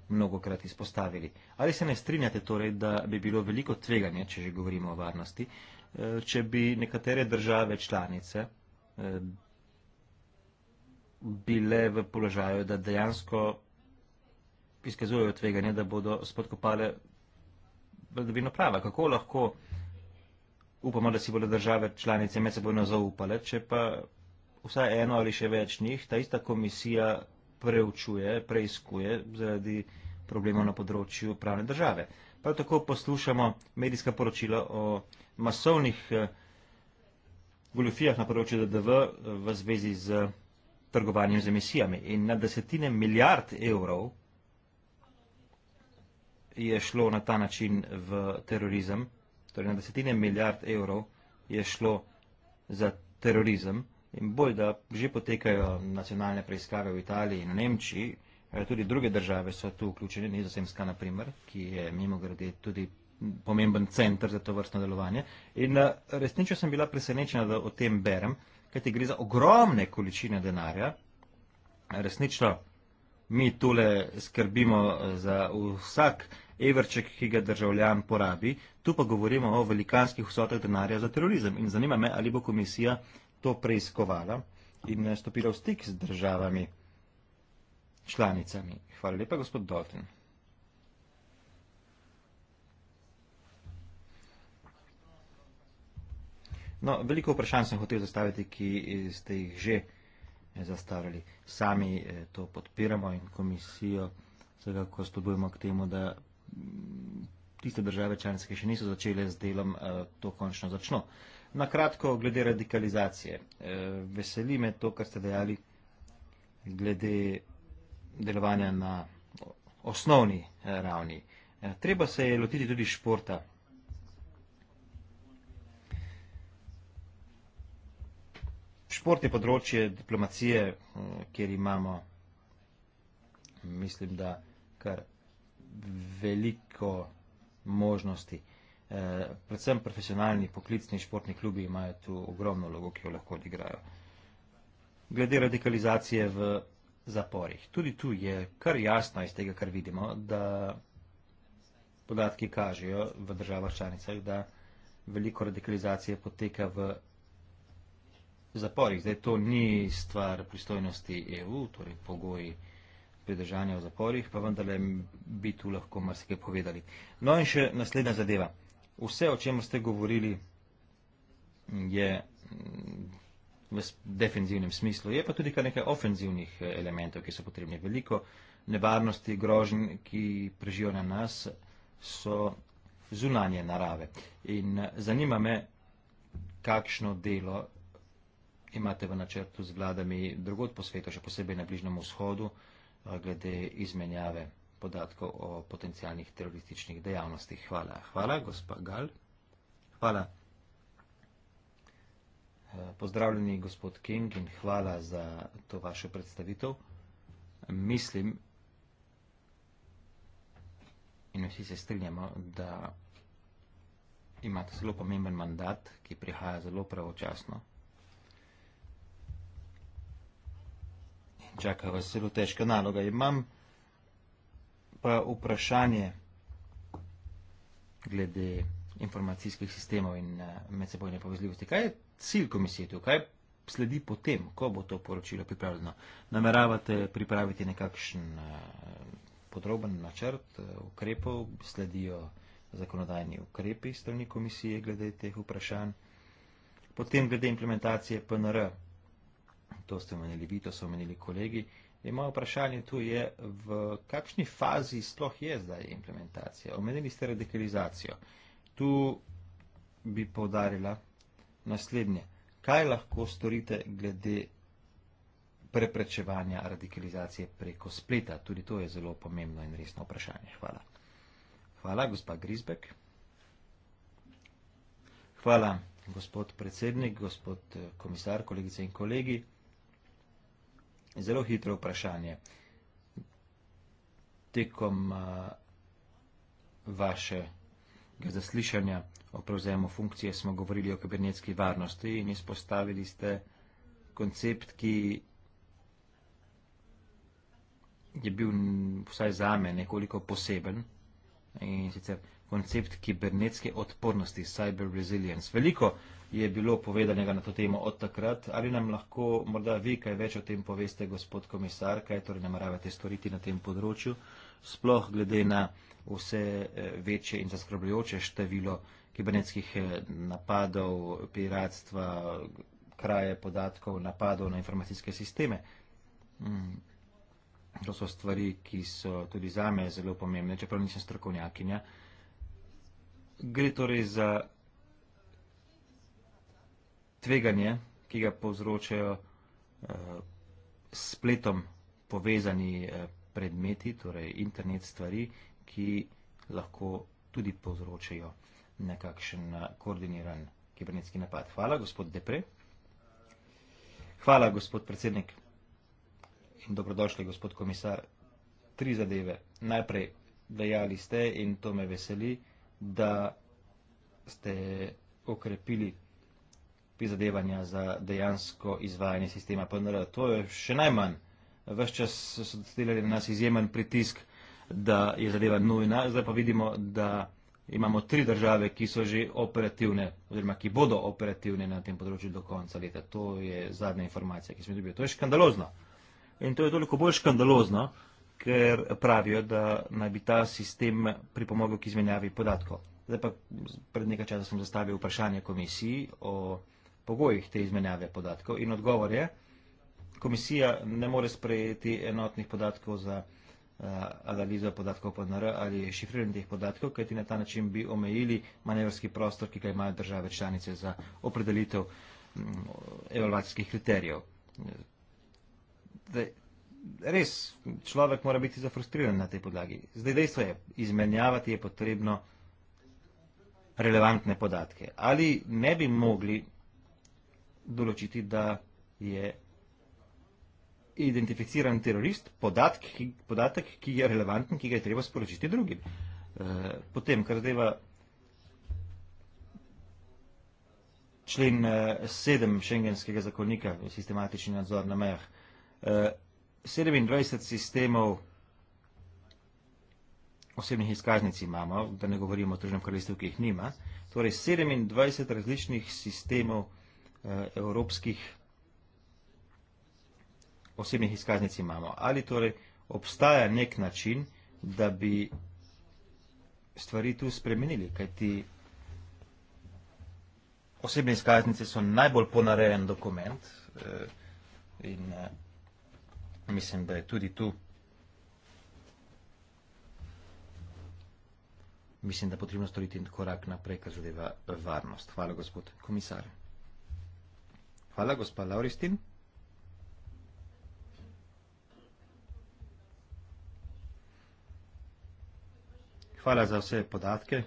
mnogokrat izpostavili. Ali se ne strinjate torej, da bi bilo veliko tveganje, če že govorimo o varnosti, eh, če bi nekatere države članice eh, bile v položaju, da dejansko izkazujejo tveganje, da bodo spodkopale vladavino prava. Kako lahko upamo, da si bodo države članice med seboj zaupale, če pa vsaj eno ali še več njih ta ista komisija preučuje, preiskuje zaradi problemov na področju pravne države. Prav tako poslušamo medijska poročila o masovnih eh, goljofijah na področju DDV eh, v zvezi z trgovanjem z emisijami. In na desetine milijard evrov je šlo na ta način v terorizem, torej na desetine milijard evrov je šlo za terorizem in bolj, da že potekajo nacionalne preiskave v Italiji in v Nemčiji, eh, tudi druge države so tu vključene, Nizozemska naprimer, ki je mimo grede tudi pomemben center za to vrstno delovanje. In eh, resnično sem bila presenečena, da o tem berem, kajti gre za ogromne količine denarja. Resnično mi tule skrbimo eh, za vsak evrček, ki ga državljan porabi. Tu pa govorimo o velikanskih vsotah denarja za terorizem in zanima me, ali bo komisija to preiskovala in stopila v stik z državami članicami. Hvala lepa, gospod Dolten. No, veliko vprašanj sem hotel zastaviti, ki ste jih že eh, zastavili. Sami eh, to podpiramo in komisijo, vsega, ko spodbujemo k temu, da tiste države članice, ki še niso začele z delom, eh, to končno začno. Na kratko, glede radikalizacije. Eh, veseli me to, kar ste dejali glede delovanja na osnovni eh, ravni. Treba se je lotiti tudi športa. Šport je področje diplomacije, kjer imamo, mislim, da kar veliko možnosti. Eh, predvsem profesionalni, poklicni športni klubi imajo tu ogromno vlogo, ki jo lahko odigrajo. Glede radikalizacije v zaporih. Tudi tu je kar jasno iz tega, kar vidimo, da podatki kažejo v državah članicah, da veliko radikalizacije poteka v zaporih. Zdaj to ni stvar pristojnosti EU, torej pogoji pridržanja v zaporih, pa vendarle bi tu lahko marsikaj povedali. No in še naslednja zadeva. Vse, o čem ste govorili, je mm, v defenzivnem smislu. Je pa tudi kar nekaj ofenzivnih eh, elementov, ki so potrebni. Veliko nevarnosti, grožen, ki prežijo na nas, so zunanje narave. In eh, zanima me, kakšno delo imate v načrtu z vladami drugod po svetu, še posebej na Bližnjem vzhodu, Eh, glede izmenjave podatkov o potencijalnih terorističnih dejavnostih. Hvala. Hvala, gospa Gal. Hvala. Eh, pozdravljeni, gospod King, in hvala za to vaše predstavitev. Mislim, in vsi se strinjamo, da imate zelo pomemben mandat, ki prihaja zelo pravočasno. čaka vas zelo težka naloga. Imam pa vprašanje glede informacijskih sistemov in eh, medsebojne povezljivosti. Kaj je cilj komisije tu? Kaj sledi potem, ko bo to poročilo pripravljeno? Nameravate pripraviti nekakšen eh, podroben načrt eh, ukrepov, sledijo zakonodajni ukrepi strani komisije glede teh vprašanj. Potem glede implementacije PNR, to ste omenili vi, to so omenili kolegi. In moje vprašanje tu je, v kakšni fazi sploh je zdaj implementacija? Omenili ste radikalizacijo. Tu bi povdarila naslednje. Kaj lahko storite glede preprečevanja radikalizacije preko spleta? Tudi to je zelo pomembno in resno vprašanje. Hvala. Hvala, gospa Grisbek. Hvala, gospod predsednik, gospod eh, komisar, kolegice in kolegi zelo hitro vprašanje. Tekom uh, vašega zaslišanja o prevzemu funkcije smo govorili o kibernetski varnosti in izpostavili ste koncept, ki je bil vsaj za me nekoliko poseben in sicer koncept kibernetske odpornosti, cyber resilience. Veliko je bilo povedanega na to temo od takrat. Ali nam lahko morda vi kaj več o tem poveste, gospod komisar, kaj torej nameravate storiti na tem področju, sploh glede na vse eh, večje in zaskrbljujoče število kibernetskih eh, napadov, piratstva, kraje podatkov, napadov na informacijske sisteme. Hmm. To so stvari, ki so tudi za me zelo pomembne, čeprav nisem strokovnjakinja. Gre torej za tveganje, ki ga povzročajo eh, spletom povezani eh, predmeti, torej internet stvari, ki lahko tudi povzročajo nekakšen eh, koordiniran kibernetski napad. Hvala, gospod Depre. Hvala, gospod predsednik. In dobrodošli, gospod komisar. Tri zadeve. Najprej dejali ste, in to me veseli, da ste okrepili prizadevanja za dejansko izvajanje sistema PNR. To je še najmanj. Ves čas so delali na nas izjemen pritisk, da je zadeva nujna. Zdaj pa vidimo, da imamo tri države, ki so že operativne, oziroma ki bodo operativne na tem področju do konca leta. To je zadnja informacija, ki smo jo dobili. To je škandalozno. In to je toliko bolj škandalozno, ker pravijo, da naj bi ta sistem pripomogel k izmenjavi podatkov. Zdaj pa pred nekaj časa sem zastavil vprašanje komisiji o pogojih te izmenjave podatkov in odgovor je, komisija ne more sprejeti enotnih podatkov za eh, analizo podatkov PNR ali šifriranje teh podatkov, kajti na ta način bi omejili manevrski prostor, ki ga imajo države članice za opredelitev mm, evalvacijskih kriterijev. Res, človek mora biti zafrustriran na tej podlagi. Zdaj dejstvo je, izmenjavati je potrebno relevantne podatke. Ali ne bi mogli določiti, da je identificiran terorist podatk, ki, podatek, ki je relevanten, ki ga je treba sporočiti drugim. E, potem, kar zdajva člen eh, sedem šengenskega zakonika, sistematični nadzor na mejah, e, eh, 27 sistemov osebnih izkaznic imamo, da ne govorimo o tržnem kraljestvu, ki jih nima, torej 27 različnih sistemov Eh, evropskih osebnih izkaznic imamo. Ali torej obstaja nek način, da bi stvari tu spremenili, kajti osebne izkaznice so najbolj ponarejen dokument eh, in eh, mislim, da je tudi tu mislim, da potrebno storiti korak naprej, kar zadeva varnost. Hvala, gospod komisar. Hvala, gospod Lauristin. Hvala za vse podatke.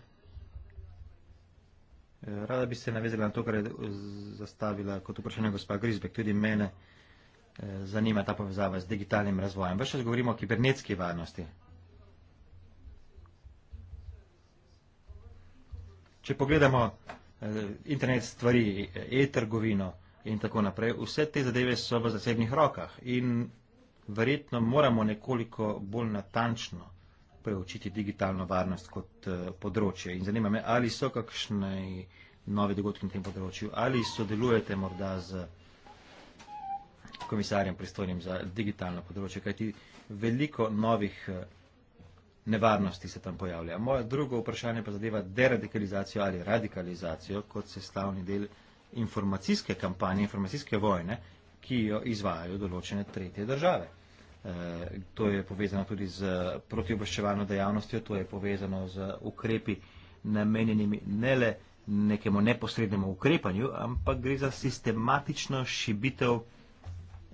Rada bi se navezala na to, kar je zastavila kot vprašanje gospa Grizbek. Tudi mene eh, zanima ta povezava z digitalnim razvojem. Vrščas govorimo o kibernetski varnosti. Če pogledamo eh, internet stvari, e-trgovino, in tako naprej. Vse te zadeve so v zasebnih rokah in verjetno moramo nekoliko bolj natančno preučiti digitalno varnost kot eh, področje. In zanima me, ali so kakšne nove dogodke na tem področju, ali sodelujete morda z komisarjem pristojnim za digitalno področje, kajti veliko novih eh, nevarnosti se tam pojavlja. Moje drugo vprašanje pa zadeva deradikalizacijo ali radikalizacijo kot sestavni del informacijske kampanje, informacijske vojne, ki jo izvajajo določene tretje države. Eh, to je povezano tudi z protioboščevalno dejavnostjo, to je povezano z ukrepi namenjenimi ne le nekemu neposrednemu ukrepanju, ampak gre za sistematično šibitev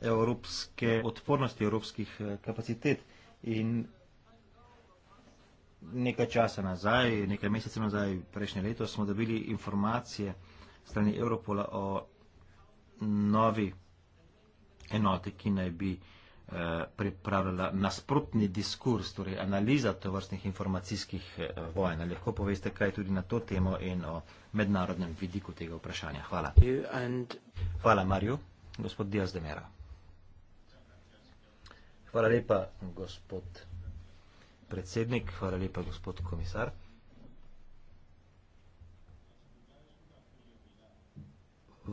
evropske odpornosti, evropskih eh, kapacitet. In nekaj časa nazaj, nekaj mesecev nazaj, prejšnje leto, smo dobili informacije, strani Evropola o novi enoti, ki naj bi eh, pripravila nasprotni diskurs, torej analiza tovrstnih informacijskih eh, vojn. Lahko poveste kaj tudi na to temo in o mednarodnem vidiku tega vprašanja. Hvala. Hvala, Marju. Gospod Diaz de Mera. Hvala lepa, gospod predsednik. Hvala lepa, gospod komisar.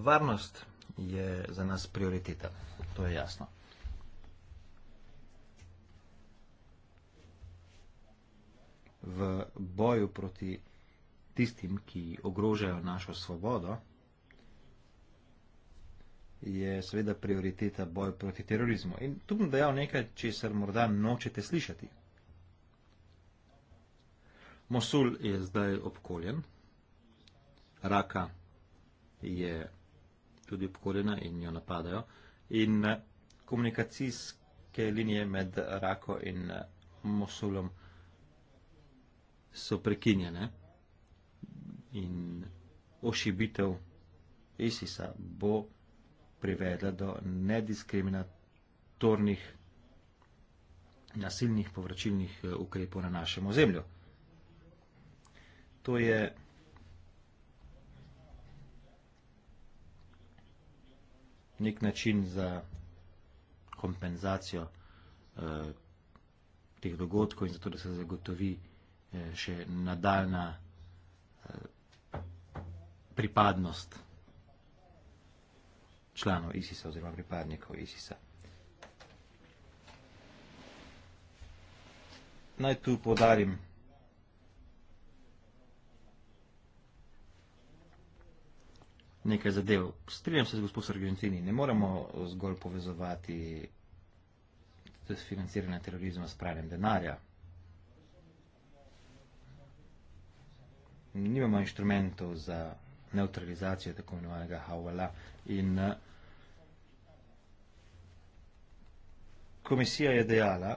Varnost je za nas prioriteta, to je jasno. V boju proti tistim, ki ogrožajo našo svobodo, je seveda prioriteta boj proti terorizmu. In tu bom dejal nekaj, česar morda nočete slišati. Mosul je zdaj obkoljen, raka je tudi obkoljena in jo napadajo. In eh, komunikacijske linije med Rako in eh, Mosulom so prekinjene in ošibitev ISIS-a bo privedla do nediskriminatornih nasilnih povračilnih eh, ukrepov na našem ozemlju. To je nek način za kompenzacijo eh, teh dogodkov in zato, da se zagotovi eh, še nadaljna eh, pripadnost članov ISIS-a oziroma pripadnikov ISIS-a. Naj tu podarim nekaj zadev. Strinjam se z gospod Sargentini, ne moremo zgolj povezovati s financiranjem terorizma s pranjem denarja. Nimamo inštrumentov za neutralizacijo tako imenovanega Havala in eh, komisija je dejala,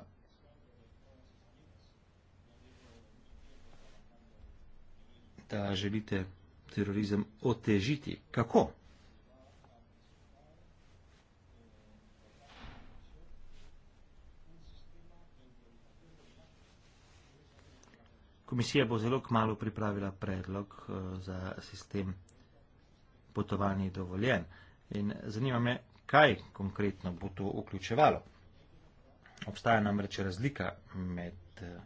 da želite terorizem otežiti. Kako? Komisija bo zelo kmalo pripravila predlog eh, za sistem potovanji dovoljen. In zanima me, kaj konkretno bo to vključevalo. Obstaja namreč razlika med eh,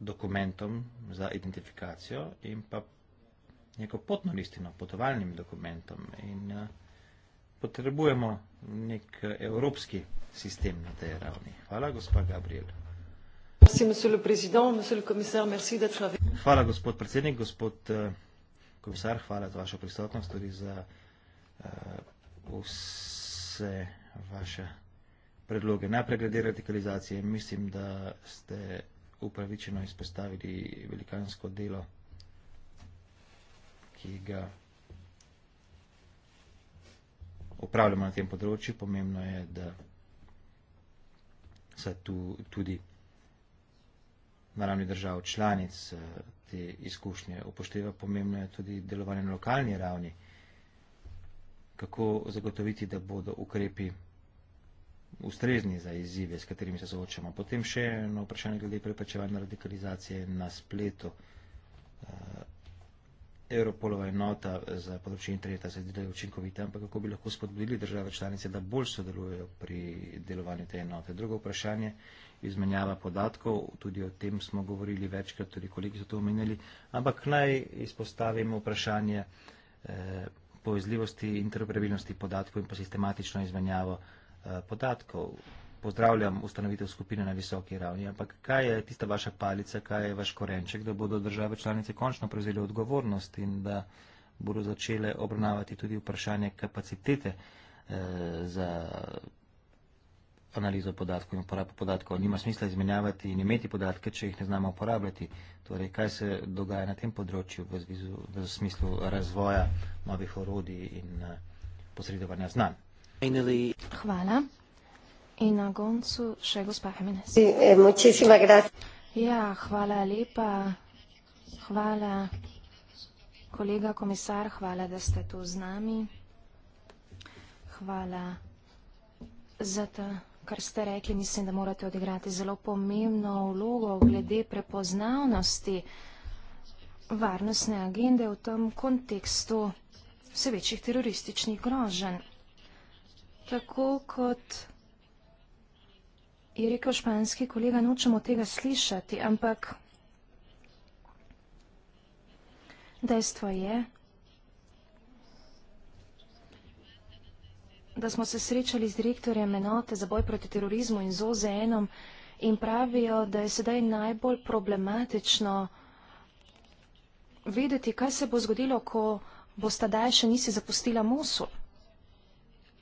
dokumentom za identifikacijo in pa neko potno listino, potovalnim dokumentom. In eh, potrebujemo nek eh, evropski sistem na tej ravni. Hvala, gospa Gabriel. Hvala, gospod predsednik, gospod eh, komisar, hvala za vašo prisotnost, tudi za vse vaše predloge. Najprej glede radikalizacije, mislim, da ste vsega, upravičeno izpostavili velikansko delo, ki ga upravljamo na tem področju. Pomembno je, da se tu tudi na ravni držav članic eh, te izkušnje upošteva. Pomembno je tudi delovanje na lokalni ravni. Kako zagotoviti, da bodo ukrepi ustrezni za izzive, s katerimi se soočamo. Potem še eno vprašanje glede preprečevanja radikalizacije na spletu. Eh, Europolova enota za področje interneta se zdi, da je učinkovita, ampak kako bi lahko spodbudili države članice, da bolj sodelujejo pri delovanju te enote. Drugo vprašanje, izmenjava podatkov, tudi o tem smo govorili večkrat, tudi kolegi so to omenili, ampak naj izpostavimo vprašanje eh, povezljivosti in interoperabilnosti podatkov in pa sistematično izmenjavo eh, Eh, podatkov. Pozdravljam ustanovitev skupine na visoki ravni, ampak kaj je tista vaša palica, kaj je vaš korenček, da bodo države članice končno prevzeli odgovornost in da bodo začele obravnavati tudi vprašanje kapacitete eh, za analizo podatkov in uporabo podatkov. Nima smisla izmenjavati in imeti podatke, če jih ne znamo uporabljati. Torej, kaj se dogaja na tem področju v, zvizu, v smislu razvoja novih orodij in eh, posredovanja znanj? Hvala. In na koncu še gospa Jimenez. Eh, ja, hvala lepa. Hvala, kolega komisar, hvala, da ste tu z nami. Hvala za to, kar ste rekli. Mislim, da morate odigrati zelo pomembno vlogo glede prepoznavnosti varnostne agende v tem kontekstu vse večjih terorističnih groženj tako kot je rekel španski kolega, nočemo tega slišati, ampak dejstvo je, da smo se srečali z direktorjem enote za boj proti terorizmu in z OZN-om in pravijo, da je sedaj najbolj problematično vedeti, kaj se bo zgodilo, ko bo stadaj še nisi zapustila Mosul.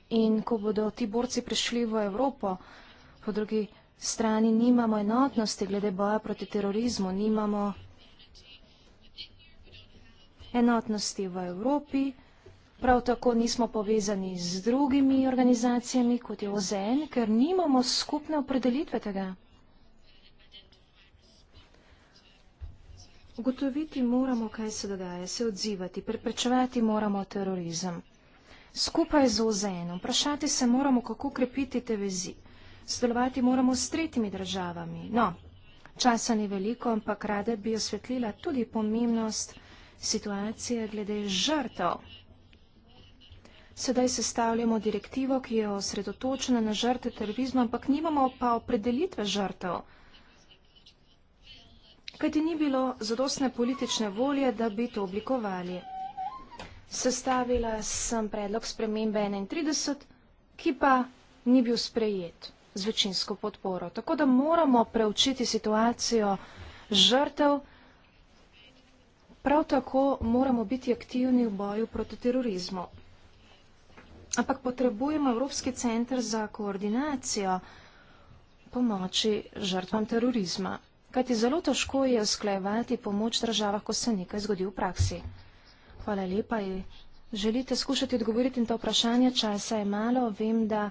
In ko bodo ti borci prišli v Evropo, po drugi strani nimamo enotnosti glede boja proti terorizmu, nimamo enotnosti v Evropi, prav tako nismo povezani z drugimi organizacijami, kot je OZN, ker nimamo skupne opredelitve tega. Ugotoviti moramo, kaj se dogaja, se odzivati, preprečevati moramo terorizem. Skupaj z OZN-om vprašati se moramo, kako krepiti te vezi. Sodelovati moramo s tretjimi državami. No, časa ni veliko, ampak rada bi osvetlila tudi pomembnost situacije glede žrtev. Sedaj sestavljamo direktivo, ki je osredotočena na žrte terorizma, ampak nimamo pa opredelitve žrtev. Kajti ni bilo zadostne politične volje, da bi to oblikovali sestavila sem predlog spremembe 31, ki pa ni bil sprejet z večinsko podporo. Tako da moramo preučiti situacijo žrtev, prav tako moramo biti aktivni v boju proti terorizmu. Ampak potrebujemo Evropski centr za koordinacijo pomoči žrtvam terorizma. Kajti zelo težko je usklajevati pomoč državah, ko se nekaj zgodi v praksi. Hvala lepa. Želite skušati odgovoriti na to vprašanje, če je saj malo? Vem, da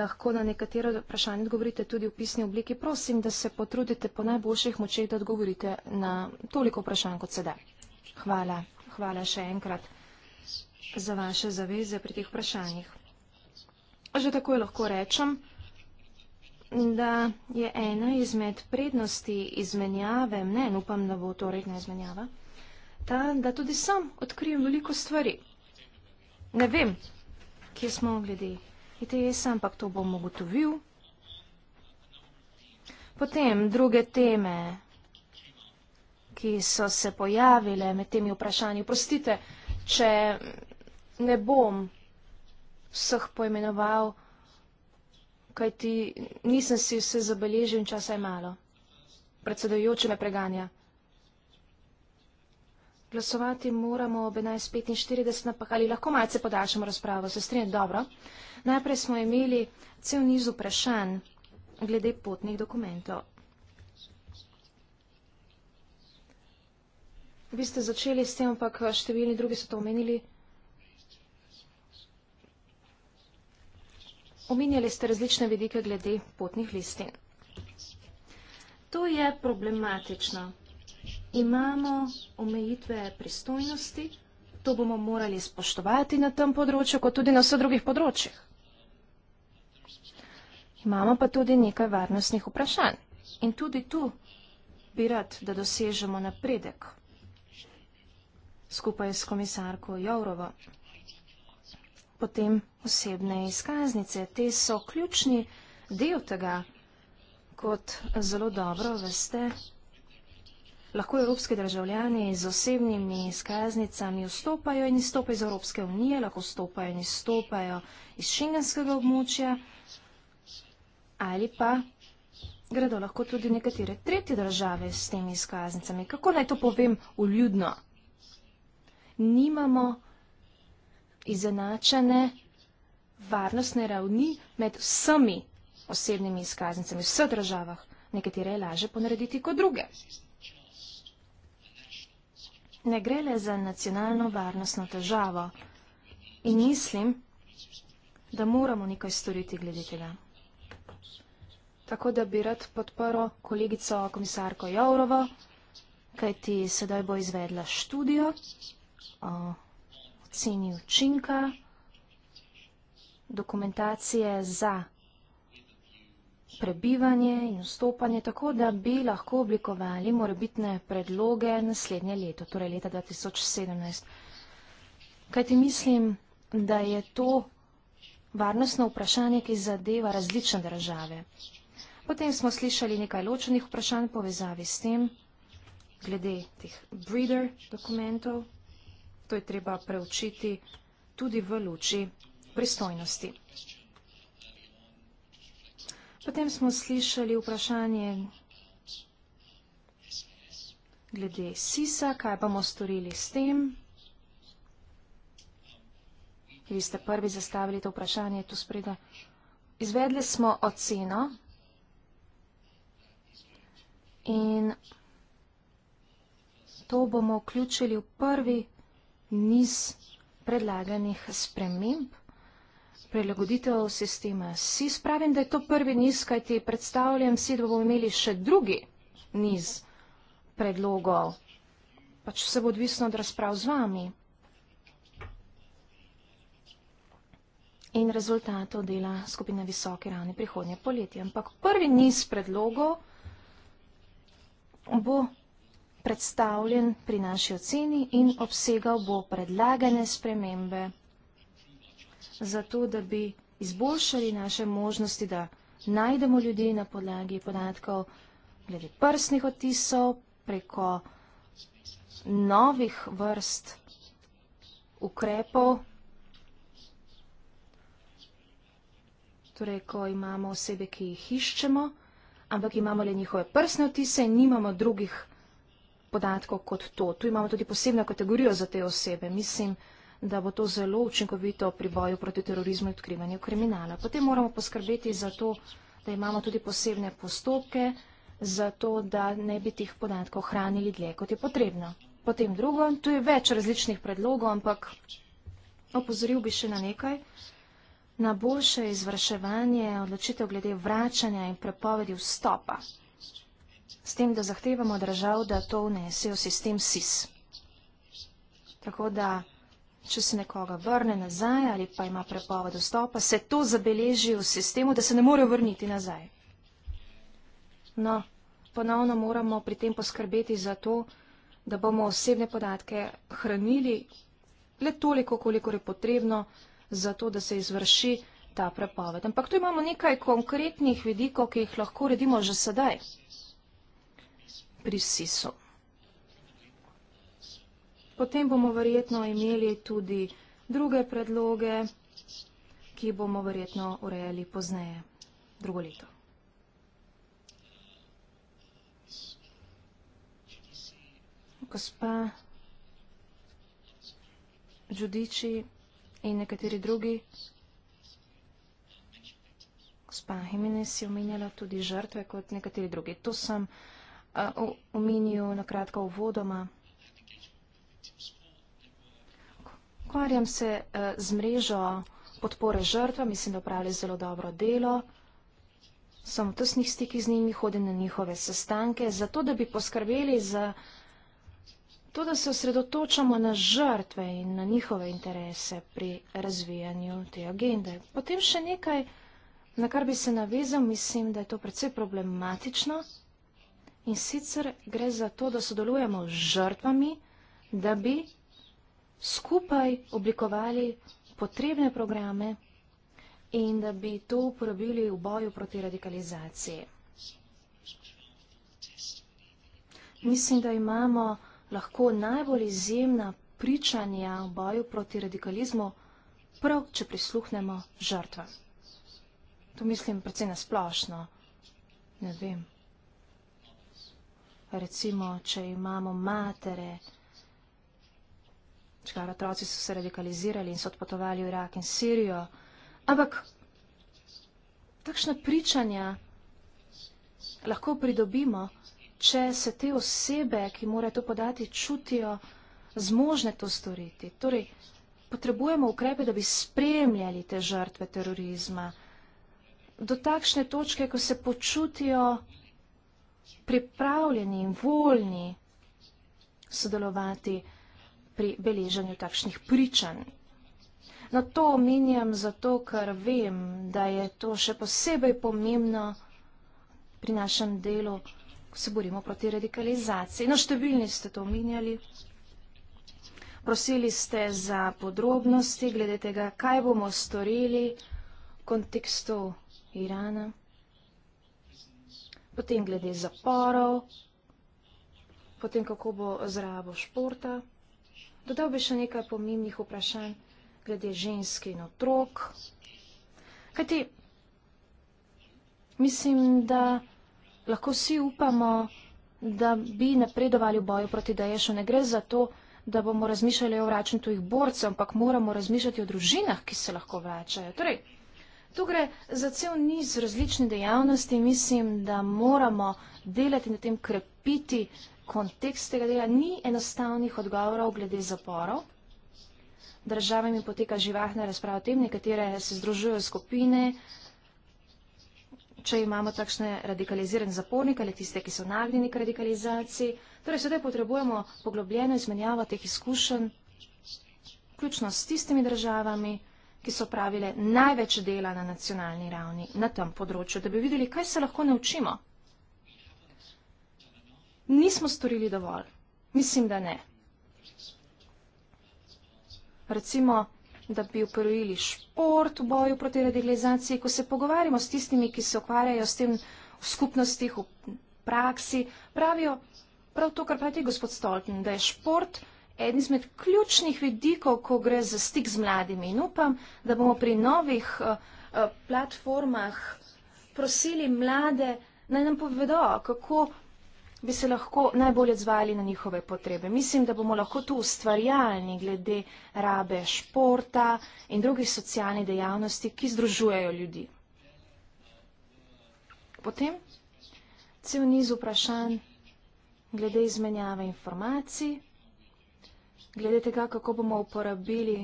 lahko na nekatero vprašanje odgovorite tudi v pisni obliki. Prosim, da se potrudite po najboljših močeh, da odgovorite na toliko vprašanj kot sedaj. Hvala. Hvala še enkrat za vaše zaveze pri teh vprašanjih. Že takoj lahko rečem, da je ena izmed prednosti izmenjave mnen, upam, da bo to redna izmenjava, tam, da tudi sam odkrijem veliko stvari. Ne vem, kje smo glede ITS-a, ampak to bom ugotovil. Potem druge teme, ki so se pojavile med temi vprašanji. Prostite, če ne bom vseh poimenoval, kaj ti nisem si vse zabeležil in časa je malo. Predsedojoče me preganja. Glasovati moramo ob 11.45, ampak ali lahko malce podaljšamo razpravo, se strinjate dobro. Najprej smo imeli cel niz vprašanj glede potnih dokumentov. Vi ste začeli s tem, ampak številni drugi so to omenili. Omenjali ste različne vidike glede potnih listin. To je problematično imamo omejitve pristojnosti, to bomo morali spoštovati na tem področju, kot tudi na vseh drugih področjih. Imamo pa tudi nekaj varnostnih vprašanj in tudi tu bi rad, da dosežemo napredek skupaj s komisarko Jourovo. Potem osebne izkaznice, te so ključni del tega, kot zelo dobro veste, lahko evropski državljani z osebnimi izkaznicami vstopajo in izstopajo iz Evropske unije, lahko vstopajo in izstopajo iz šengenskega območja ali pa gredo lahko tudi nekatere tretje države s temi izkaznicami. Kako naj to povem uljudno? Nimamo izenačene varnostne ravni med vsemi osebnimi izkaznicami v vseh državah. Nekatere je laže ponarediti kot druge ne gre le za nacionalno varnostno težavo in mislim, da moramo nekaj storiti glede tega. Tako da bi rad podporo kolegico komisarko Jourovo, kajti sedaj bo izvedla študijo o ceni učinka dokumentacije za vsega prebivanje in vstopanje, tako da bi lahko oblikovali morebitne predloge naslednje leto, torej leta 2017. Kaj ti mislim, da je to varnostno vprašanje, ki zadeva različne države? Potem smo slišali nekaj ločenih vprašanj povezavi s tem, glede teh breeder dokumentov. To je treba preučiti tudi v luči pristojnosti. Potem smo slišali vprašanje glede SIS-a, kaj bomo storili s tem. Vi ste prvi zastavili to vprašanje tu spredo. Izvedli smo oceno in to bomo vključili v prvi niz predlaganih sprememb prilagoditev sistema. Si spravim, da je to prvi niz, kaj ti predstavljam, si, da bomo imeli še drugi niz predlogov. Pač se bo odvisno od razprav z vami in rezultatov dela skupine visoke ravni prihodnje poletje. Ampak prvi niz predlogov bo predstavljen pri naši oceni in obsegal bo predlagane spremembe zato, da bi izboljšali naše možnosti, da najdemo ljudi na podlagi podatkov glede prstnih otisov preko novih vrst ukrepov. Torej, ko imamo osebe, ki jih iščemo, ampak imamo le njihove prsne otise in nimamo drugih podatkov kot to. Tu imamo tudi posebno kategorijo za te osebe. Mislim, da da bo to zelo učinkovito pri boju proti terorizmu in odkrivanju kriminala. Potem moramo poskrbeti za to, da imamo tudi posebne postopke, zato da ne bi tih podatkov hranili dlje, kot je potrebno. Potem drugo, tu je več različnih predlogov, ampak opozoril bi še na nekaj. Na boljše izvrševanje odločitev glede vračanja in prepovedi vstopa. S tem, da zahtevamo držav, da to vnesejo sistem SIS. Tako da če se nekoga vrne nazaj ali pa ima prepoved dostopa, se to zabeleži v sistemu, da se ne more vrniti nazaj. No, ponovno moramo pri tem poskrbeti za to, da bomo osebne podatke hranili le toliko, koliko je potrebno, zato da se izvrši ta prepoved. Ampak tu imamo nekaj konkretnih vidikov, ki jih lahko redimo že sedaj pri SIS-u. Potem bomo verjetno imeli tudi druge predloge, ki bomo verjetno urejali pozneje, drugo leto. Gospa Džudiči in nekateri drugi, gospa Jimenez je omenjala tudi žrtve kot nekateri drugi. To sem uh, omenil nakratko uvodoma. vodoma. ukvarjam se eh, z mrežo podpore žrtva, mislim, da upravlja zelo dobro delo. Sem v tesnih stikih z njimi, hodim na njihove sestanke, zato da bi poskrbeli za to, da se osredotočamo na žrtve in na njihove interese pri razvijanju te agende. Potem še nekaj, na kar bi se navezal, mislim, da je to predvsej problematično. In sicer gre za to, da sodelujemo z žrtvami, da bi skupaj oblikovali potrebne programe in da bi to uporabili v boju proti radikalizaciji. Mislim, da imamo lahko najbolj izjemna pričanja v boju proti radikalizmu, prav, če prisluhnemo žrtva. To mislim predvsem na splošno. Ne vem. Recimo, če imamo matere, čigar otroci so se radikalizirali in so odpotovali v Irak in Sirijo. Ampak takšna pričanja lahko pridobimo, če se te osebe, ki morajo to podati, čutijo zmožne to storiti. Torej, potrebujemo ukrepe, da bi spremljali te žrtve terorizma do takšne točke, ko se počutijo pripravljeni in voljni sodelovati pri beleženju takšnih pričanj. No, to omenjam zato, ker vem, da je to še posebej pomembno pri našem delu, ko se borimo proti radikalizaciji. No, številni ste to omenjali. Prosili ste za podrobnosti glede tega, kaj bomo storili v kontekstu Irana, potem glede zaporov, potem kako bo zraba športa. Dodal bi še nekaj pomembnih vprašanj glede ženske in otrok. Kajti, mislim, da lahko vsi upamo, da bi napredovali v boju proti Daješu. Ne gre za to, da bomo razmišljali o vračanju tujih borcev, ampak moramo razmišljati o družinah, ki se lahko vračajo. Torej, tu gre za cel niz različnih dejavnosti. Mislim, da moramo delati na tem krepiti kontekst tega dela, ni enostavnih odgovorov glede zaporov. Državami poteka živahna razprava o tem, nekatere se združujejo skupine, če imamo takšne radikalizirane zapornike ali tiste, ki so nagnjeni k radikalizaciji. Torej, sedaj potrebujemo poglobljeno izmenjavo teh izkušenj, vključno s tistimi državami, ki so pravile največ dela na nacionalni ravni na tem področju, da bi videli, kaj se lahko naučimo nismo storili dovolj. Mislim, da ne. Recimo, da bi uporili šport v boju proti radikalizaciji, ko se pogovarjamo s tistimi, ki se ukvarjajo s tem v skupnostih, v praksi, pravijo prav to, kar pravi gospod Stolten, da je šport eden izmed ključnih vidikov, ko gre za stik z mladimi. In upam, da bomo pri novih eh, eh, platformah prosili mlade, naj nam povedo, kako bi se lahko najbolje odzvali na njihove potrebe. Mislim, da bomo lahko tu ustvarjalni glede rabe športa in drugih socialnih dejavnosti, ki združujejo ljudi. Potem cel niz vprašanj glede izmenjave informacij, glede tega, kako bomo uporabili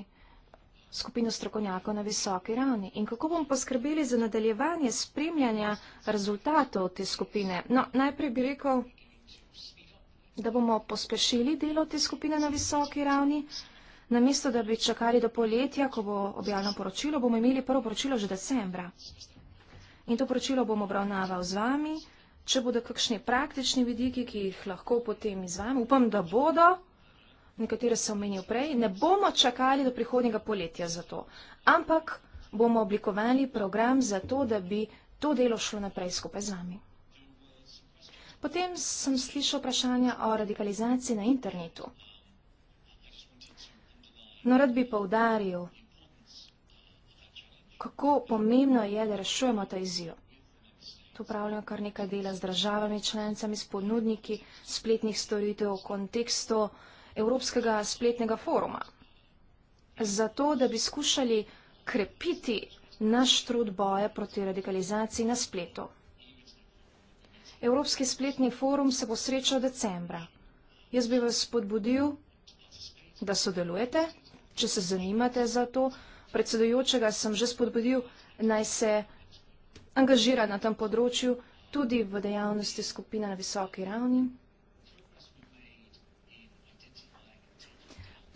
skupino strokovnjakov na visoki ravni in kako bomo poskrbeli za nadaljevanje spremljanja rezultatov te skupine. No, najprej bi rekel, da bomo pospešili delo te skupine na visoki ravni. Namesto, da bi čakali do poletja, ko bo objavljeno poročilo, bomo imeli prvo poročilo že decembra. In to poročilo bom obravnaval z vami, če bodo kakšni praktični vidiki, ki jih lahko potem izvajam. Upam, da bodo, nekatere sem omenil prej, ne bomo čakali do prihodnjega poletja za to. Ampak bomo oblikovali program za to, da bi to delo šlo naprej skupaj z vami. Potem sem slišal vprašanja o radikalizaciji na internetu. No, rad bi povdaril, kako pomembno je, da rešujemo ta izjiv. To pravljamo kar nekaj dela z državami, člencami, s ponudniki spletnih storitev v kontekstu Evropskega spletnega foruma. Zato, da bi skušali krepiti naš trud boja proti radikalizaciji na spletu. Evropski spletni forum se bo srečal decembra. Jaz bi vas spodbudil, da sodelujete, če se zanimate za to. Predsedujočega sem že spodbudil, naj se angažira na tem področju tudi v dejavnosti skupina na visoki ravni.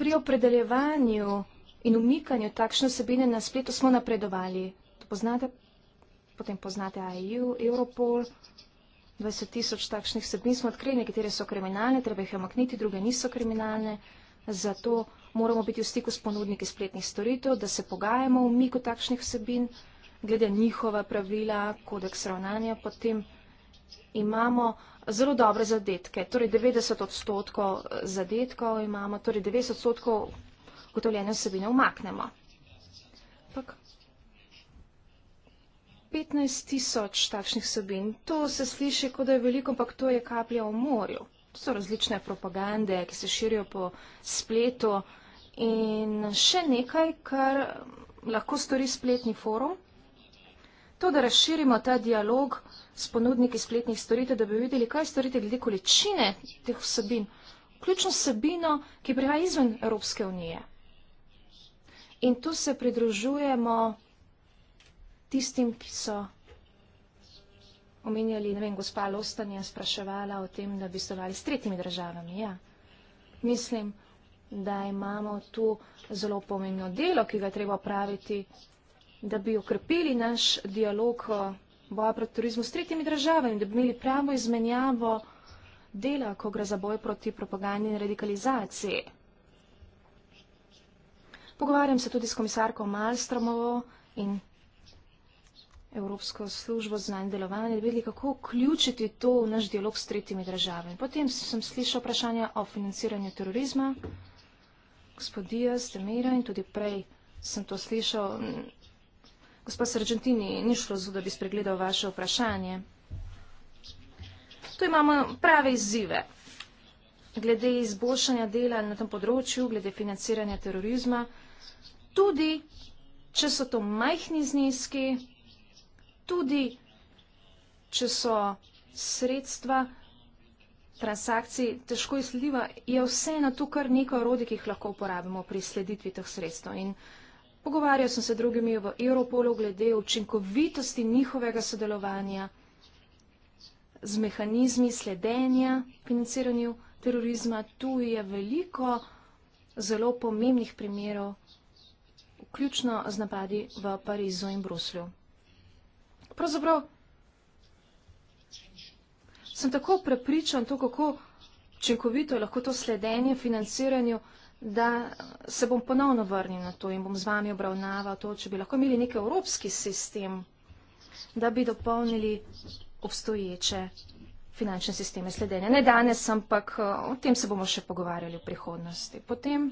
Pri opredeljevanju in umikanju takšne osebine na spletu smo napredovali. To poznate? Potem poznate IU, e Europol. 20 tisoč takšnih sredbin smo odkrili, nekatere so kriminalne, treba jih omakniti, druge niso kriminalne, zato moramo biti v stiku s ponudniki spletnih storitev, da se pogajamo v miku takšnih vsebin, glede njihova pravila, kodeks ravnanja, potem imamo zelo dobre zadetke, torej 90 odstotkov eh, zadetkov imamo, torej 90 odstotkov gotovljene vsebine umaknemo. 15 tisoč takšnih sabin. To se sliši, kot da je veliko, ampak to je kaplja v morju. To so različne propagande, ki se širijo po spletu. In še nekaj, kar lahko stori spletni forum, to, da razširimo ta dialog s ponudniki spletnih storitev, da bi videli, kaj storite glede količine teh vsebin, vključno vsebino, ki prihaja izven Evropske unije. In tu se pridružujemo tistim, ki so omenjali, ne vem, gospa Lostan je spraševala o tem, da bi sodelovali s tretjimi državami. Ja. Mislim, da imamo tu zelo pomembno delo, ki ga treba opraviti, da bi okrepili naš dialog boja proti turizmu s tretjimi državami, da bi imeli pravo izmenjavo dela, ko gre za boj proti propagandi in radikalizaciji. Pogovarjam se tudi s komisarko Malstromovo in Evropsko službo za znanje delovanje, da bi vedeli, kako vključiti to v naš dialog s tretjimi državami. Potem sem slišal vprašanja o financiranju terorizma, gospod Dijas, Demira in tudi prej sem to slišal. Gospod Sargentini, ni šlo zelo, da bi spregledal vaše vprašanje. Tu imamo prave izzive. Glede izboljšanja dela na tem področju, glede financiranja terorizma, tudi, če so to majhni zneski, tudi če so sredstva transakcij težko izsledljiva, je vse na to kar nekaj orodij, ki jih lahko uporabimo pri sleditvi teh sredstev. In pogovarjal sem se drugimi v Europolu glede učinkovitosti njihovega sodelovanja z mehanizmi sledenja financiranju terorizma. Tu je veliko zelo pomembnih primerov, vključno z napadi v Parizu in Bruslju. Pravzaprav sem tako prepričan to, kako učinkovito je lahko to sledenje financiranju, da se bom ponovno vrnil na to in bom z vami obravnaval to, če bi lahko imeli nek evropski sistem, da bi dopolnili obstoječe finančne sisteme sledenja. Ne danes, ampak eh, o tem se bomo še pogovarjali v prihodnosti. Potem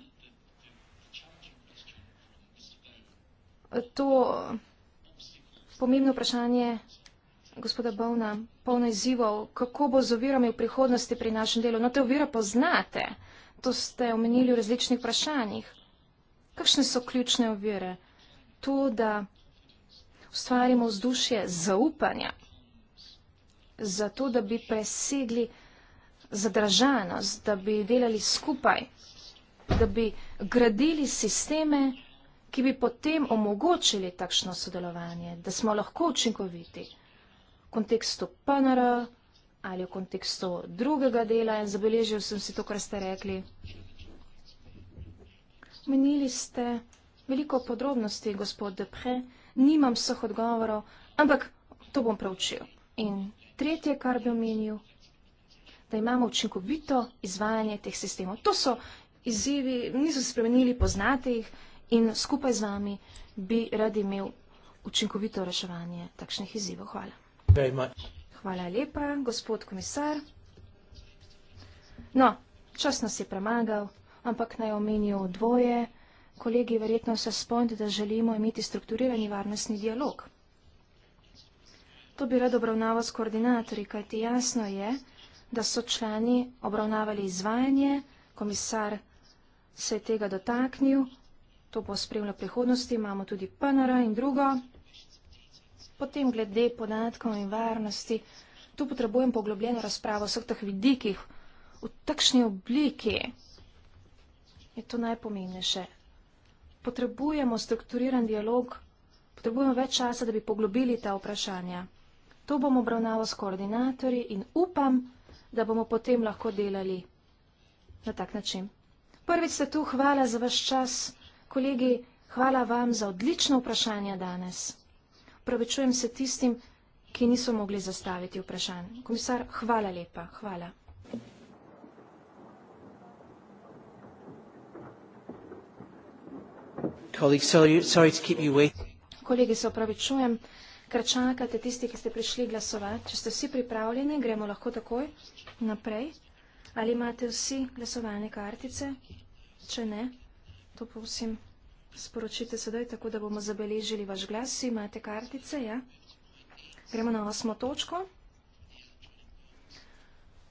eh, to pomembno vprašanje gospoda Bovna, polno izzivov, kako bo z ovirami v prihodnosti pri našem delu. No, te ovire poznate, to ste omenili v različnih vprašanjih. Kakšne so ključne ovire? To, da ustvarimo vzdušje zaupanja, zato, da bi presegli zadržanost, da bi delali skupaj, da bi gradili sisteme, ki bi potem omogočili takšno sodelovanje, da smo lahko učinkoviti v kontekstu PNR ali v kontekstu drugega dela in zabeležil sem si to, kar ste rekli. Menili ste veliko podrobnosti, gospod Depre, nimam vseh odgovorov, ampak to bom preučil. In tretje, kar bi omenil, da imamo učinkovito izvajanje teh sistemov. To so izzivi, niso spremenili, poznate jih, in skupaj z vami bi radi imel učinkovito reševanje takšnih izzivov. Hvala. Hvala lepa, gospod komisar. No, čas nas je premagal, ampak naj omenijo dvoje. Kolegi, verjetno se spomnite, da želimo imeti strukturirani varnostni dialog. To bi rad obravnaval s koordinatorji, kajti jasno je, da so člani obravnavali izvajanje, komisar se je tega dotaknil, to bo spremljalo prihodnosti, imamo tudi PNR in drugo. Potem glede podatkov in varnosti, tu potrebujem poglobljeno razpravo vseh teh vidikih v takšni obliki. Je to najpomembnejše. Potrebujemo strukturiran dialog, potrebujemo več časa, da bi poglobili ta vprašanja. To bomo obravnavali s koordinatorji in upam, da bomo potem lahko delali na tak način. Prvič ste tu, hvala za vaš čas. Kolegi, hvala vam za odlično vprašanje danes. Pravečujem se tistim, ki niso mogli zastaviti vprašanj. Komisar, hvala lepa. Hvala. Kolegi, se opravičujem, ker čakate tisti, ki ste prišli glasovati. Če ste vsi pripravljeni, gremo lahko takoj naprej. Ali imate vsi glasovalne kartice? Če ne, to prosim, sporočite sedaj, tako da bomo zabeležili vaš glas. Imate kartice, ja? Gremo na osmo točko.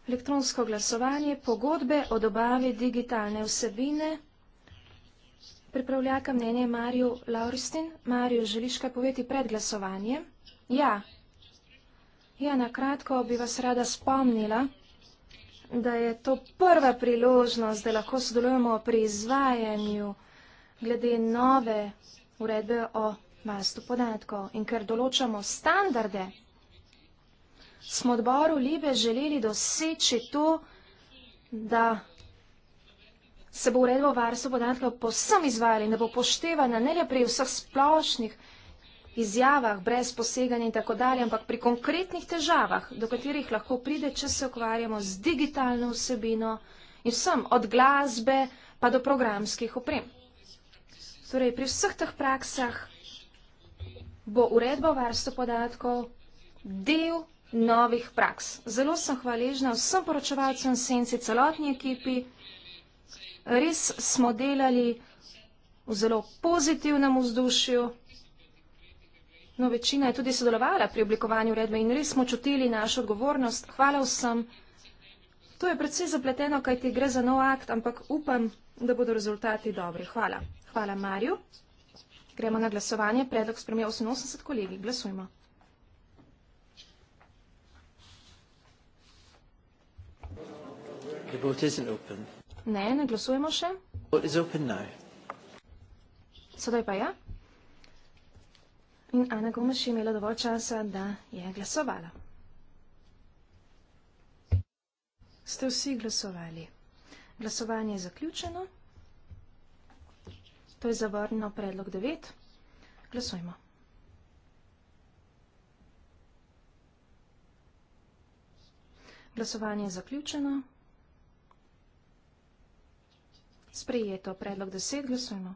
Elektronsko glasovanje, pogodbe o dobavi digitalne vsebine. Pripravljaka mnenje Marijo Lauristin. Marijo, želiš kaj poveti pred glasovanjem? Ja. Ja, nakratko bi vas rada spomnila. Ja da je to prva priložnost, da lahko sodelujemo pri izvajanju glede nove uredbe o vastu podatkov. In ker določamo standarde, smo odboru Libe želeli doseči to, da se bo uredbo varstvo podatkov posem izvajali in da bo poštevana ne le pri vseh splošnih podatkov, izjavah, brez poseganja in tako dalje, ampak pri konkretnih težavah, do katerih lahko pride, če se ukvarjamo z digitalno vsebino in vsem, od glasbe pa do programskih oprem. Torej, pri vseh teh praksah bo uredba o varstvu podatkov del novih praks. Zelo sem hvaležna vsem poročevalcem Senci, celotni ekipi. Res smo delali v zelo pozitivnem vzdušju. No, večina je tudi sodelovala pri oblikovanju uredbe in res smo čutili našo odgovornost. Hvala vsem. To je predvsej zapleteno, kaj ti gre za nov akt, ampak upam, da bodo rezultati dobri. Hvala. Hvala, Marju. Gremo na glasovanje. Predlog spremlja 88 kolegi. Glasujmo. The vote isn't open. Ne, ne glasujemo še. Vote is open now. Sedaj pa je. Ja. In Ana Gomes je imela dovolj časa, da je glasovala. Ste vsi glasovali? Glasovanje je zaključeno. To je zavrnjeno predlog 9. Glasujmo. Glasovanje je zaključeno. Sprejeto predlog 10. Glasujmo.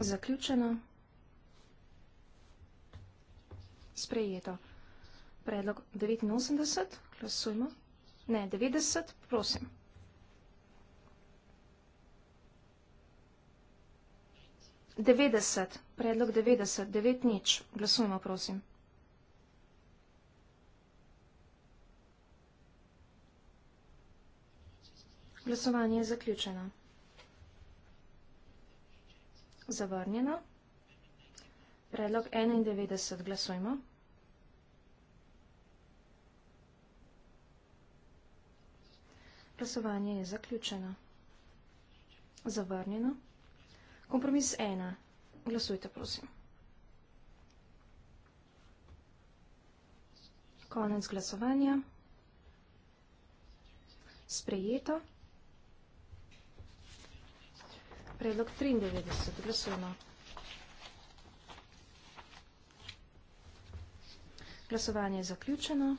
Zaključeno. Sprejeto. Predlog 89. Glasujmo. Ne, 90. Prosim. Devedeset. Predlog devedeset. Devet nič. Glasujmo, prosim. Glasovanje je zaključeno. Zavrnjeno. Predlog 91. Glasujmo. Glasovanje je zaključeno. Zavrnjeno. Kompromis 1. Glasujte, prosim. Konec glasovanja. Sprejeto. Sprejeto. Predlog 93. Glasujemo. Glasovanje je zaključeno.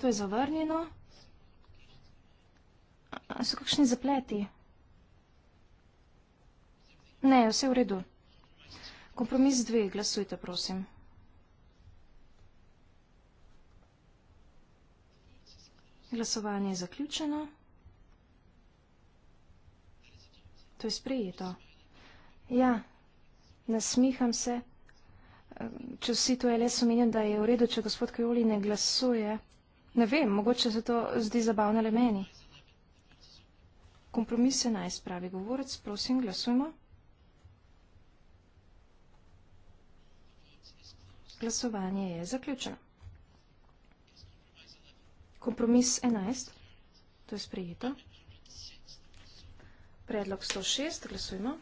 To je zavrnjeno. So kakšni zapleti? Ne, vse v redu. Kompromis dve, glasujte, prosim. Glasujte. Glasovanje je zaključeno. To je sprejeto. Ja, nasmiham se. Eh, če vsi to je le, so menim, da je v redu, če gospod Kajoli ne glasuje. Ne vem, mogoče se to zdi zabavno le meni. Kompromis je naj spravi govorec. Prosim, glasujmo. Glasovanje je zaključeno. Kompromis 11, to je sprejeto. Predlog 106, glasujmo.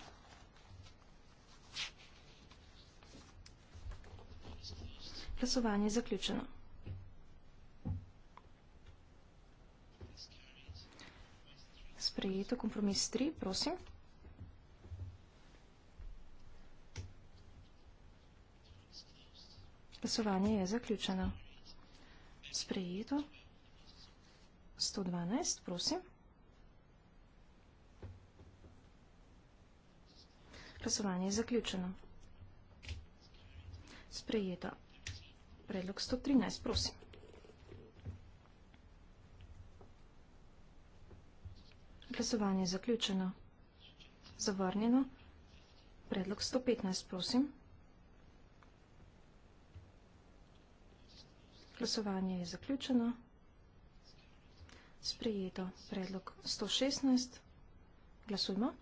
Glasovanje je zaključeno. Sprejeto, kompromis 3, prosim. Glasovanje je zaključeno. Sprejeto. 112, prosim. Glasovanje je zaključeno. Sprejeto. Predlog 113, prosim. Glasovanje je zaključeno. Zavrnjeno. Predlog 115, prosim. Glasovanje je zaključeno. Sprejeto. Predlog 116. Glasujmo.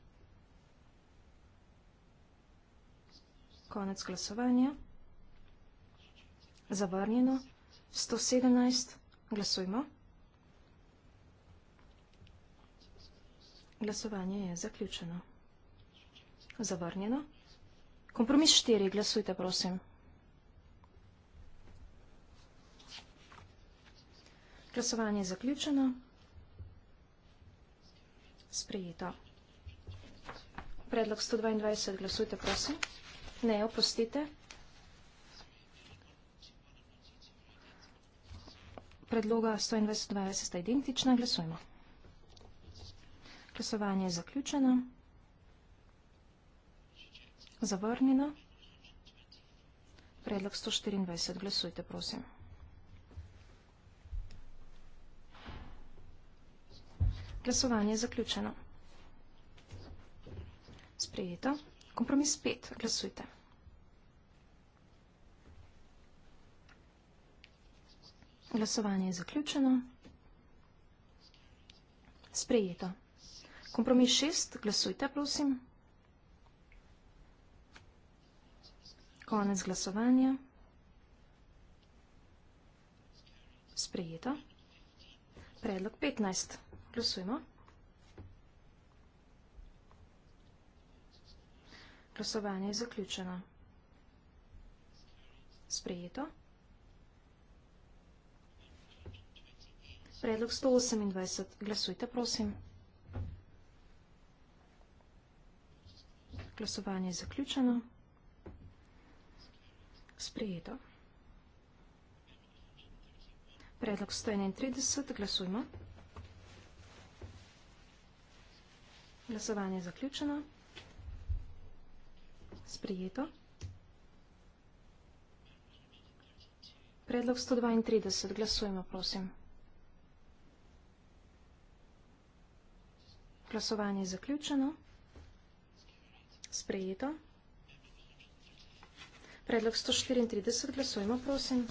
Konec glasovanja. Zavrnjeno. 117. Glasujmo. Glasovanje je zaključeno. Zavrnjeno. Kompromis 4. Glasujte, prosim. Glasovanje je zaključeno. Sprejeto. Predlog 122, glasujte, prosim. Ne, opustite. Predloga 122 sta identična, glasujmo. Glasovanje je zaključeno. Zavrnjeno. Predlog 124, glasujte, prosim. Glasovanje je zaključeno. Sprejeto. Kompromis pet. Glasujte. Glasovanje je zaključeno. Sprejeto. Kompromis šest. Glasujte, prosim. Konec glasovanja. Sprejeto. Predlog 15. Glasujemo. Glasovanje je zaključeno. Sprejeto. Predlog 128. Glasujte, prosim. Glasovanje je zaključeno. Sprejeto. Predlog 131. Glasujmo. Glasujmo. Glasovanje je zaključeno. Sprijeto. Predlog 132. Glasujemo, prosim. Glasovanje je zaključeno. Sprijeto. Predlog 134. Glasujemo, prosim.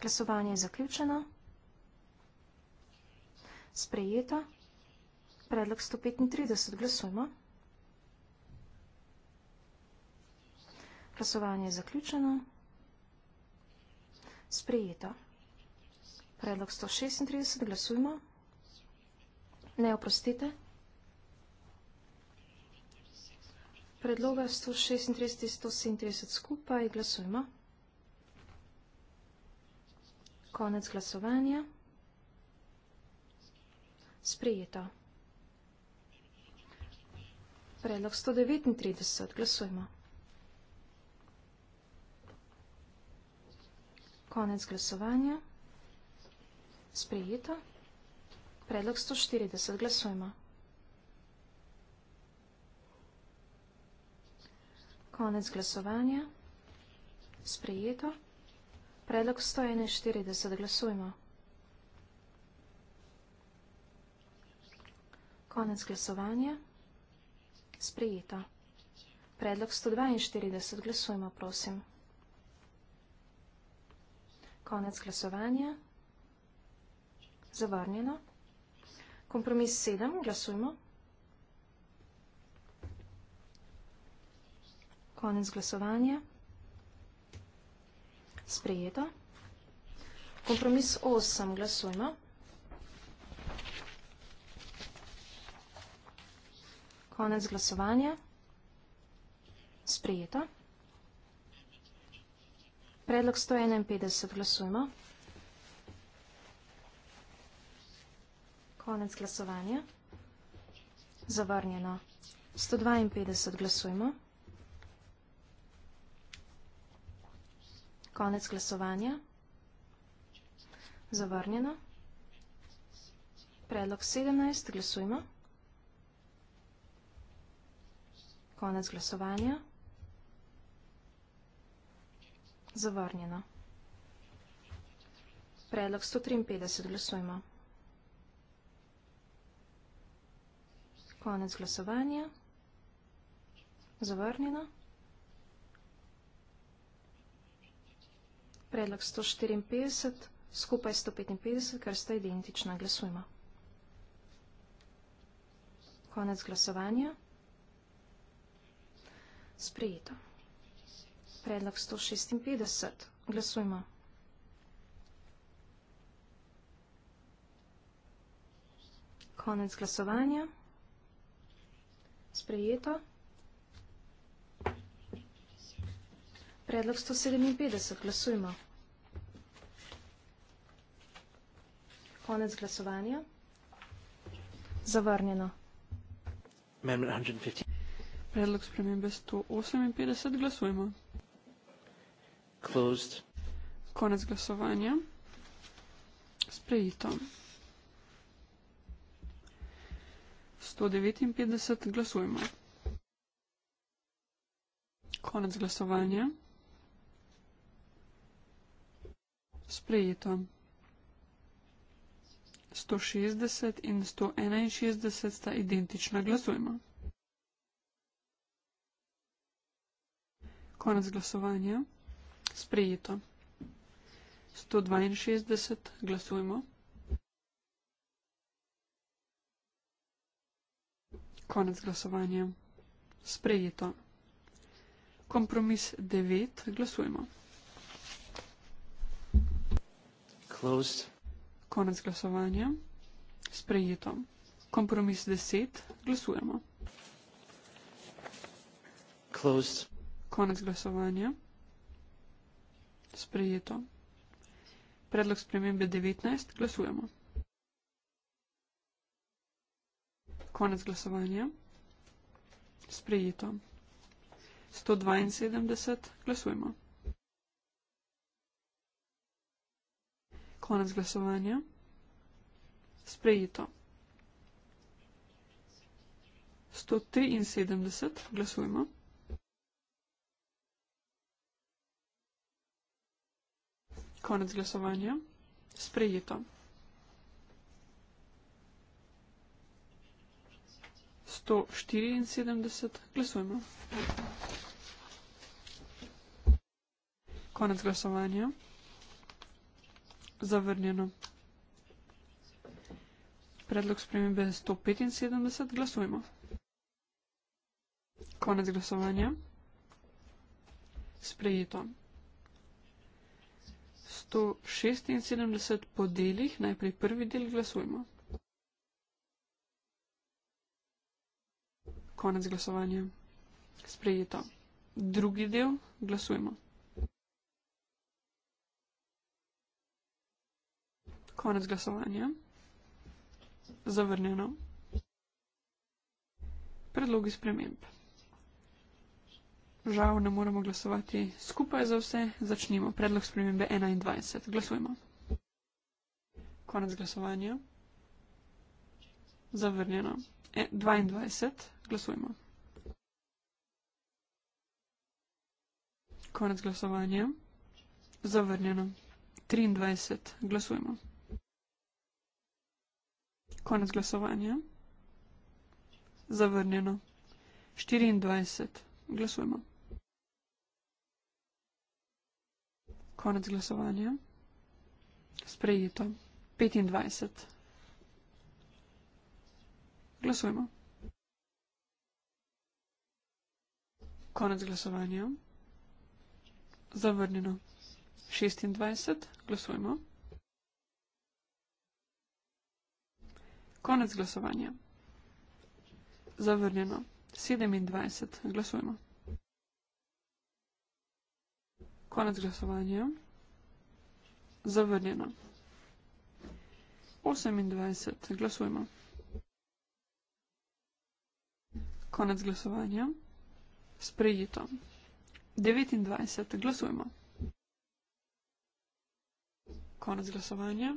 Glasovanje je zaključeno. Glasovanje je zaključeno. Sprejeta. Predlog 135. Glasujmo. Glasovanje je zaključeno. Sprejeta. Predlog 136. Glasujmo. Ne oprostite. Predloga 136 in 137 skupaj. Glasujmo. Konec glasovanja. Glasovanje. Sprejeto. Predlog 139. Glasujmo. Konec glasovanja. Sprejeto. Predlog 140. Glasujmo. Konec glasovanja. Sprejeto. Predlog 141. Glasujmo. Glasujmo. Konec glasovanja. Sprejeto. Predlog 142. Glasujmo, prosim. Konec glasovanja. Zavrnjeno. Kompromis 7. Glasujmo. Konec glasovanja. Sprejeto. Kompromis 8. Glasujmo. Glasujmo. Konec glasovanja. Sprejeto. Predlog 151. Glasujmo. Konec glasovanja. Zavrnjeno. 152. Glasujmo. Konec glasovanja. Zavrnjeno. Predlog 17. Glasujmo. Glasujmo. Konec glasovanja. Zavrnjeno. Predlog 153. Glasujmo. Konec glasovanja. Zavrnjeno. Predlog 154. Skupaj 155, kar sta identična. Glasujmo. Konec glasovanja. Konec glasovanja. Sprejeto. Predlog 156. Glasujmo. Konec glasovanja. Sprejeto. Predlog 157. Glasujmo. Konec glasovanja. Zavrnjeno. Amendment 150. Predlog spremembe 158 glasujemo. Closed. Konec glasovanja. Sprejito. 159 glasujemo. Konec glasovanja. Sprejeto. 160 in 161 sta identična glasujemo. Konec glasovanja. Sprejeto. 162. Glasujmo. Konec glasovanja. Sprejeto. Kompromis 9. Glasujmo. Closed. Konec glasovanja. Sprejeto. Kompromis 10. Glasujemo. Closed. Konec glasovanja. Sprejeto. Predlog spremembe 19. Glasujemo. Konec glasovanja. Sprejeto. 172. Glasujemo. Konec glasovanja. Sprejeto. 173. Glasujemo. Konec glasovanja. Sprejeto. 174. Glasujemo. Konec glasovanja. Zavrnjeno. Predlog spremembe 175. Glasujemo. Konec glasovanja. Sprejeto. 176 po delih, najprej prvi del glasujmo. Konec glasovanja. Sprejeto. Drugi del glasujmo. Konec glasovanja. Zavrnjeno. Predlogi spremembe. Žal ne moremo glasovati skupaj za vse. Začnimo. Predlog spremembe 21. Glasujemo. Konec glasovanja. Zavrnjeno. E, 22. Glasujemo. Konec glasovanja. Zavrnjeno. 23. Glasujemo. Konec glasovanja. Zavrnjeno. 24. Glasujemo. Konec glasovanja. Sprejeto. 25. Glasujemo. Konec glasovanja. Zavrnjeno. 26. Glasujemo. Konec glasovanja. Zavrnjeno. 27. Glasujemo. Koniec glasovanja. Zavrnjeno. 28. Glasujmo. Konec glasovanja. Sprejito. 29. Glasujmo. Konec glasovanja.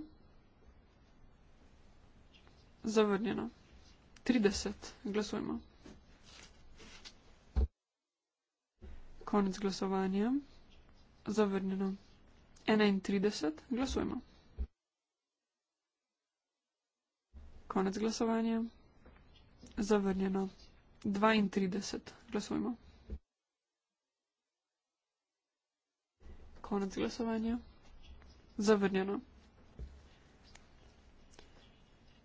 Zavrnjeno. 30. Glasujmo. Konec glasovanja. Glasujmo. Zavrnjeno. 31. Glasujemo. Konec glasovanja. Zavrnjeno. 32. Glasujemo. Konec glasovanja. Zavrnjeno.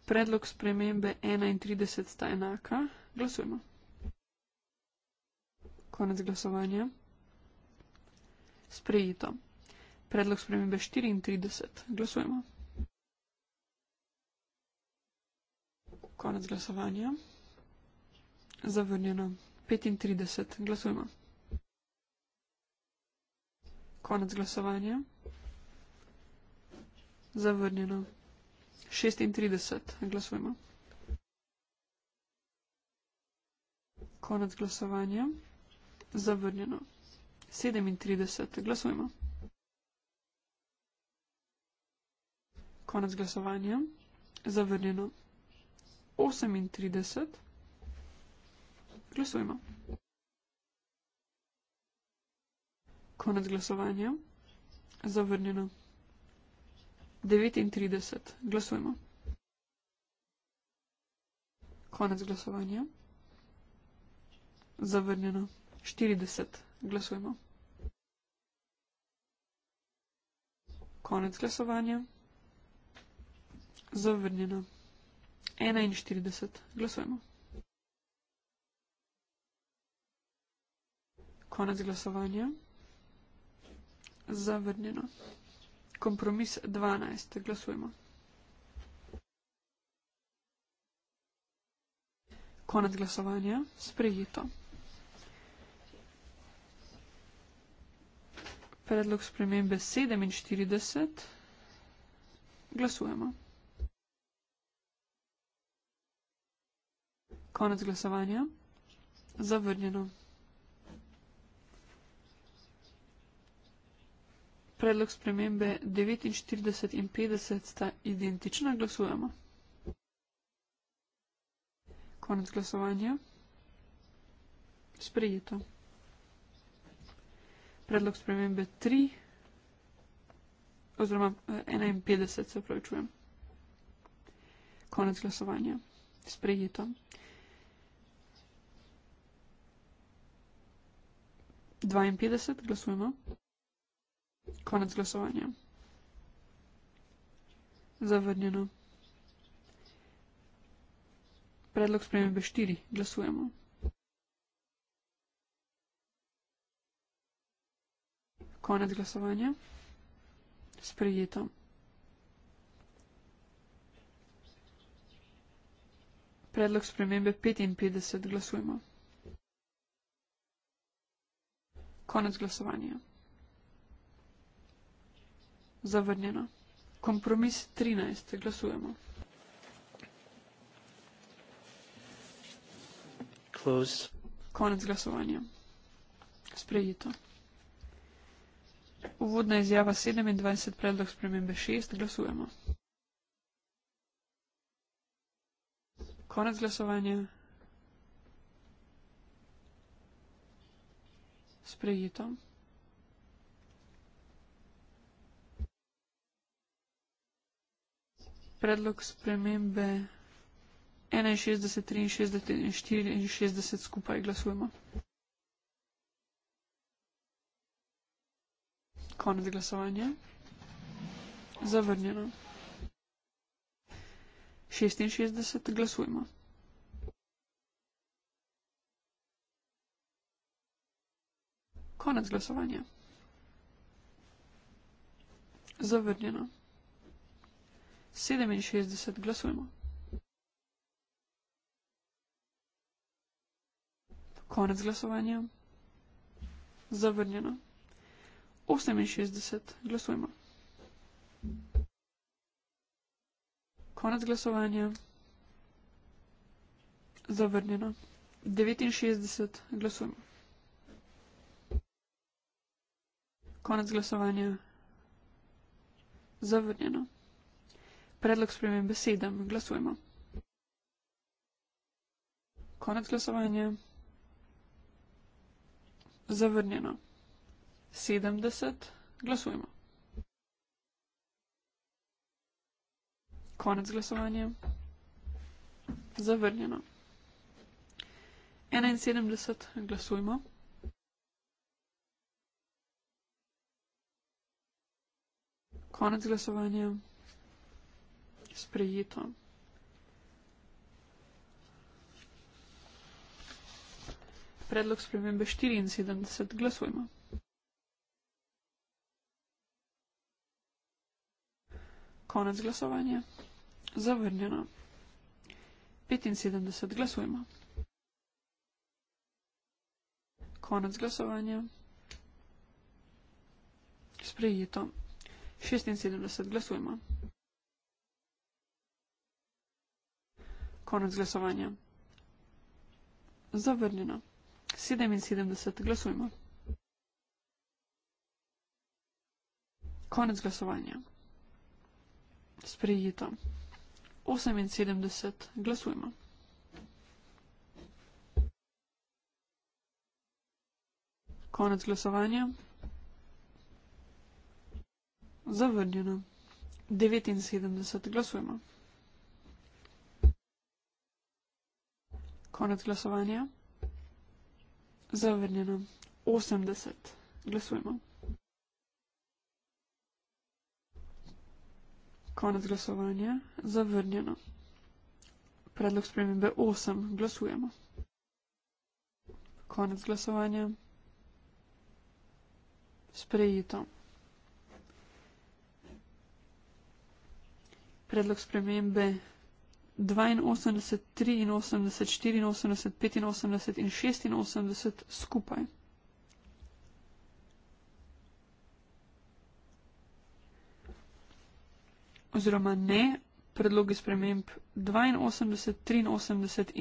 Predlog spremembe 31 sta enaka. Glasujemo. Konec glasovanja sprejeto. Predlog spremembe 34. Glasujemo. Konec glasovanja. Zavrnjeno. 35. Glasujemo. Konec glasovanja. Zavrnjeno. 36. Glasujemo. Konec glasovanja. Zavrnjeno. 37. Glasujmo. Konec glasovanja. Zavrnjeno. 38. Glasujmo. Konec glasovanja. Zavrnjeno. 39. Glasujmo. Konec glasovanja. Zavrnjeno. 40. Glasujemo. Konec glasovanja. Zavrnjeno. 41. Glasujemo. Konec glasovanja. Zavrnjeno. Kompromis 12. Glasujemo. Konec glasovanja. Sprejeto. predlog spremembe 47. Glasujemo. Konec glasovanja. Zavrnjeno. Predlog spremembe 49 in 50 sta identična. Glasujemo. Konec glasovanja. Sprejeto predlog spremembe 3, oziroma 51, eh, se pravičujem. Konec glasovanja. Sprejeto. Dvainpetdeset, glasujemo. Konec glasovanja. Zavrnjeno. Predlog spremembe štiri, glasujemo. Konec glasovanja. Sprejeto. Predlog spremembe 55. Glasujmo. Konec glasovanja. Zavrnjeno. Kompromis 13. Glasujemo. Close. Konec glasovanja. Sprejeto. Uvodna izjava 27, predlog spremembe 6, glasujemo. Konec glasovanja. Sprejeto. Predlog spremembe 61, 63 in 64 skupaj glasujemo. Konec glasovanja. Zavrnjeno. 66 glasujemo. Konec glasovanja. Zavrnjeno. 67 glasujemo. Konec glasovanja. Zavrnjeno. 68. Glasujmo. Konec glasovanja. Zavrnjeno. 69. Glasujmo. Konec glasovanja. Zavrnjeno. Predlog spremem besedem. Glasujmo. Konec glasovanja. Zavrnjeno. 70. Glasujmo. Konec glasovanja. Zavrnjeno. 71. Glasujmo. Konec glasovanja. Sprejeto. Predlog spremembe 74. Glasujmo. Konec glasovanja. Zavrnjeno. 75 glasujmo. Konec glasovanja. Sprejeto. 76 glasujmo. Konec glasovanja. Zavrnjeno. 77 glasujmo. Konec glasovanja sprejeta. 78, glasujmo. Konec glasovanja. Zavrnjeno. 79, glasujmo. Konec glasovanja. Zavrnjeno. 80, glasujmo. Konec glasovanja. Zavrnjeno. Predlog spremembe 8. Glasujemo. Konec glasovanja. Sprejito. Predlog spremembe 82, 83, 84, 85 in 86 skupaj. oziroma ne predloge sprememb 82, 83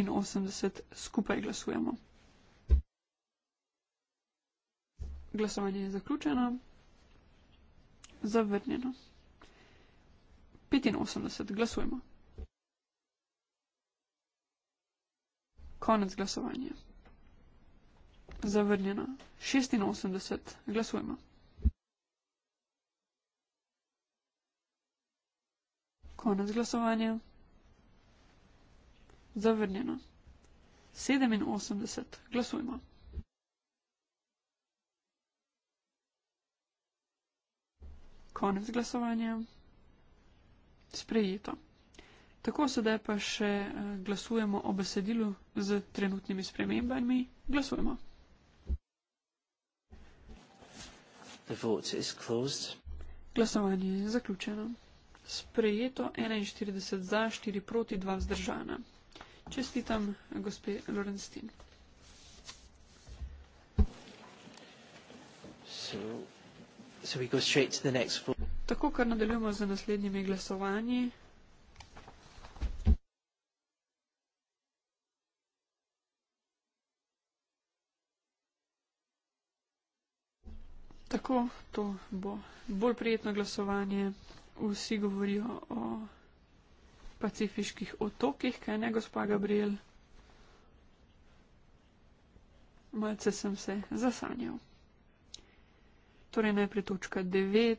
in 84 skupaj glasujemo. Glasovanje je zaključeno. Zavrnjeno. 85. Glasujemo. Konec glasovanja. Zavrnjeno. 86. Glasujemo. Konec glasovanja. Zavrnjeno. 87. Glasujmo. Konec glasovanja. Sprejeto. Tako sedaj pa še eh, glasujemo o besedilu z trenutnimi spremembami. Glasujemo. The vote is closed. Glasovanje je zaključeno sprejeto 41 za, 4 proti, 2 vzdržana. Čestitam, gospe Lorenstin. So, so we go straight to the next floor. Tako, kar nadaljujemo z naslednjimi glasovanji. Tako, to bo bolj prijetno glasovanje vsi govorijo o pacifiških otokih, kaj ne, gospa Gabriel? Malce sem se zasanjal. Torej najprej točka 9.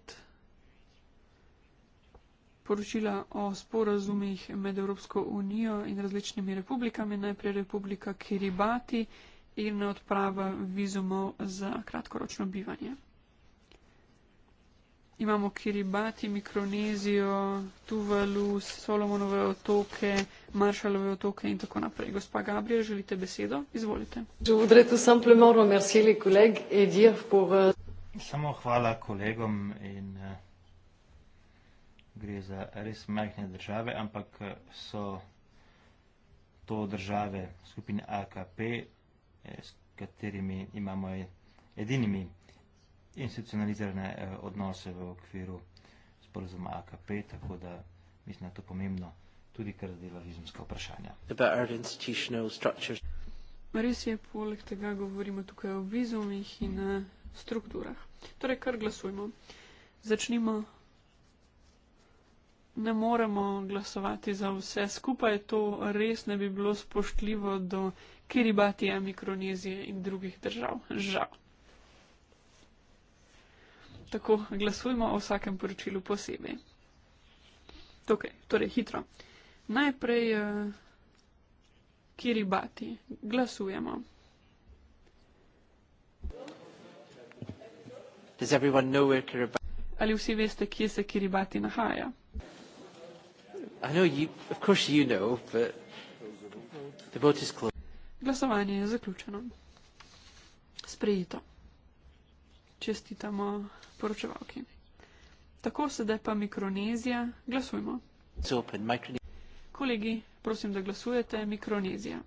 Poročila o sporazumih med Evropsko unijo in različnimi republikami, najprej republika Kiribati in odprava vizumov za kratkoročno bivanje imamo Kiribati, Mikronezijo, Tuvalu, Solomonove otoke, Maršalove otoke in tako naprej. Gospa Gabriel, želite besedo? Izvolite. Euh, Samo hvala kolegom in euh, gre za res majhne države, ampak euh, so to države skupine AKP, eh, s katerimi imamo e-, edinimi institucionalizirane eh, odnose v okviru sporozuma AKP, tako da mislim, da je to pomembno tudi, ker zadeva vizumska vprašanja. Res je, poleg tega govorimo tukaj o vizumih in mm. strukturah. Torej, kar glasujemo. Začnimo. Ne moremo glasovati za vse skupaj, to res ne bi bilo spoštljivo do Kiribatija, Mikronezije in drugih držav. Žal. Tako glasujmo o vsakem poročilu posebej. Okay, torej, hitro. Najprej uh, Kiribati. Glasujemo. Kiribati? Ali vsi veste, kje se Kiribati nahaja? You, you know, Glasovanje je zaključeno. Sprejeto. Čestitamo sporočevalki. Tako sedaj pa Mikronezija, glasujmo. Kolegi, prosim, da glasujete Mikronezija.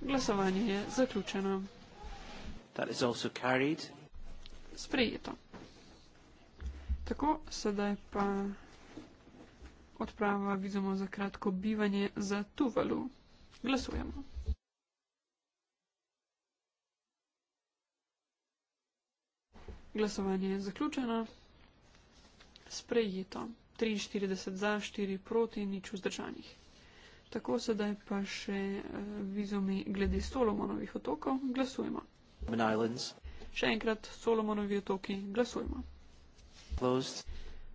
Glasovanje je zaključeno. Sprejeto. Tako sedaj pa odprava vizumo za kratko bivanje za Tuvalu. Glasujemo. Glasovanje je zaključeno. Sprejeto. 43 za, 4 proti, nič vzdržanih. Tako sedaj pa še eh, vizumi glede Solomonovih otokov. Glasujemo. Še enkrat Solomonovi otoki. Glasujemo. Closed.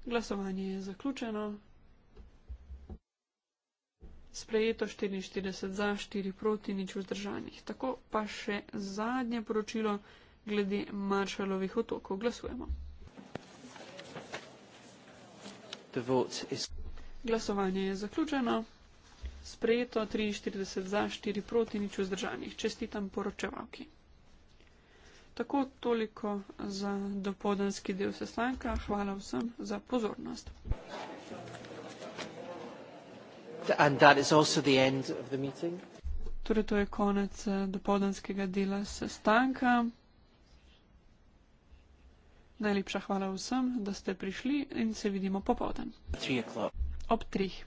Glasovanje je zaključeno. Sprejeto 44 za, 4 proti, nič vzdržanih. Tako pa še zadnje poročilo glede Maršalovih otokov glasujemo. Glasovanje je zaključeno. Sprejeto 43 za, 4 proti, nič vzdržanih. Čestitam poročevalki. Tako toliko za dopodanski del sestanka. Hvala vsem za pozornost. Torej, to je konec eh, dopodanskega dela sestanka. Najlepša hvala vsem, da ste prišli in se vidimo popovdne. Ob treh.